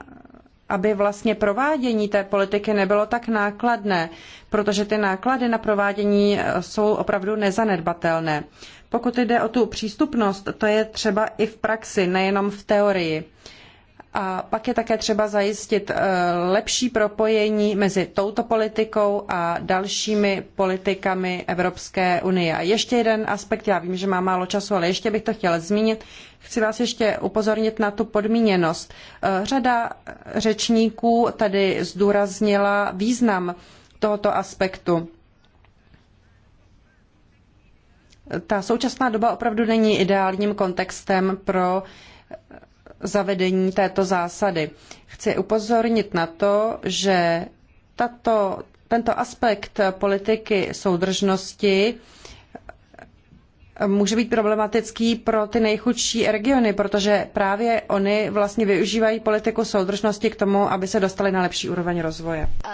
aby vlastně provádění té politiky nebylo tak nákladné, protože ty náklady na provádění eh, jsou opravdu nezanedbatelné. Pokud jde o tu přístupnost, to je třeba i v praxi, nejenom v teorii. A pak je také třeba zajistit eh, lepší propojení mezi touto politikou a dalšími politikami Evropské unie. A ještě jeden aspekt, já vím, že mám málo času, ale ještě bych to chtěla zmínit. Chci vás ještě upozornit na tu podmíněnost. Eh, řada řečníků tady zdůraznila význam tohoto aspektu. Ta současná doba opravdu není ideálním kontextem pro uh, zavedení této zásady. Chci upozornit na to, že tato, tento aspekt politiky soudržnosti může být problematický pro ty nejchudší regiony, protože právě oni vlastně využívají politiku soudržnosti k tomu, aby se dostali na lepší úroveň rozvoje. Uh,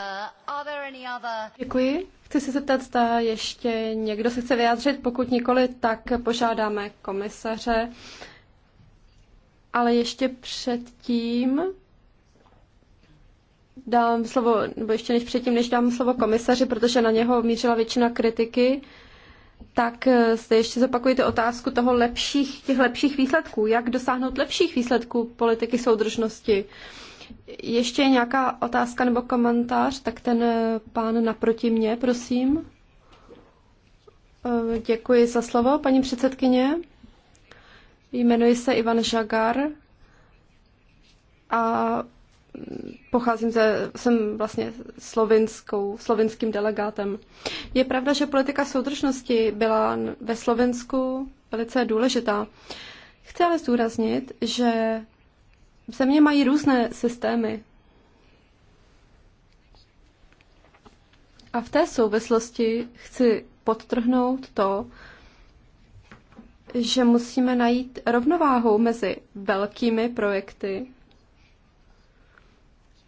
Děkuji. Chci se zeptat, zda ještě někdo se chce vyjádřit. Pokud nikoli, tak požádáme komisaře, ale ještě předtím dám slovo, nebo ještě než předtím, než dám slovo komisaři, protože na něho mířila většina kritiky, tak eh, zde ještě zopakujete otázku toho lepších, těch lepších výsledků. Jak dosáhnout lepších výsledků politiky soudržnosti? Ještě nějaká otázka nebo komentář, tak ten eh, pán naproti mě, prosím. Eh, děkuji za slovo, paní předsedkyně. Jmenuji se Ivan Žagar a pocházím ze, jsem vlastně slovinskou, slovinským delegátem. Je pravda, že politika soudržnosti byla ve Slovensku velice důležitá. Chci ale zdůraznit, že země mají různé systémy. A v té souvislosti chci podtrhnout to, že musíme najít rovnováhu mezi velkými projekty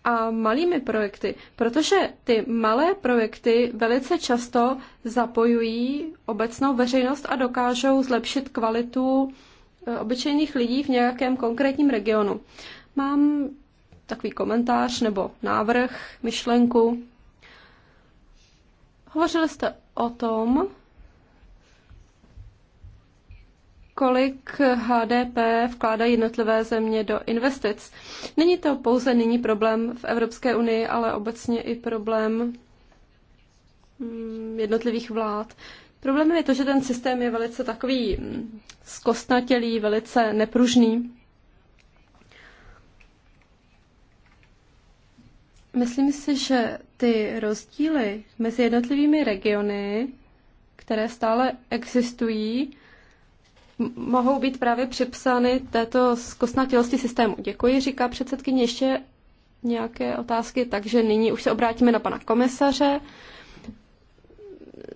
a malými projekty, protože ty malé projekty velice často zapojují obecnou veřejnost a dokážou zlepšit kvalitu eh, obyčejných lidí v nějakém konkrétním regionu. Mám takový komentář nebo návrh, myšlenku. Hovořili jste o tom, kolik HDP vkládají jednotlivé země do investic. Není to pouze nyní problém v Evropské unii, ale obecně i problém mm, jednotlivých vlád. Problém je to, že ten systém je velice takový mm, zkostnatělý, velice nepružný. Myslím si, že ty rozdíly mezi jednotlivými regiony, které stále existují, mohou být právě připsány této zkostnatělosti systému. Děkuji, říká předsedkyně. Ještě nějaké otázky, takže nyní už se obrátíme na pana komisaře.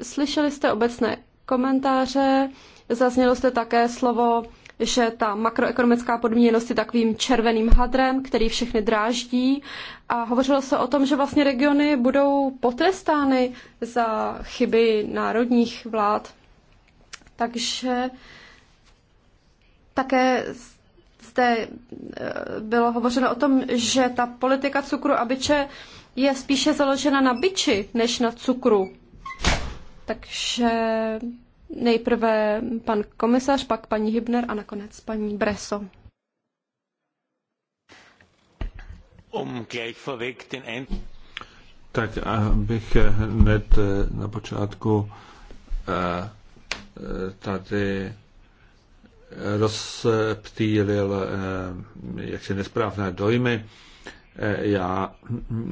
Slyšeli jste obecné komentáře, zaznělo jste také slovo, že ta makroekonomická podmíněnost je takovým červeným hadrem, který všechny dráždí a hovořilo se o tom, že vlastně regiony budou potrestány za chyby národních vlád. Takže také zde e, bylo hovořeno o tom, že ta politika cukru a byče je spíše založena na byči než na cukru. Takže nejprve pan komisař, pak paní Hybner a nakonec paní Breso. Um, tak abych hned eh, na počátku eh, eh, tady rozptýlil eh, jaksi nesprávné dojmy. Eh, já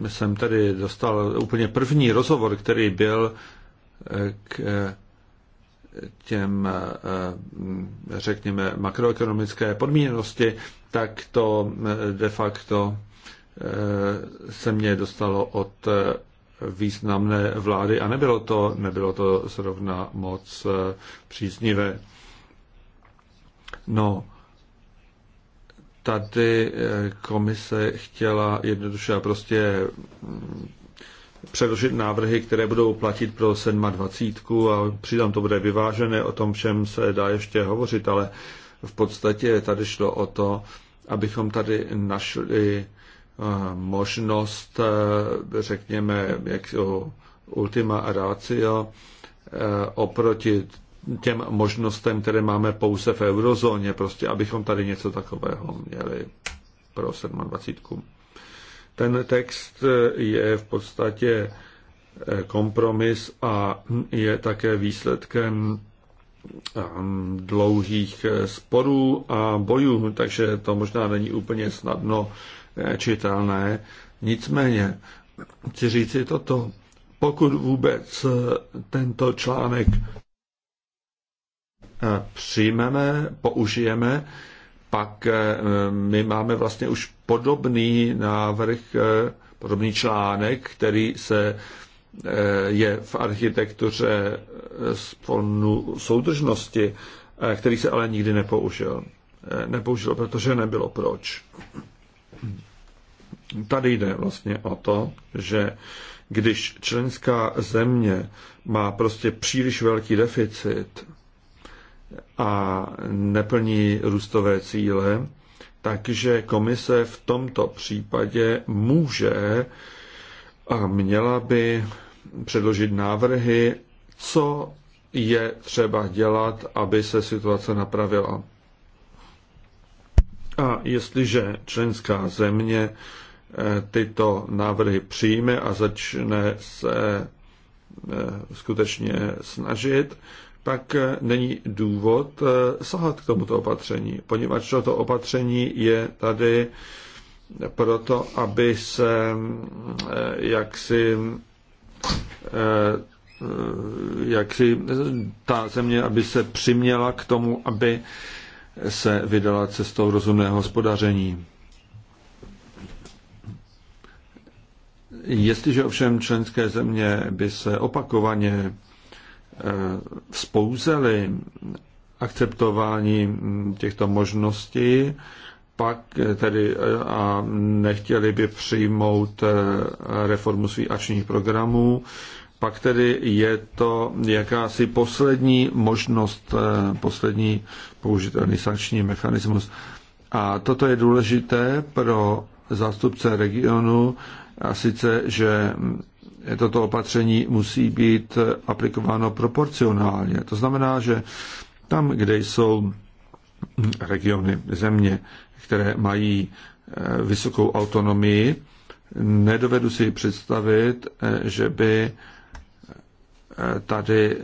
jsem tady dostal úplně první rozhovor, který byl eh, k těm, řekněme, makroekonomické podmíněnosti, tak to de facto se mě dostalo od významné vlády a nebylo to, nebylo to zrovna moc příznivé. No, tady eh, komise chtěla jednoduše a prostě mm, předložit návrhy, které budou platit pro 27 a přitom to bude vyvážené, o tom všem se dá ještě hovořit, ale v podstatě tady šlo o to, abychom tady našli eh, možnost, eh, řekněme, jak ultima ratio, oproti těm možnostem, které máme pouze v eurozóně, prostě abychom tady něco takového měli pro 27. Ten text je v podstatě eh, kompromis a je také výsledkem ehm, dlouhých eh, sporů a bojů, takže to možná není úplně snadno eh, čitelné. Nicméně chci říci toto, pokud vůbec tento článek Eh, přijmeme, použijeme, pak eh, my máme vlastně už podobný návrh, eh, podobný článek, který se je v architektuře spolu soudržnosti, který se ale nikdy nepoužil. Nepoužil, protože nebylo proč. Tady jde vlastně o to, že když členská země má prostě příliš velký deficit, a neplní růstové cíle, takže komise v tomto případě může a měla by předložit návrhy, co je třeba dělat, aby se situace napravila. A jestliže členská země eh, tyto návrhy přijme a začne se eh, skutečně snažit, tak eh, není důvod eh, sahat k tomuto opatření, poněvadž toto opatření je tady proto, aby se eh, jaksi jak si ta země, aby se přiměla k tomu, aby se vydala cestou rozumného hospodaření. Jestliže ovšem členské země by se opakovaně Eh, spouzeli akceptování těchto možností, pak tedy eh, a nechtěli by přijmout eh, reformu svých akčních programů, pak tedy je to jakási poslední možnost, poslední použitelný sankční mechanismus. A toto je důležité pro zástupce regionu, a sice, že toto opatření musí být aplikováno proporcionálně. To znamená, že tam, kde jsou regiony, země, které mají e, vysokou autonomii, nedovedu si představit, e, že by e, tady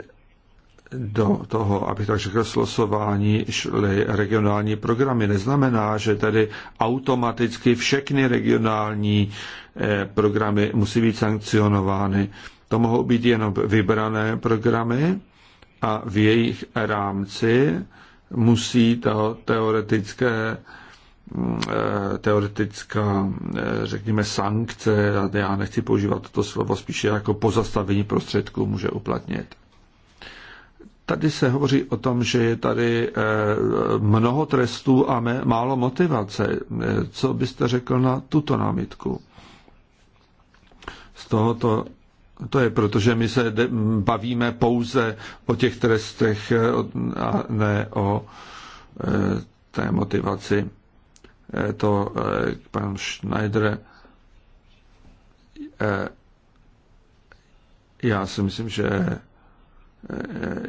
do toho, abych tak řekl, slosování šly regionální programy. Neznamená, že tedy automaticky všechny regionální eh, programy musí být sankcionovány. To mohou být jenom vybrané programy a v jejich rámci musí to teoretické eh, teoretická, eh, řekněme, sankce, já nechci používat toto slovo, spíše jako pozastavení prostředků může uplatnit. Tady se hovoří o tom, že je tady eh, mnoho trestů a málo motivace. Eh, co byste řekl na tuto námitku? Z tohoto to je proto, že my se bavíme pouze o těch trestech eh, a ne o té motivaci. To pan Schneider. Já si myslím, že Eh,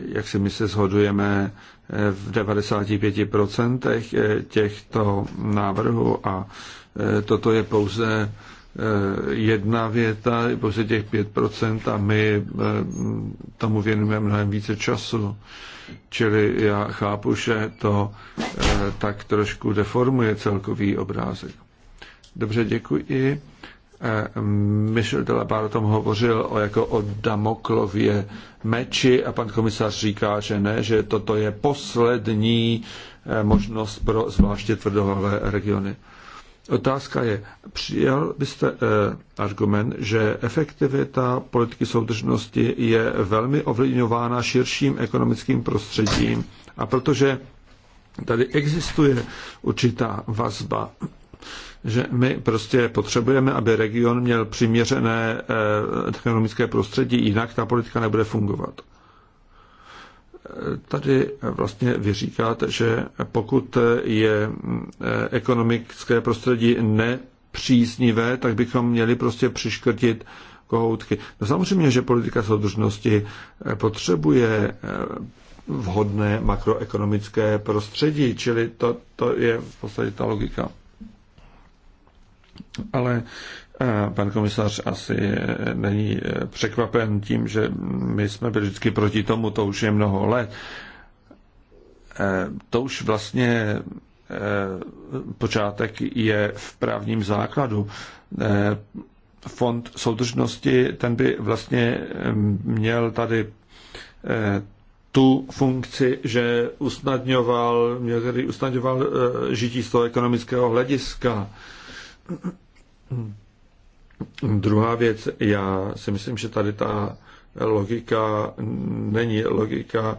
jak si my se shodujeme eh, v 95% eh, těchto návrhů a toto je pouze jedna věta, pouze těch 5% a my tomu věnujeme mnohem více času. Čili já chápu, že to tak trošku deformuje celkový obrázek. Dobře, děkuji. Michel de o tom hovořil o, jako o Damoklově meči a pan komisař říká, že ne, že toto je poslední eh, možnost pro zvláště tvrdohlavé regiony. Otázka je, přijal byste eh, argument, že efektivita politiky soudržnosti je velmi ovlivňována širším ekonomickým prostředím a protože tady existuje určitá vazba že my prostě potřebujeme, aby region měl přiměřené ekonomické eh, prostředí, jinak ta politika nebude fungovat. Eh, tady vlastně vy říkáte, že pokud je eh, ekonomické prostředí nepříznivé, tak bychom měli prostě přiškrtit kohoutky. No samozřejmě, že politika soudržnosti potřebuje vhodné makroekonomické prostředí, čili to, to je v podstatě ta logika. Ale eh, pan komisař asi eh, není eh, překvapen tím, že my jsme byli vždycky proti tomu, to už je mnoho let. To už vlastně počátek je v právním základu. Fond soudržnosti, ten by vlastně měl tady tu funkci, že usnadňoval, měl tady usnadňoval žití z toho ekonomického hlediska. Druhá věc, já si myslím, že tady ta logika není logika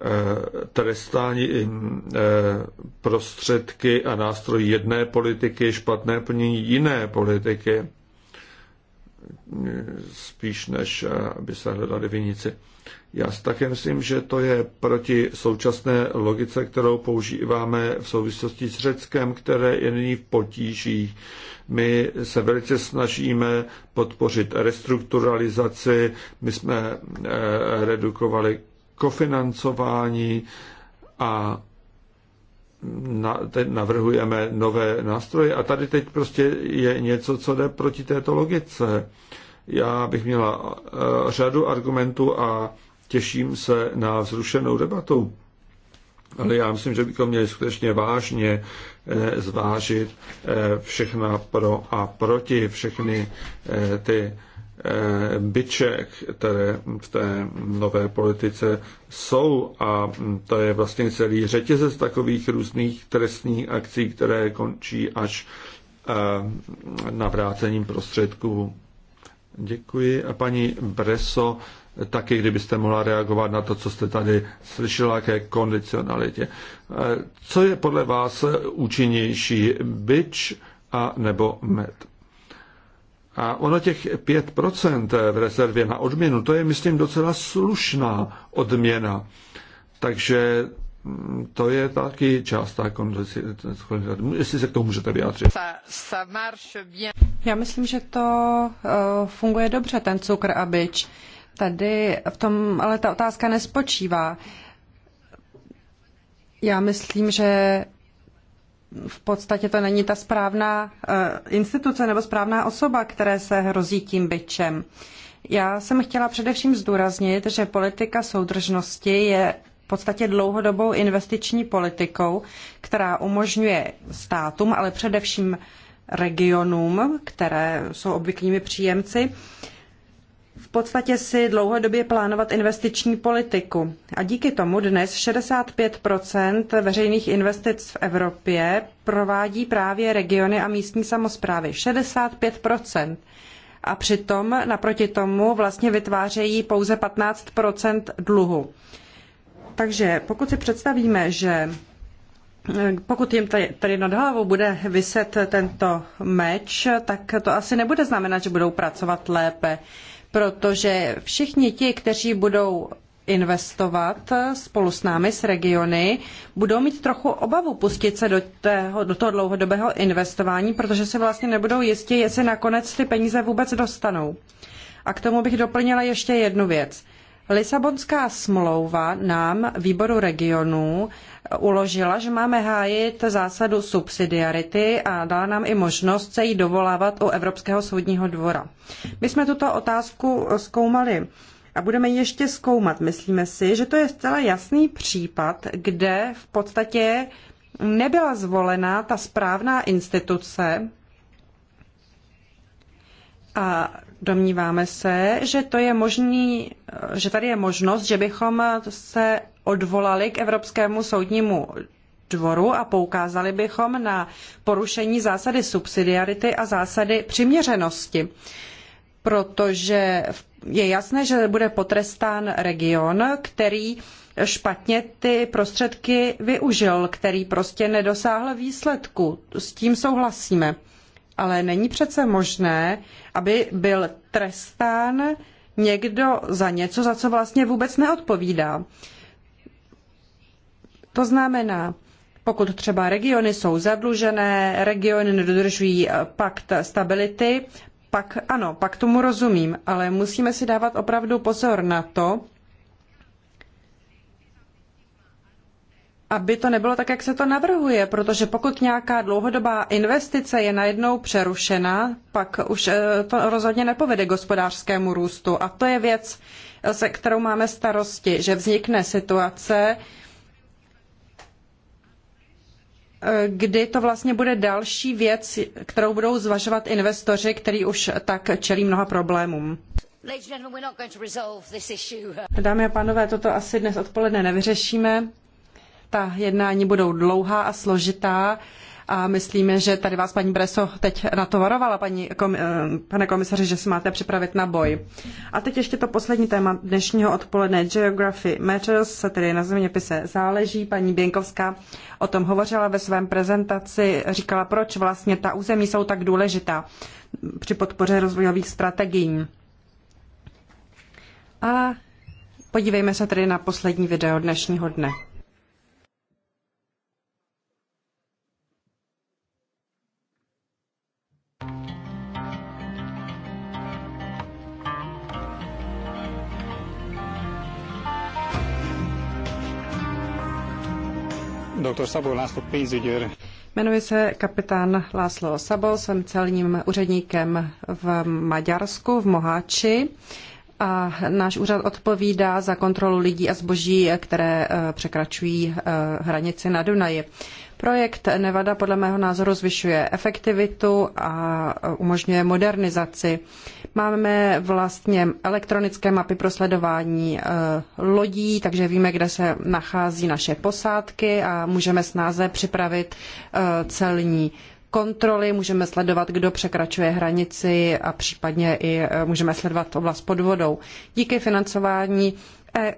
eh, trestání eh, prostředky a nástroj jedné politiky, špatné plnění jiné politiky, spíš než eh, aby se hledali vinici. Já si také myslím, že to je proti současné logice, kterou používáme v souvislosti s Řeckem, které je nyní v potížích. My se velice snažíme podpořit restrukturalizaci, my jsme eh, redukovali kofinancování a na, navrhujeme nové nástroje a tady teď prostě je něco, co jde proti této logice. Já bych měla eh, řadu argumentů a těším se na vzrušenou debatu. Ale já myslím, že bychom měli skutečně vážně eh, zvážit eh, všechna pro a proti, všechny eh, ty byček, které v té nové politice jsou a to je vlastně celý řetězec takových různých trestních akcí, které končí až navrácením prostředků. Děkuji. A paní Breso taky kdybyste mohla reagovat na to, co jste tady slyšela ke kondicionalitě. Co je podle vás účinnější, byč a nebo med? A ono těch 5% v rezervě na odměnu, to je, myslím, docela slušná odměna. Takže mm, to je taky část té kondicionality. Jestli se k tomu můžete vyjádřit. Já myslím, že to eh, funguje dobře, ten cukr a byč. Tady v tom ale ta otázka nespočívá. Já myslím, že v podstatě to není ta správná eh, instituce nebo správná osoba, které se hrozí tím byčem. Já jsem chtěla především zdůraznit, že politika soudržnosti je v podstatě dlouhodobou investiční politikou, která umožňuje státům, ale především regionům, které jsou obvyklými příjemci, podstatě si dlouhodobě plánovat investiční politiku. A díky tomu dnes 65 veřejných investic v Evropě provádí právě regiony a místní samosprávy. 65 a přitom naproti tomu vlastně vytvářejí pouze 15 dluhu. Takže pokud si představíme, že pokud jim tady nad hlavou bude vyset tento meč, tak to asi nebude znamenat, že budou pracovat lépe protože všichni ti, kteří budou investovat spolu s námi, s regiony, budou mít trochu obavu pustit se do, tého, do toho dlouhodobého investování, protože si vlastně nebudou jistí, jestli nakonec ty peníze vůbec dostanou. A k tomu bych doplnila ještě jednu věc. Lisabonská smlouva nám, výboru regionů, uložila, že máme hájit zásadu subsidiarity a dala nám i možnost se jí dovolávat u Evropského soudního dvora. My jsme tuto otázku zkoumali a budeme ji ještě zkoumat. Myslíme si, že to je zcela jasný případ, kde v podstatě nebyla zvolena ta správná instituce, a Domníváme se, že, to je možný, že tady je možnost, že bychom se odvolali k Evropskému soudnímu dvoru a poukázali bychom na porušení zásady subsidiarity a zásady přiměřenosti. Protože je jasné, že bude potrestán region, který špatně ty prostředky využil, který prostě nedosáhl výsledku. S tím souhlasíme. Ale není přece možné, aby byl trestán někdo za něco, za co vlastně vůbec neodpovídá. To znamená, pokud třeba regiony jsou zadlužené, regiony nedodržují pakt stability, pak ano, pak tomu rozumím, ale musíme si dávat opravdu pozor na to, aby to nebylo tak, jak se to navrhuje, protože pokud nějaká dlouhodobá investice je najednou přerušena, pak už eh, to rozhodně nepovede k hospodářskému růstu. A to je věc, eh, se kterou máme starosti, že vznikne situace, eh, kdy to vlastně bude další věc, kterou budou zvažovat investoři, kteří už tak čelí mnoha problémům. Dámy a pánové, toto asi dnes odpoledne nevyřešíme. Ta jednání budou dlouhá a složitá a myslíme, že tady vás paní Breso teď na to varovala paní, kom, eh, pane komisaři, že se máte připravit na boj. A teď ještě to poslední téma dnešního odpoledne, Geography Matters, tedy na zeměpise záleží. Paní Běnkovská o tom hovořila ve svém prezentaci, říkala, proč vlastně ta území jsou tak důležitá při podpoře rozvojových strategií. A podívejme se tedy na poslední video dnešního dne. Dr. Sabo, László pénzügyőr. Jmenuji se kapitán László Sabo, jsem celním úředníkem v Maďarsku, v Moháči. A náš úřad odpovídá za kontrolu lidí a zboží, které eh, překračují eh, hranici na Dunaji. Projekt Nevada podle mého názoru zvyšuje efektivitu a umožňuje modernizaci. Máme vlastně elektronické mapy pro sledování eh, lodí, takže víme, kde se nachází naše posádky a můžeme snáze připravit eh, celní kontroly, můžeme sledovat, kdo překračuje hranici a případně i eh, můžeme sledovat oblast pod vodou. Díky financování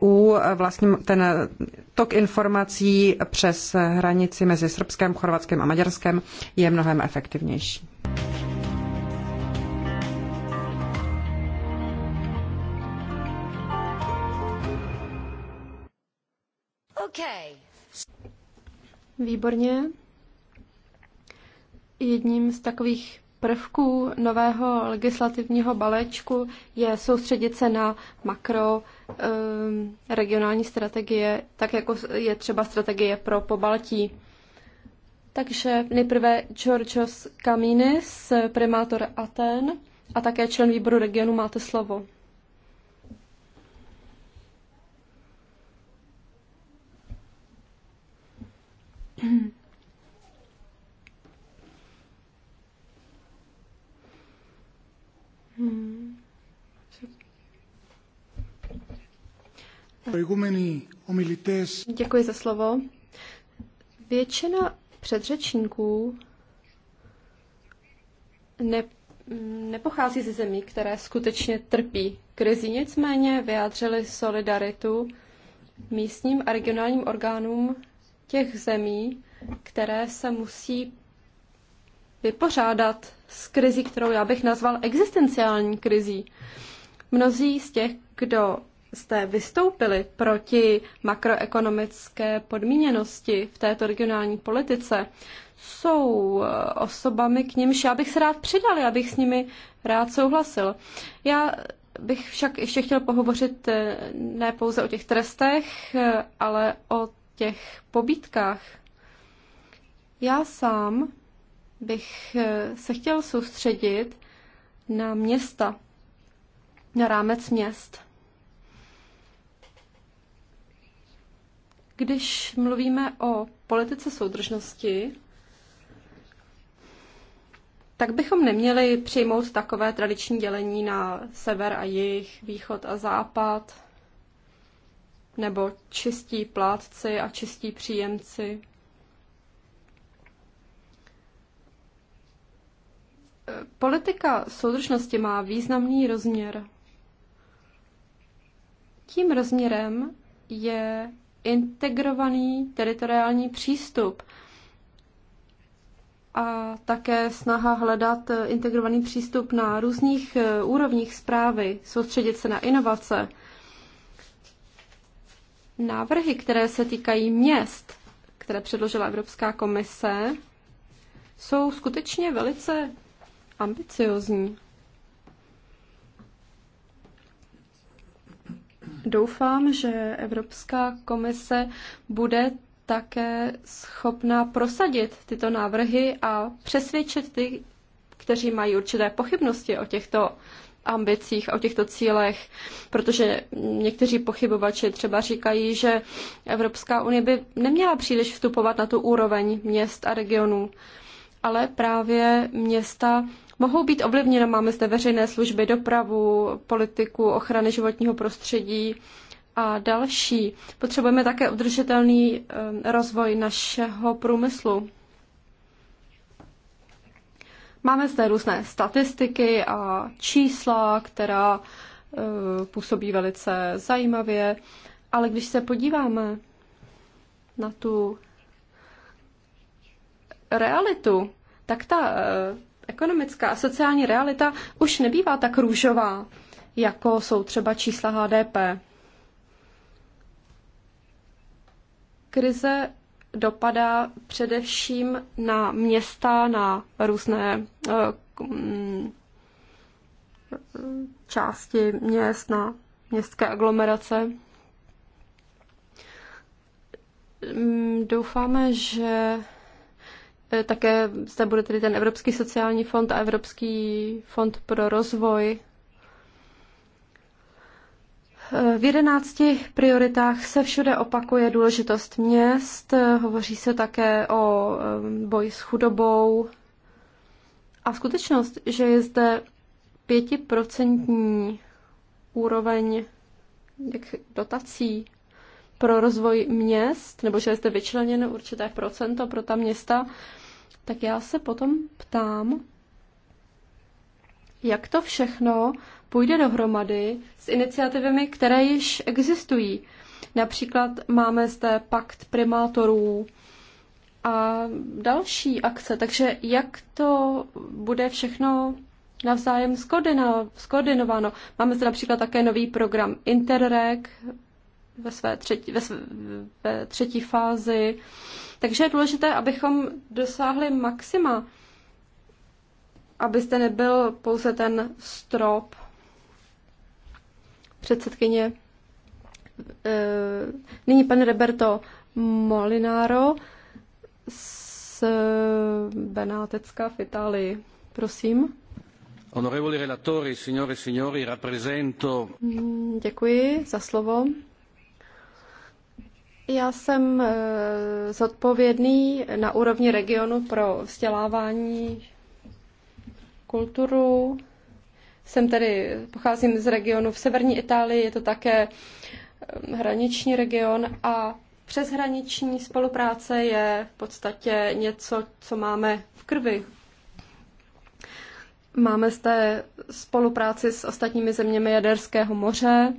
EU vlastně ten tok informací přes hranici mezi Srbskem, Chorvatskem a Maďarskem je mnohem efektivnější. Okay. Výborně. Jedním z takových prvků nového legislativního balečku je soustředit se na makro um, regionální strategie, tak jako je třeba strategie pro pobaltí. Takže nejprve Georgios Kaminis, primátor Aten a také člen výboru regionu, máte slovo. Hmm. Hmm. Děkuji za slovo. Většina předřečníků ne, nepochází ze zemí, které skutečně trpí krizi, nicméně vyjádřili solidaritu místním a regionálním orgánům těch zemí, které se musí vypořádat s krizí, kterou já bych nazval existenciální krizí. Mnozí z těch, kdo jste vystoupili proti makroekonomické podmíněnosti v této regionální politice, jsou eh, osobami, k nimž já bych se rád přidal, já bych s nimi rád souhlasil. Já bych však ještě chtěl pohovořit eh, ne pouze o těch trestech, eh, ale o těch pobítkách. Já sám bych eh, se chtěl soustředit na města, na rámec měst. Když mluvíme o politice soudržnosti, tak bychom neměli přijmout takové tradiční dělení na sever a jih, východ a západ, nebo čistí plátci a čistí příjemci. politika soudržnosti má významný rozměr. Tím rozměrem je integrovaný teritoriální přístup a také snaha hledat integrovaný přístup na různých eh, úrovních zprávy, soustředit se na inovace. Návrhy, které se týkají měst, které předložila Evropská komise, jsou skutečně velice ambiciozní. Doufám, že Evropská komise bude také schopná prosadit tyto návrhy a přesvědčit ty, kteří mají určité pochybnosti o těchto ambicích, o těchto cílech, protože někteří pochybovači třeba říkají, že Evropská unie by neměla příliš vstupovat na tu úroveň měst a regionů, ale právě města mohou být ovlivněna. Máme zde veřejné služby, dopravu, politiku, ochrany životního prostředí a další. Potřebujeme také udržitelný rozvoj našeho průmyslu. Máme zde různé statistiky a čísla, která e, působí velice zajímavě, ale když se podíváme na tu realitu, tak ta e, ekonomická a sociální realita už nebývá tak růžová, jako jsou třeba čísla HDP. Krize dopadá především na města, na různé eh, mm, části měst, na městské aglomerace. Mm, doufáme, že E, také zde bude tedy ten Evropský sociální fond a Evropský fond pro rozvoj. E, v jedenácti prioritách se všude opakuje důležitost měst, e, hovoří se také o boji s chudobou a skutečnost, že je zde pětiprocentní úroveň dotací pro rozvoj měst, nebo že jste vyčleněno určité procento pro ta města, tak já se potom ptám, jak to všechno půjde dohromady s iniciativami, které již existují. Například máme zde pakt primátorů a další akce, takže jak to bude všechno navzájem skoordinováno. Máme zde například také nový program Interreg, ve své třetí, ve, své, ve třetí fázi. Takže je důležité, abychom dosáhli maxima, abyste nebyl pouze ten strop. Předsedkyně, e, nyní pan Roberto Molinaro z Benátecka v Itálii. Prosím. Onorevoli relatori, signore e signori, rappresento... Mm, děkuji za slovo. Já jsem eh, zodpovědný na úrovni regionu pro vzdělávání kulturu. Jsem tedy, pocházím z regionu v severní Itálii, je to také eh, hraniční region a přeshraniční spolupráce je v podstatě něco, co máme v krvi. Máme zde spolupráci s ostatními zeměmi Jaderského moře,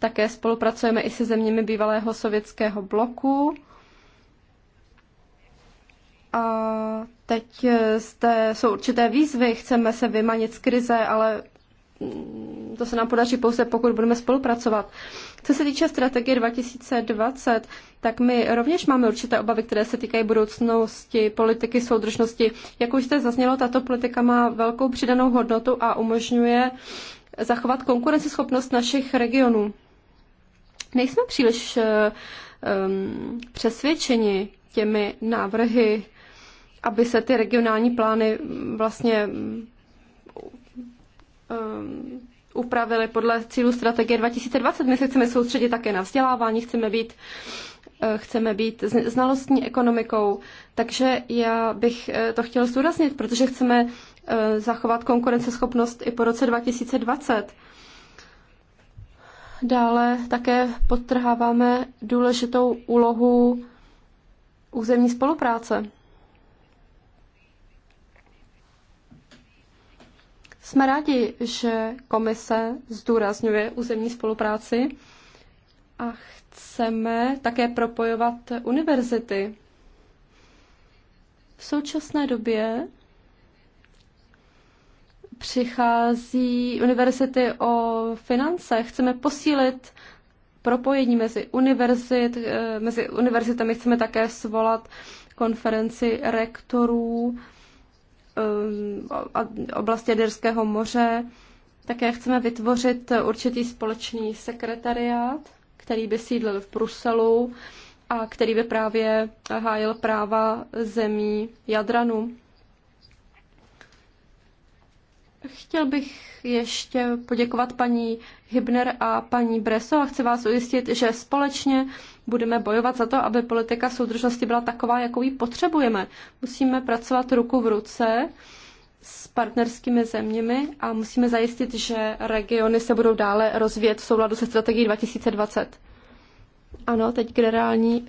také spolupracujeme i se zeměmi bývalého sovětského bloku. A teď zde jsou určité výzvy, chceme se vymanit z krize, ale mm, to se nám podaří pouze, pokud budeme spolupracovat. Co se týče strategie 2020, tak my rovněž máme určité obavy, které se týkají budoucnosti, politiky soudržnosti. Jak už jste zaznělo, tato politika má velkou přidanou hodnotu a umožňuje zachovat konkurenceschopnost našich regionů nejsme příliš um, přesvědčeni těmi návrhy, aby se ty regionální plány vlastně um, upravily podle cílu strategie 2020. My se chceme soustředit také na vzdělávání, chceme být eh, chceme být znalostní ekonomikou. Takže já bych eh, to chtěl zdůraznit, protože chceme zachovat konkurenceschopnost i po roce 2020. Dále také podtrháváme důležitou úlohu územní spolupráce. Jsme rádi, že komise zdůrazňuje územní spolupráci a chceme také propojovat univerzity. V současné době přichází univerzity o finance. Chceme posílit propojení mezi, univerzit, eh, mezi univerzitami. Chceme také svolat konferenci rektorů eh, oblasti Jaderského moře. Také chceme vytvořit určitý společný sekretariát, který by sídlil v Bruselu a který by právě hájil práva zemí Jadranu. Chtěl bych ještě poděkovat paní Hybner a paní Breso a chci vás ujistit, že společně budeme bojovat za to, aby politika soudržnosti byla taková, jakou ji potřebujeme. Musíme pracovat ruku v ruce s partnerskými zeměmi a musíme zajistit, že regiony se budou dále rozvíjet v souladu se strategií 2020. Ano, teď generální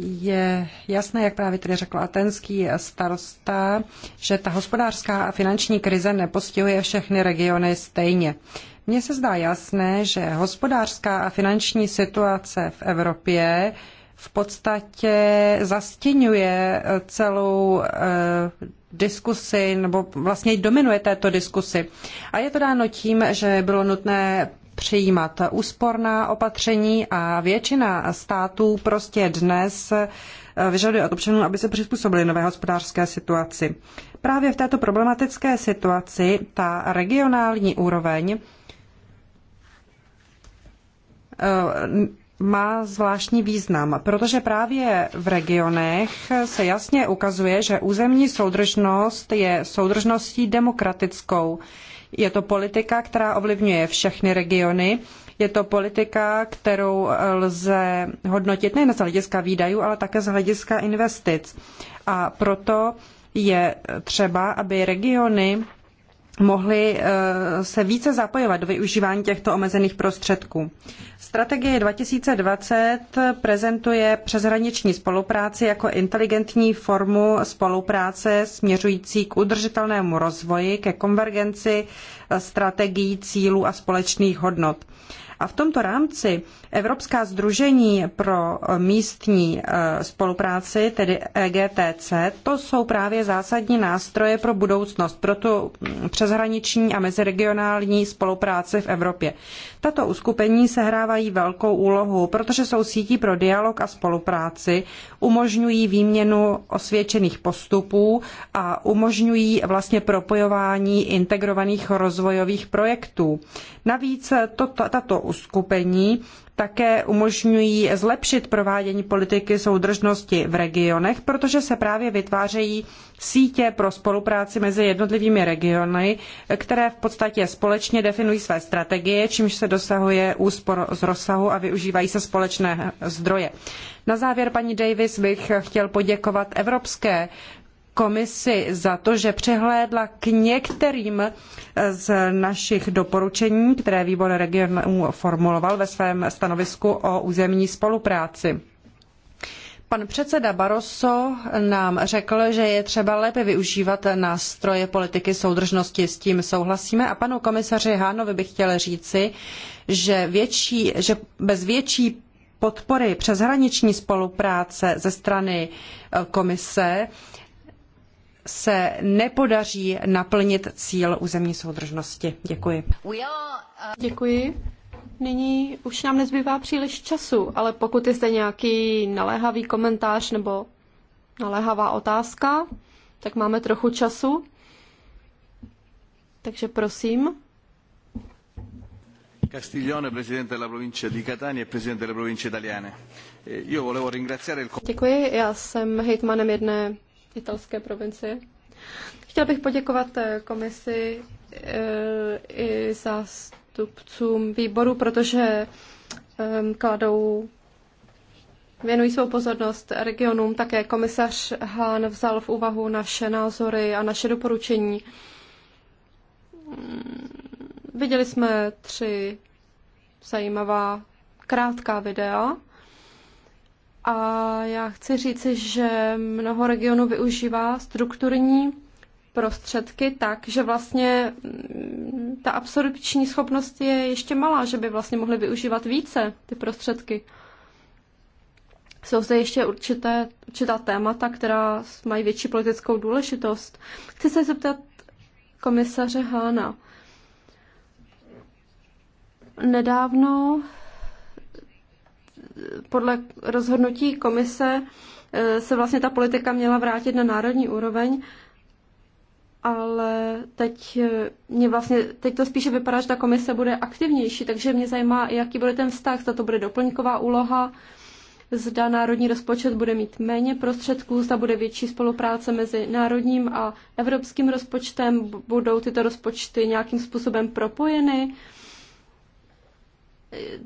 je jasné, jak právě tedy řekl atenský starosta, že ta hospodářská a finanční krize nepostihuje všechny regiony stejně. Mně se zdá jasné, že hospodářská a finanční situace v Evropě v podstatě zastěňuje celou eh, diskusi, nebo vlastně dominuje této diskusi. A je to dáno tím, že bylo nutné přijímat úsporná opatření a většina států prostě dnes eh, vyžaduje od občanů, aby se přizpůsobili nové hospodářské situaci. Právě v této problematické situaci ta regionální úroveň eh, má zvláštní význam, protože právě v regionech se jasně ukazuje, že územní soudržnost je soudržností demokratickou. Je to politika, která ovlivňuje všechny regiony. Je to politika, kterou lze hodnotit nejen z hlediska výdajů, ale také z hlediska investic. A proto je třeba, aby regiony mohly eh, se více zapojovat do využívání těchto omezených prostředků. Strategie 2020 prezentuje přeshraniční spolupráci jako inteligentní formu spolupráce směřující k udržitelnému rozvoji, ke konvergenci strategií, cílů a společných hodnot. A v tomto rámci Evropská združení pro místní eh, spolupráci, tedy EGTC, to jsou právě zásadní nástroje pro budoucnost, pro tu mm, přeshraniční a meziregionální spolupráci v Evropě. Tato uskupení sehrávají velkou úlohu, protože jsou sítí pro dialog a spolupráci, umožňují výměnu osvědčených postupů a umožňují vlastně propojování integrovaných rozvojových projektů. Navíc to, tato uskupení také umožňují zlepšit provádění politiky soudržnosti v regionech, protože se právě vytvářejí sítě pro spolupráci mezi jednotlivými regiony, které v podstatě společně definují své strategie, čímž se dosahuje úspor z rozsahu a využívají se společné zdroje. Na závěr, paní Davis, bych chtěl poděkovat Evropské komisi za to, že přehlédla k některým eh, z našich doporučení, které výbor regionů formuloval ve svém stanovisku o územní spolupráci. Pan předseda Barroso nám řekl, že je třeba lépe využívat nástroje politiky soudržnosti, s tím souhlasíme. A panu komisaři Hánovi bych chtěl říci, že, větší, že bez větší podpory přeshraniční spolupráce ze strany eh, komise se nepodaří naplnit cíl územní soudržnosti. Děkuji. Uh, Děkuji. Nyní už nám nezbývá příliš času, ale pokud je zde nějaký naléhavý komentář nebo naléhavá otázka, tak máme trochu času. Takže prosím. Castiglione, presidente della provincia di Catania e presidente delle province italiane. Eh, io volevo ringraziare il... Děkuji, já jsem hejtmanem jedné italské provincie. Chtěl bych poděkovat eh, komisi eh, i zástupcům výboru, protože ehm, kladou Věnují svou pozornost regionům, také komisař Hahn vzal v úvahu naše názory a naše doporučení. Viděli jsme tři zajímavá krátká videa a já chci říci, že mnoho regionů využívá strukturní prostředky tak, že vlastně mm, ta absorpční schopnost je ještě malá, že by vlastně mohly využívat více ty prostředky. Jsou zde ještě určité, určitá témata, která mají větší politickou důležitost. Chci se zeptat komisaře Hána. Nedávno podle rozhodnutí komise eh, se vlastně ta politika měla vrátit na národní úroveň, ale teď, eh, mě vlastně, teď to spíše vypadá, že ta komise bude aktivnější, takže mě zajímá, jaký bude ten vztah, zda to bude doplňková úloha, zda národní rozpočet bude mít méně prostředků, zda bude větší spolupráce mezi národním a evropským rozpočtem, budou tyto rozpočty nějakým způsobem propojeny. Uh,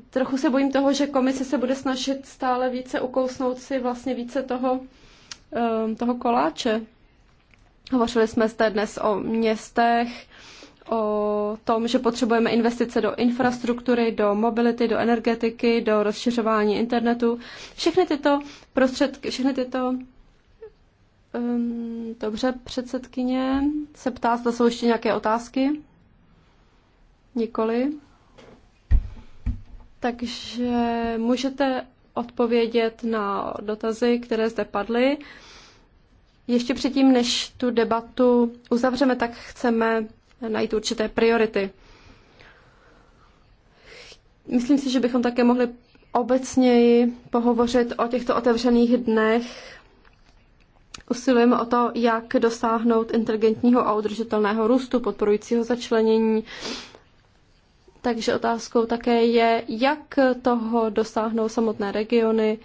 trochu se bojím toho, že komise se bude snažit stále více ukousnout si vlastně více toho, ehm, toho koláče. Hovořili jsme zde dnes o městech, o tom, že potřebujeme investice do infrastruktury, do mobility, do energetiky, do rozšiřování internetu. Všechny tyto prostředky, všechny tyto um, dobře, předsedkyně se ptá, zda jsou ještě nějaké otázky? Nikoli. Takže můžete odpovědět na dotazy, které zde padly. Ještě předtím, než tu debatu uzavřeme, tak chceme najít určité priority. Myslím si, že bychom také mohli obecněji pohovořit o těchto otevřených dnech. Usilujeme o to, jak dosáhnout inteligentního a udržitelného růstu, podporujícího začlenění, takže otázkou také je, jak toho dosáhnou samotné regiony.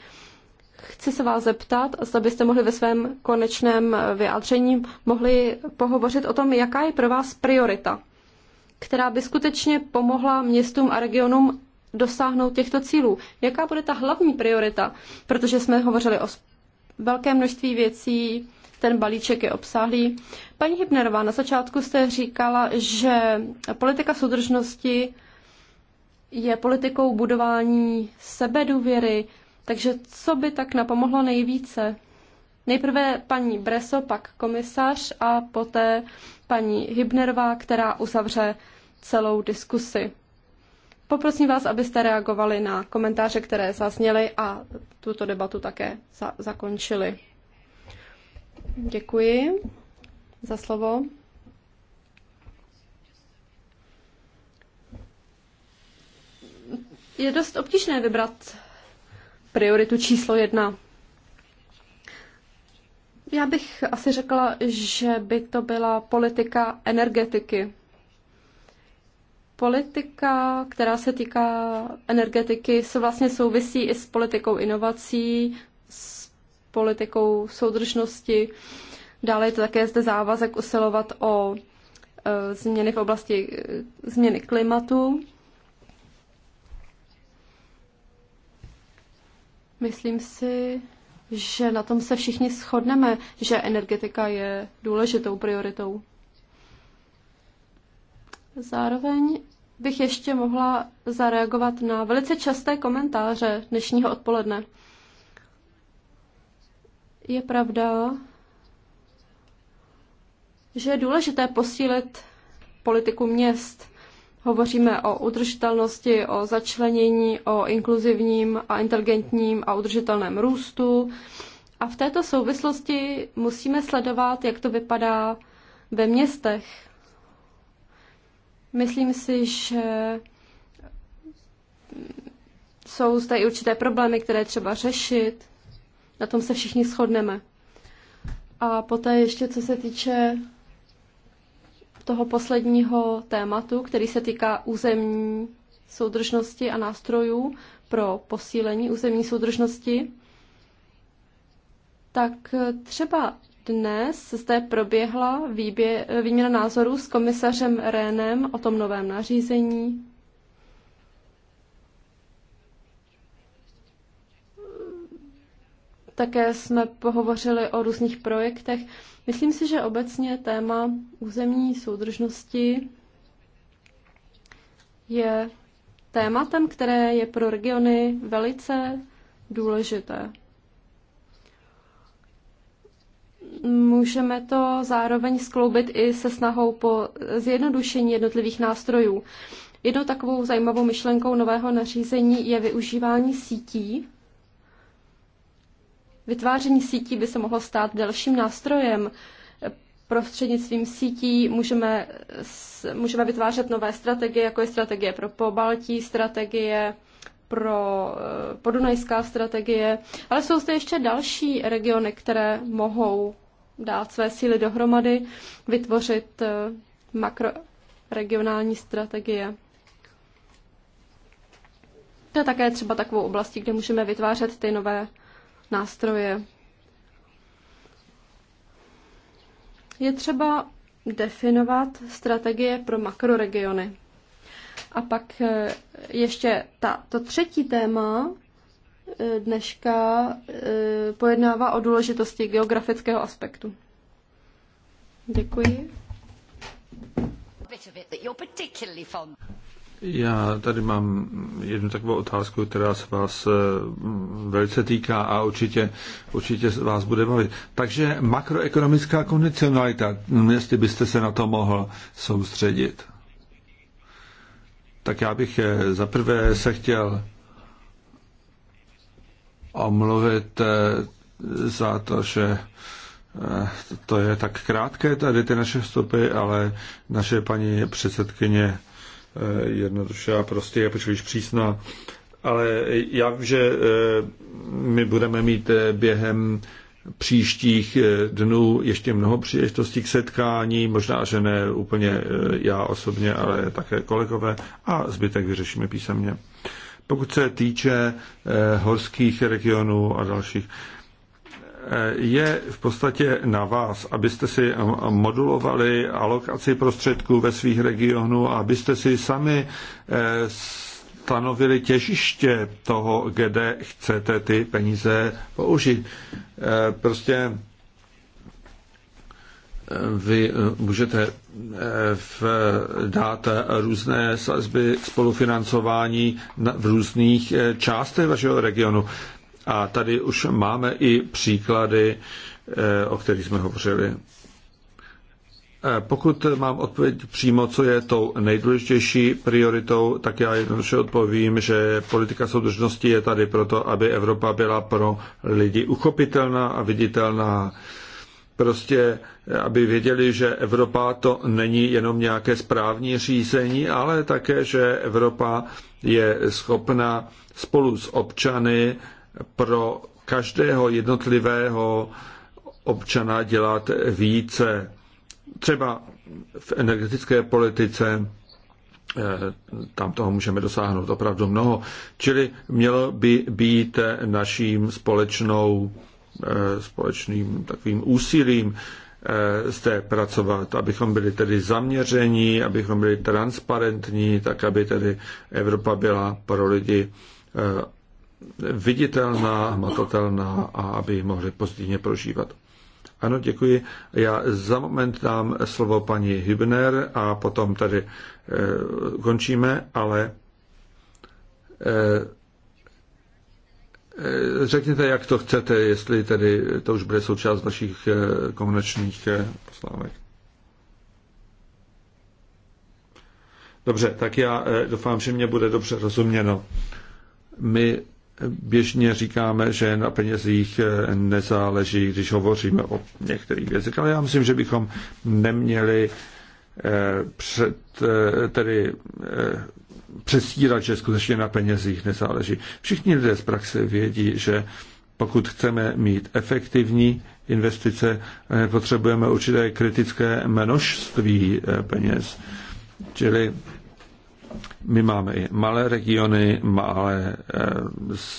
Chci se vás zeptat, zda byste mohli ve svém konečném vyjádření mohli pohovořit o tom, jaká je pro vás priorita, která by skutečně pomohla městům a regionům dosáhnout těchto cílů. Jaká bude ta hlavní priorita? Protože jsme hovořili o velké množství věcí, ten balíček je obsáhlý. Paní Hypnerová, na začátku jste říkala, že politika soudržnosti je politikou budování sebedůvěry, takže co by tak napomohlo nejvíce? Nejprve paní Breso, pak komisař a poté paní Hybnerová, která uzavře celou diskusi. Poprosím vás, abyste reagovali na komentáře, které zazněly a tuto debatu také za- zakončili. Děkuji za slovo. je dost obtížné vybrat prioritu číslo jedna. Já bych asi řekla, že by to byla politika energetiky. Politika, která se týká energetiky, se vlastně souvisí i s politikou inovací, s politikou soudržnosti. Dále je to také zde závazek usilovat o e, změny v oblasti e, změny klimatu Myslím si, že na tom se všichni shodneme, že energetika je důležitou prioritou. Zároveň bych ještě mohla zareagovat na velice časté komentáře dnešního odpoledne. Je pravda, že je důležité posílit politiku měst. Hovoříme o udržitelnosti, o začlenění, o inkluzivním a inteligentním a udržitelném růstu. A v této souvislosti musíme sledovat, jak to vypadá ve městech. Myslím si, že jsou zde i určité problémy, které třeba řešit. Na tom se všichni shodneme. A poté ještě, co se týče toho posledního tématu, který se týká územní soudržnosti a nástrojů pro posílení územní soudržnosti, tak třeba dnes zde proběhla výbě, výměna názorů s komisařem Rénem o tom novém nařízení Také jsme pohovořili o různých projektech. Myslím si, že obecně téma územní soudržnosti je tématem, které je pro regiony velice důležité. Můžeme to zároveň skloubit i se snahou po zjednodušení jednotlivých nástrojů. Jednou takovou zajímavou myšlenkou nového nařízení je využívání sítí Vytváření sítí by se mohlo stát dalším nástrojem. Prostřednictvím sítí můžeme, můžeme vytvářet nové strategie, jako je strategie pro pobaltí, strategie pro eh, podunajská strategie, ale jsou zde ještě další regiony, které mohou dát své síly dohromady, vytvořit eh, makroregionální strategie. To je také třeba takovou oblastí, kde můžeme vytvářet ty nové nástroje. Je třeba definovat strategie pro makroregiony. A pak eh, ještě ta, to třetí téma eh, dneška eh, pojednává o důležitosti geografického aspektu. Děkuji. Já tady mám jednu takovou otázku, která se vás eh, velice týká a určitě, určitě vás bude bavit. Takže makroekonomická kondicionalita, mm, jestli byste se na to mohl soustředit. Tak já bych eh, zaprvé se chtěl omluvit eh, za to, že to je tak krátké tady ty naše vstupy, ale naše paní předsedkyně Eh, jednoduše a prostě je příliš přísná. Ale já vím, že eh, my budeme mít eh, během příštích dnů ještě mnoho příležitostí k setkání, možná, že ne úplně já osobně, ale také kolegové a zbytek vyřešíme písemně. Pokud se týče horských regionů a dalších, je v podstatě na vás, abyste si modulovali alokaci prostředků ve svých regionů, abyste si sami eh, stanovili těžiště toho, kde chcete ty peníze použít. Eh, prostě eh, vy můžete v, dát různé sazby spolufinancování v různých částech vašeho regionu. A tady už máme i příklady, eh, o kterých jsme hovořili. Eh, pokud mám odpověď přímo, co je tou nejdůležitější prioritou, tak já jednoduše odpovím, že politika soudržnosti je tady proto, aby Evropa byla pro lidi uchopitelná a viditelná. Prostě, eh, aby věděli, že Evropa to není jenom nějaké správní řízení, ale také, že Evropa je schopna spolu s občany pro každého jednotlivého občana dělat více. Třeba v energetické politice eh, tam toho můžeme dosáhnout opravdu mnoho. Čili mělo by být naším společnou, eh, společným takovým úsilím eh, zde pracovat, abychom byli tedy zaměření, abychom byli transparentní, tak aby tedy Evropa byla pro lidi viditelná, matatelná a aby ji mohli pozitivně prožívat. Ano, děkuji. Já za moment dám slovo paní Hübner a potom tady e, končíme, ale e, Řekněte, jak to chcete, jestli tedy to už bude součást vašich e, poslávek. Dobře, tak já doufám, že mě bude dobře rozuměno. My běžně říkáme, že na penězích nezáleží, když hovoříme o některých věcech, ale já myslím, že bychom neměli eh, před, eh, tedy eh, přesírat, že skutečně na penězích nezáleží. Všichni lidé z praxe vědí, že pokud chceme mít efektivní investice, potřebujeme určité kritické množství peněz. Čili my máme i malé regiony, malé, eh,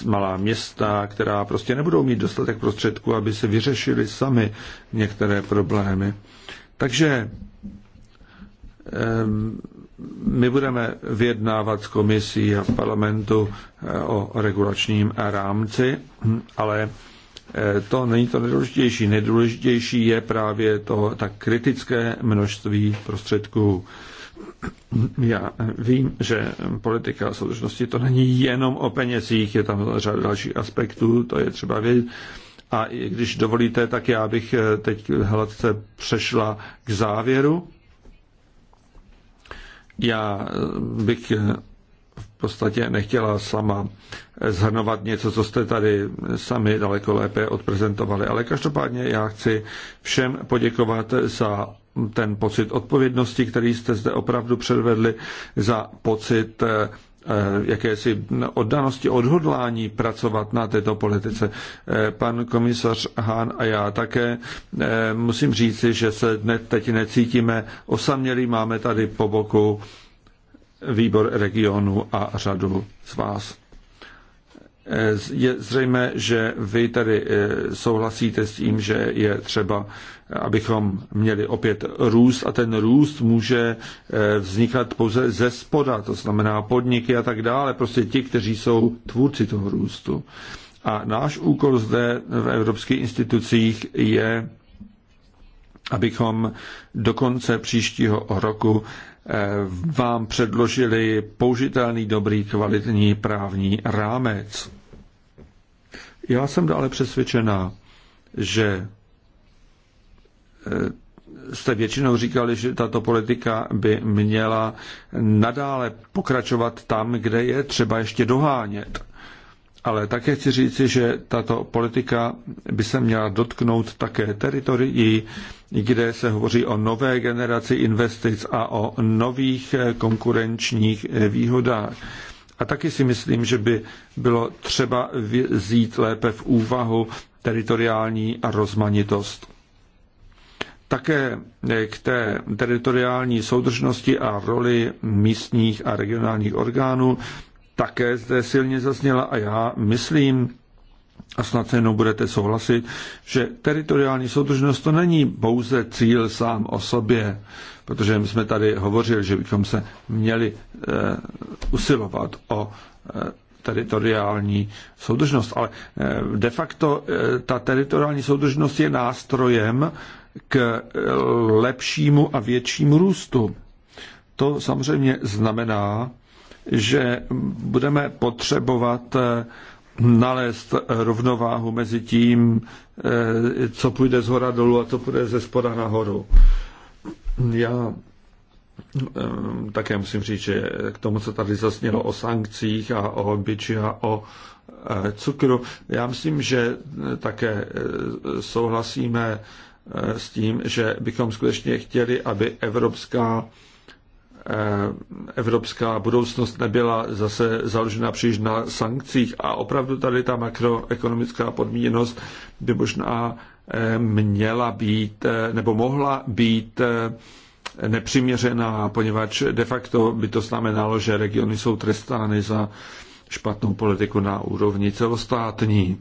malá města, která prostě nebudou mít dostatek prostředků, aby se vyřešili sami některé problémy. Takže eh, my budeme vyjednávat s komisí a parlamentu eh, o regulačním rámci, ale to není to nejdůležitější. Nejdůležitější je právě to tak kritické množství prostředků. Já vím, že politika soudržnosti to není jenom o penězích, je tam řada dalších aspektů, to je třeba vědět. A i když dovolíte, tak já bych eh, teď hladce přešla k závěru. Já eh, bych eh, v podstatě nechtěla sama zhrnovat něco, co jste tady sami daleko lépe odprezentovali. Ale každopádně já chci všem poděkovat za ten pocit odpovědnosti, který jste zde opravdu předvedli, za pocit eh, eh, jakési oddanosti, odhodlání pracovat na této politice. Eh, pan komisař Hán a já také musím říci, že se teď necítíme osamělí, máme tady po boku výbor regionu a řadu z vás. Je zřejmé, že vy tady souhlasíte s tím, že je třeba abychom měli opět růst a ten růst může eh, vznikat pouze ze spoda, to znamená podniky a tak dále, prostě ti, kteří jsou tvůrci toho růstu. A náš úkol zde v evropských institucích je, abychom do konce příštího roku eh, vám předložili použitelný, dobrý, kvalitní právní rámec. Já jsem dále přesvědčená, že jste většinou říkali, že tato politika by měla nadále pokračovat tam, kde je třeba ještě dohánět. Ale také chci říci, že tato politika by se měla dotknout také teritorií, kde se hovoří o nové generaci investic a o nových konkurenčních výhodách. A taky si myslím, že by bylo třeba vzít lépe v úvahu teritoriální rozmanitost také k té teritoriální soudržnosti a roli místních a regionálních orgánů. Také zde silně zazněla a já myslím, a snad se jenom budete souhlasit, že teritoriální soudržnost to není pouze cíl sám o sobě, protože my jsme tady hovořili, že bychom se měli e, usilovat o e, teritoriální soudržnost, ale eh, de facto ta teritoriální soudržnost je nástrojem, k eh, lepšímu a většímu růstu. To samozřejmě znamená, že budeme potřebovat eh, nalézt rovnováhu mezi tím, eh, co půjde z hora dolů a co půjde ze spoda nahoru. Já také musím říct, že k tomu, co tady zasnělo o sankcích a o biči a o cukru, já myslím, že také souhlasíme Eh, s tím, že bychom skutečně chtěli, aby evropská, eh, evropská budoucnost nebyla zase založena příliš na sankcích a opravdu tady ta makroekonomická podmíněnost by možná eh, měla být nebo mohla být nepřiměřená, poněvadž de facto by to znamenalo, že regiony jsou trestány za špatnou politiku na úrovni celostátní.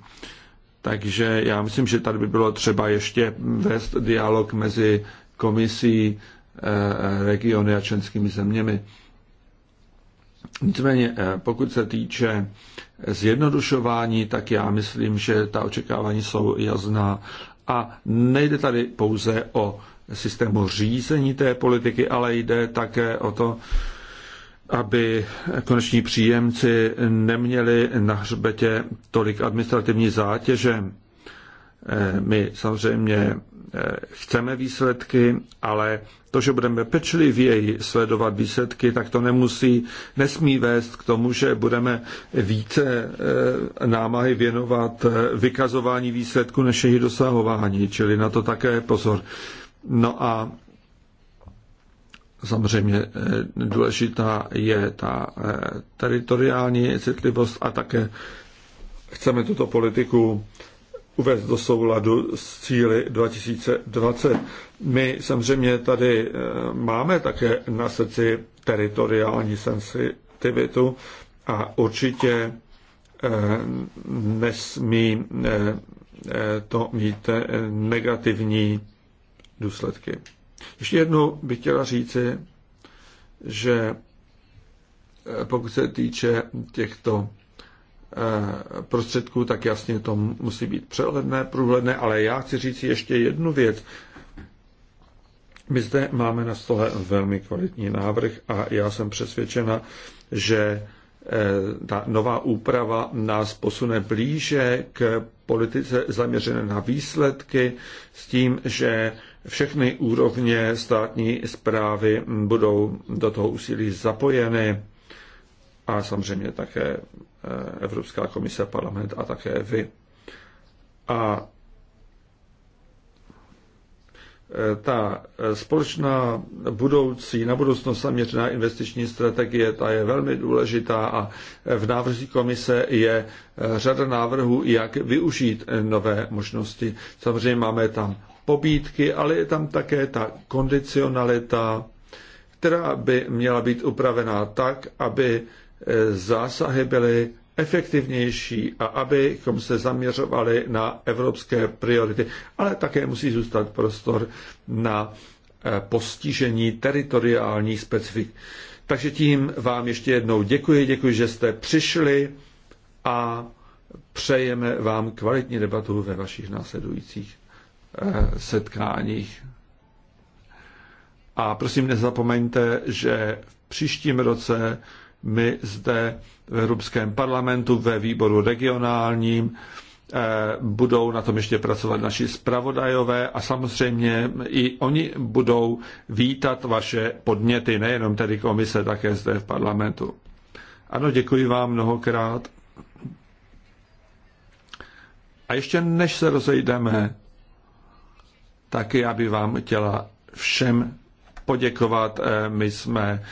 Takže já myslím, že tady by bylo třeba ještě vést dialog mezi komisí, eh, regiony a členskými zeměmi. Nicméně, eh, pokud se týče zjednodušování, tak já myslím, že ta očekávání jsou jasná. A nejde tady pouze o systému řízení té politiky, ale jde také o to, aby koneční příjemci neměli na hřbetě tolik administrativní zátěže. Eh, my samozřejmě eh, chceme výsledky, ale to, že budeme pečlivěji sledovat výsledky, tak to nemusí, nesmí vést k tomu, že budeme více eh, námahy věnovat vykazování výsledku než jejich dosahování, čili na to také pozor. No a Samozřejmě eh, důležitá je ta eh, teritoriální citlivost a také chceme tuto politiku uvést do souladu s cíly 2020. My samozřejmě tady eh, máme také na srdci teritoriální sensitivitu a určitě nesmí to mít negativní důsledky. Ještě jednou bych chtěla říci, že eh, pokud se týče těchto eh, prostředků, tak jasně to musí být přehledné, průhledné, ale já chci říct ještě jednu věc. My zde máme na stole velmi kvalitní návrh a já jsem přesvědčena, že eh, ta nová úprava nás posune blíže k politice zaměřené na výsledky s tím, že všechny úrovně státní zprávy budou do toho úsilí zapojeny a samozřejmě také eh, Evropská komise, parlament a také vy. A eh, ta eh, společná budoucí, na budoucnost zaměřená investiční strategie, ta je velmi důležitá a v návrzí komise je řada návrhů, jak využít nové možnosti. Samozřejmě máme tam pobídky, ale je tam také ta kondicionalita, která by měla být upravená tak, aby e, zásahy byly efektivnější a abychom se zaměřovali na evropské priority. Ale také musí zůstat prostor na e, postižení teritoriálních specifik. Takže tím vám ještě jednou děkuji, děkuji, že jste přišli a přejeme vám kvalitní debatu ve vašich následujících Eh, setkáních. A prosím, nezapomeňte, že v příštím roce my zde v Evropském parlamentu ve výboru regionálním eh, budou na tom ještě pracovat naši zpravodajové a samozřejmě i oni budou vítat vaše podněty, nejenom tedy komise, také zde v parlamentu. Ano, děkuji vám mnohokrát. A ještě než se rozejdeme, Taky já bych vám chtěla všem poděkovat. Eh, my jsme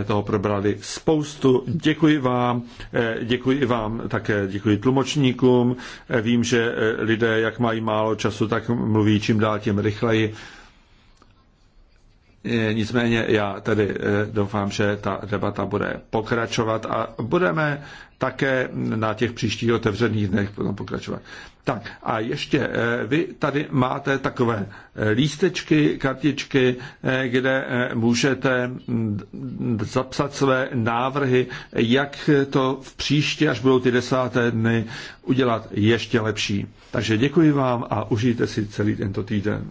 eh, toho probrali spoustu. Děkuji vám, eh, děkuji vám také, děkuji tlumočníkům. Vím, že lidé, jak mají málo času, tak mluví čím dál tím rychleji. E, nicméně já tedy e, doufám, že ta debata bude pokračovat a budeme také na těch příštích otevřených dnech potom pokračovat. Tak a ještě e, vy tady máte takové lístečky, kartičky, kde můžete zapsat své návrhy, jak to v příště, až budou ty desáté dny, udělat ještě lepší. Takže děkuji vám a užijte si celý tento týden.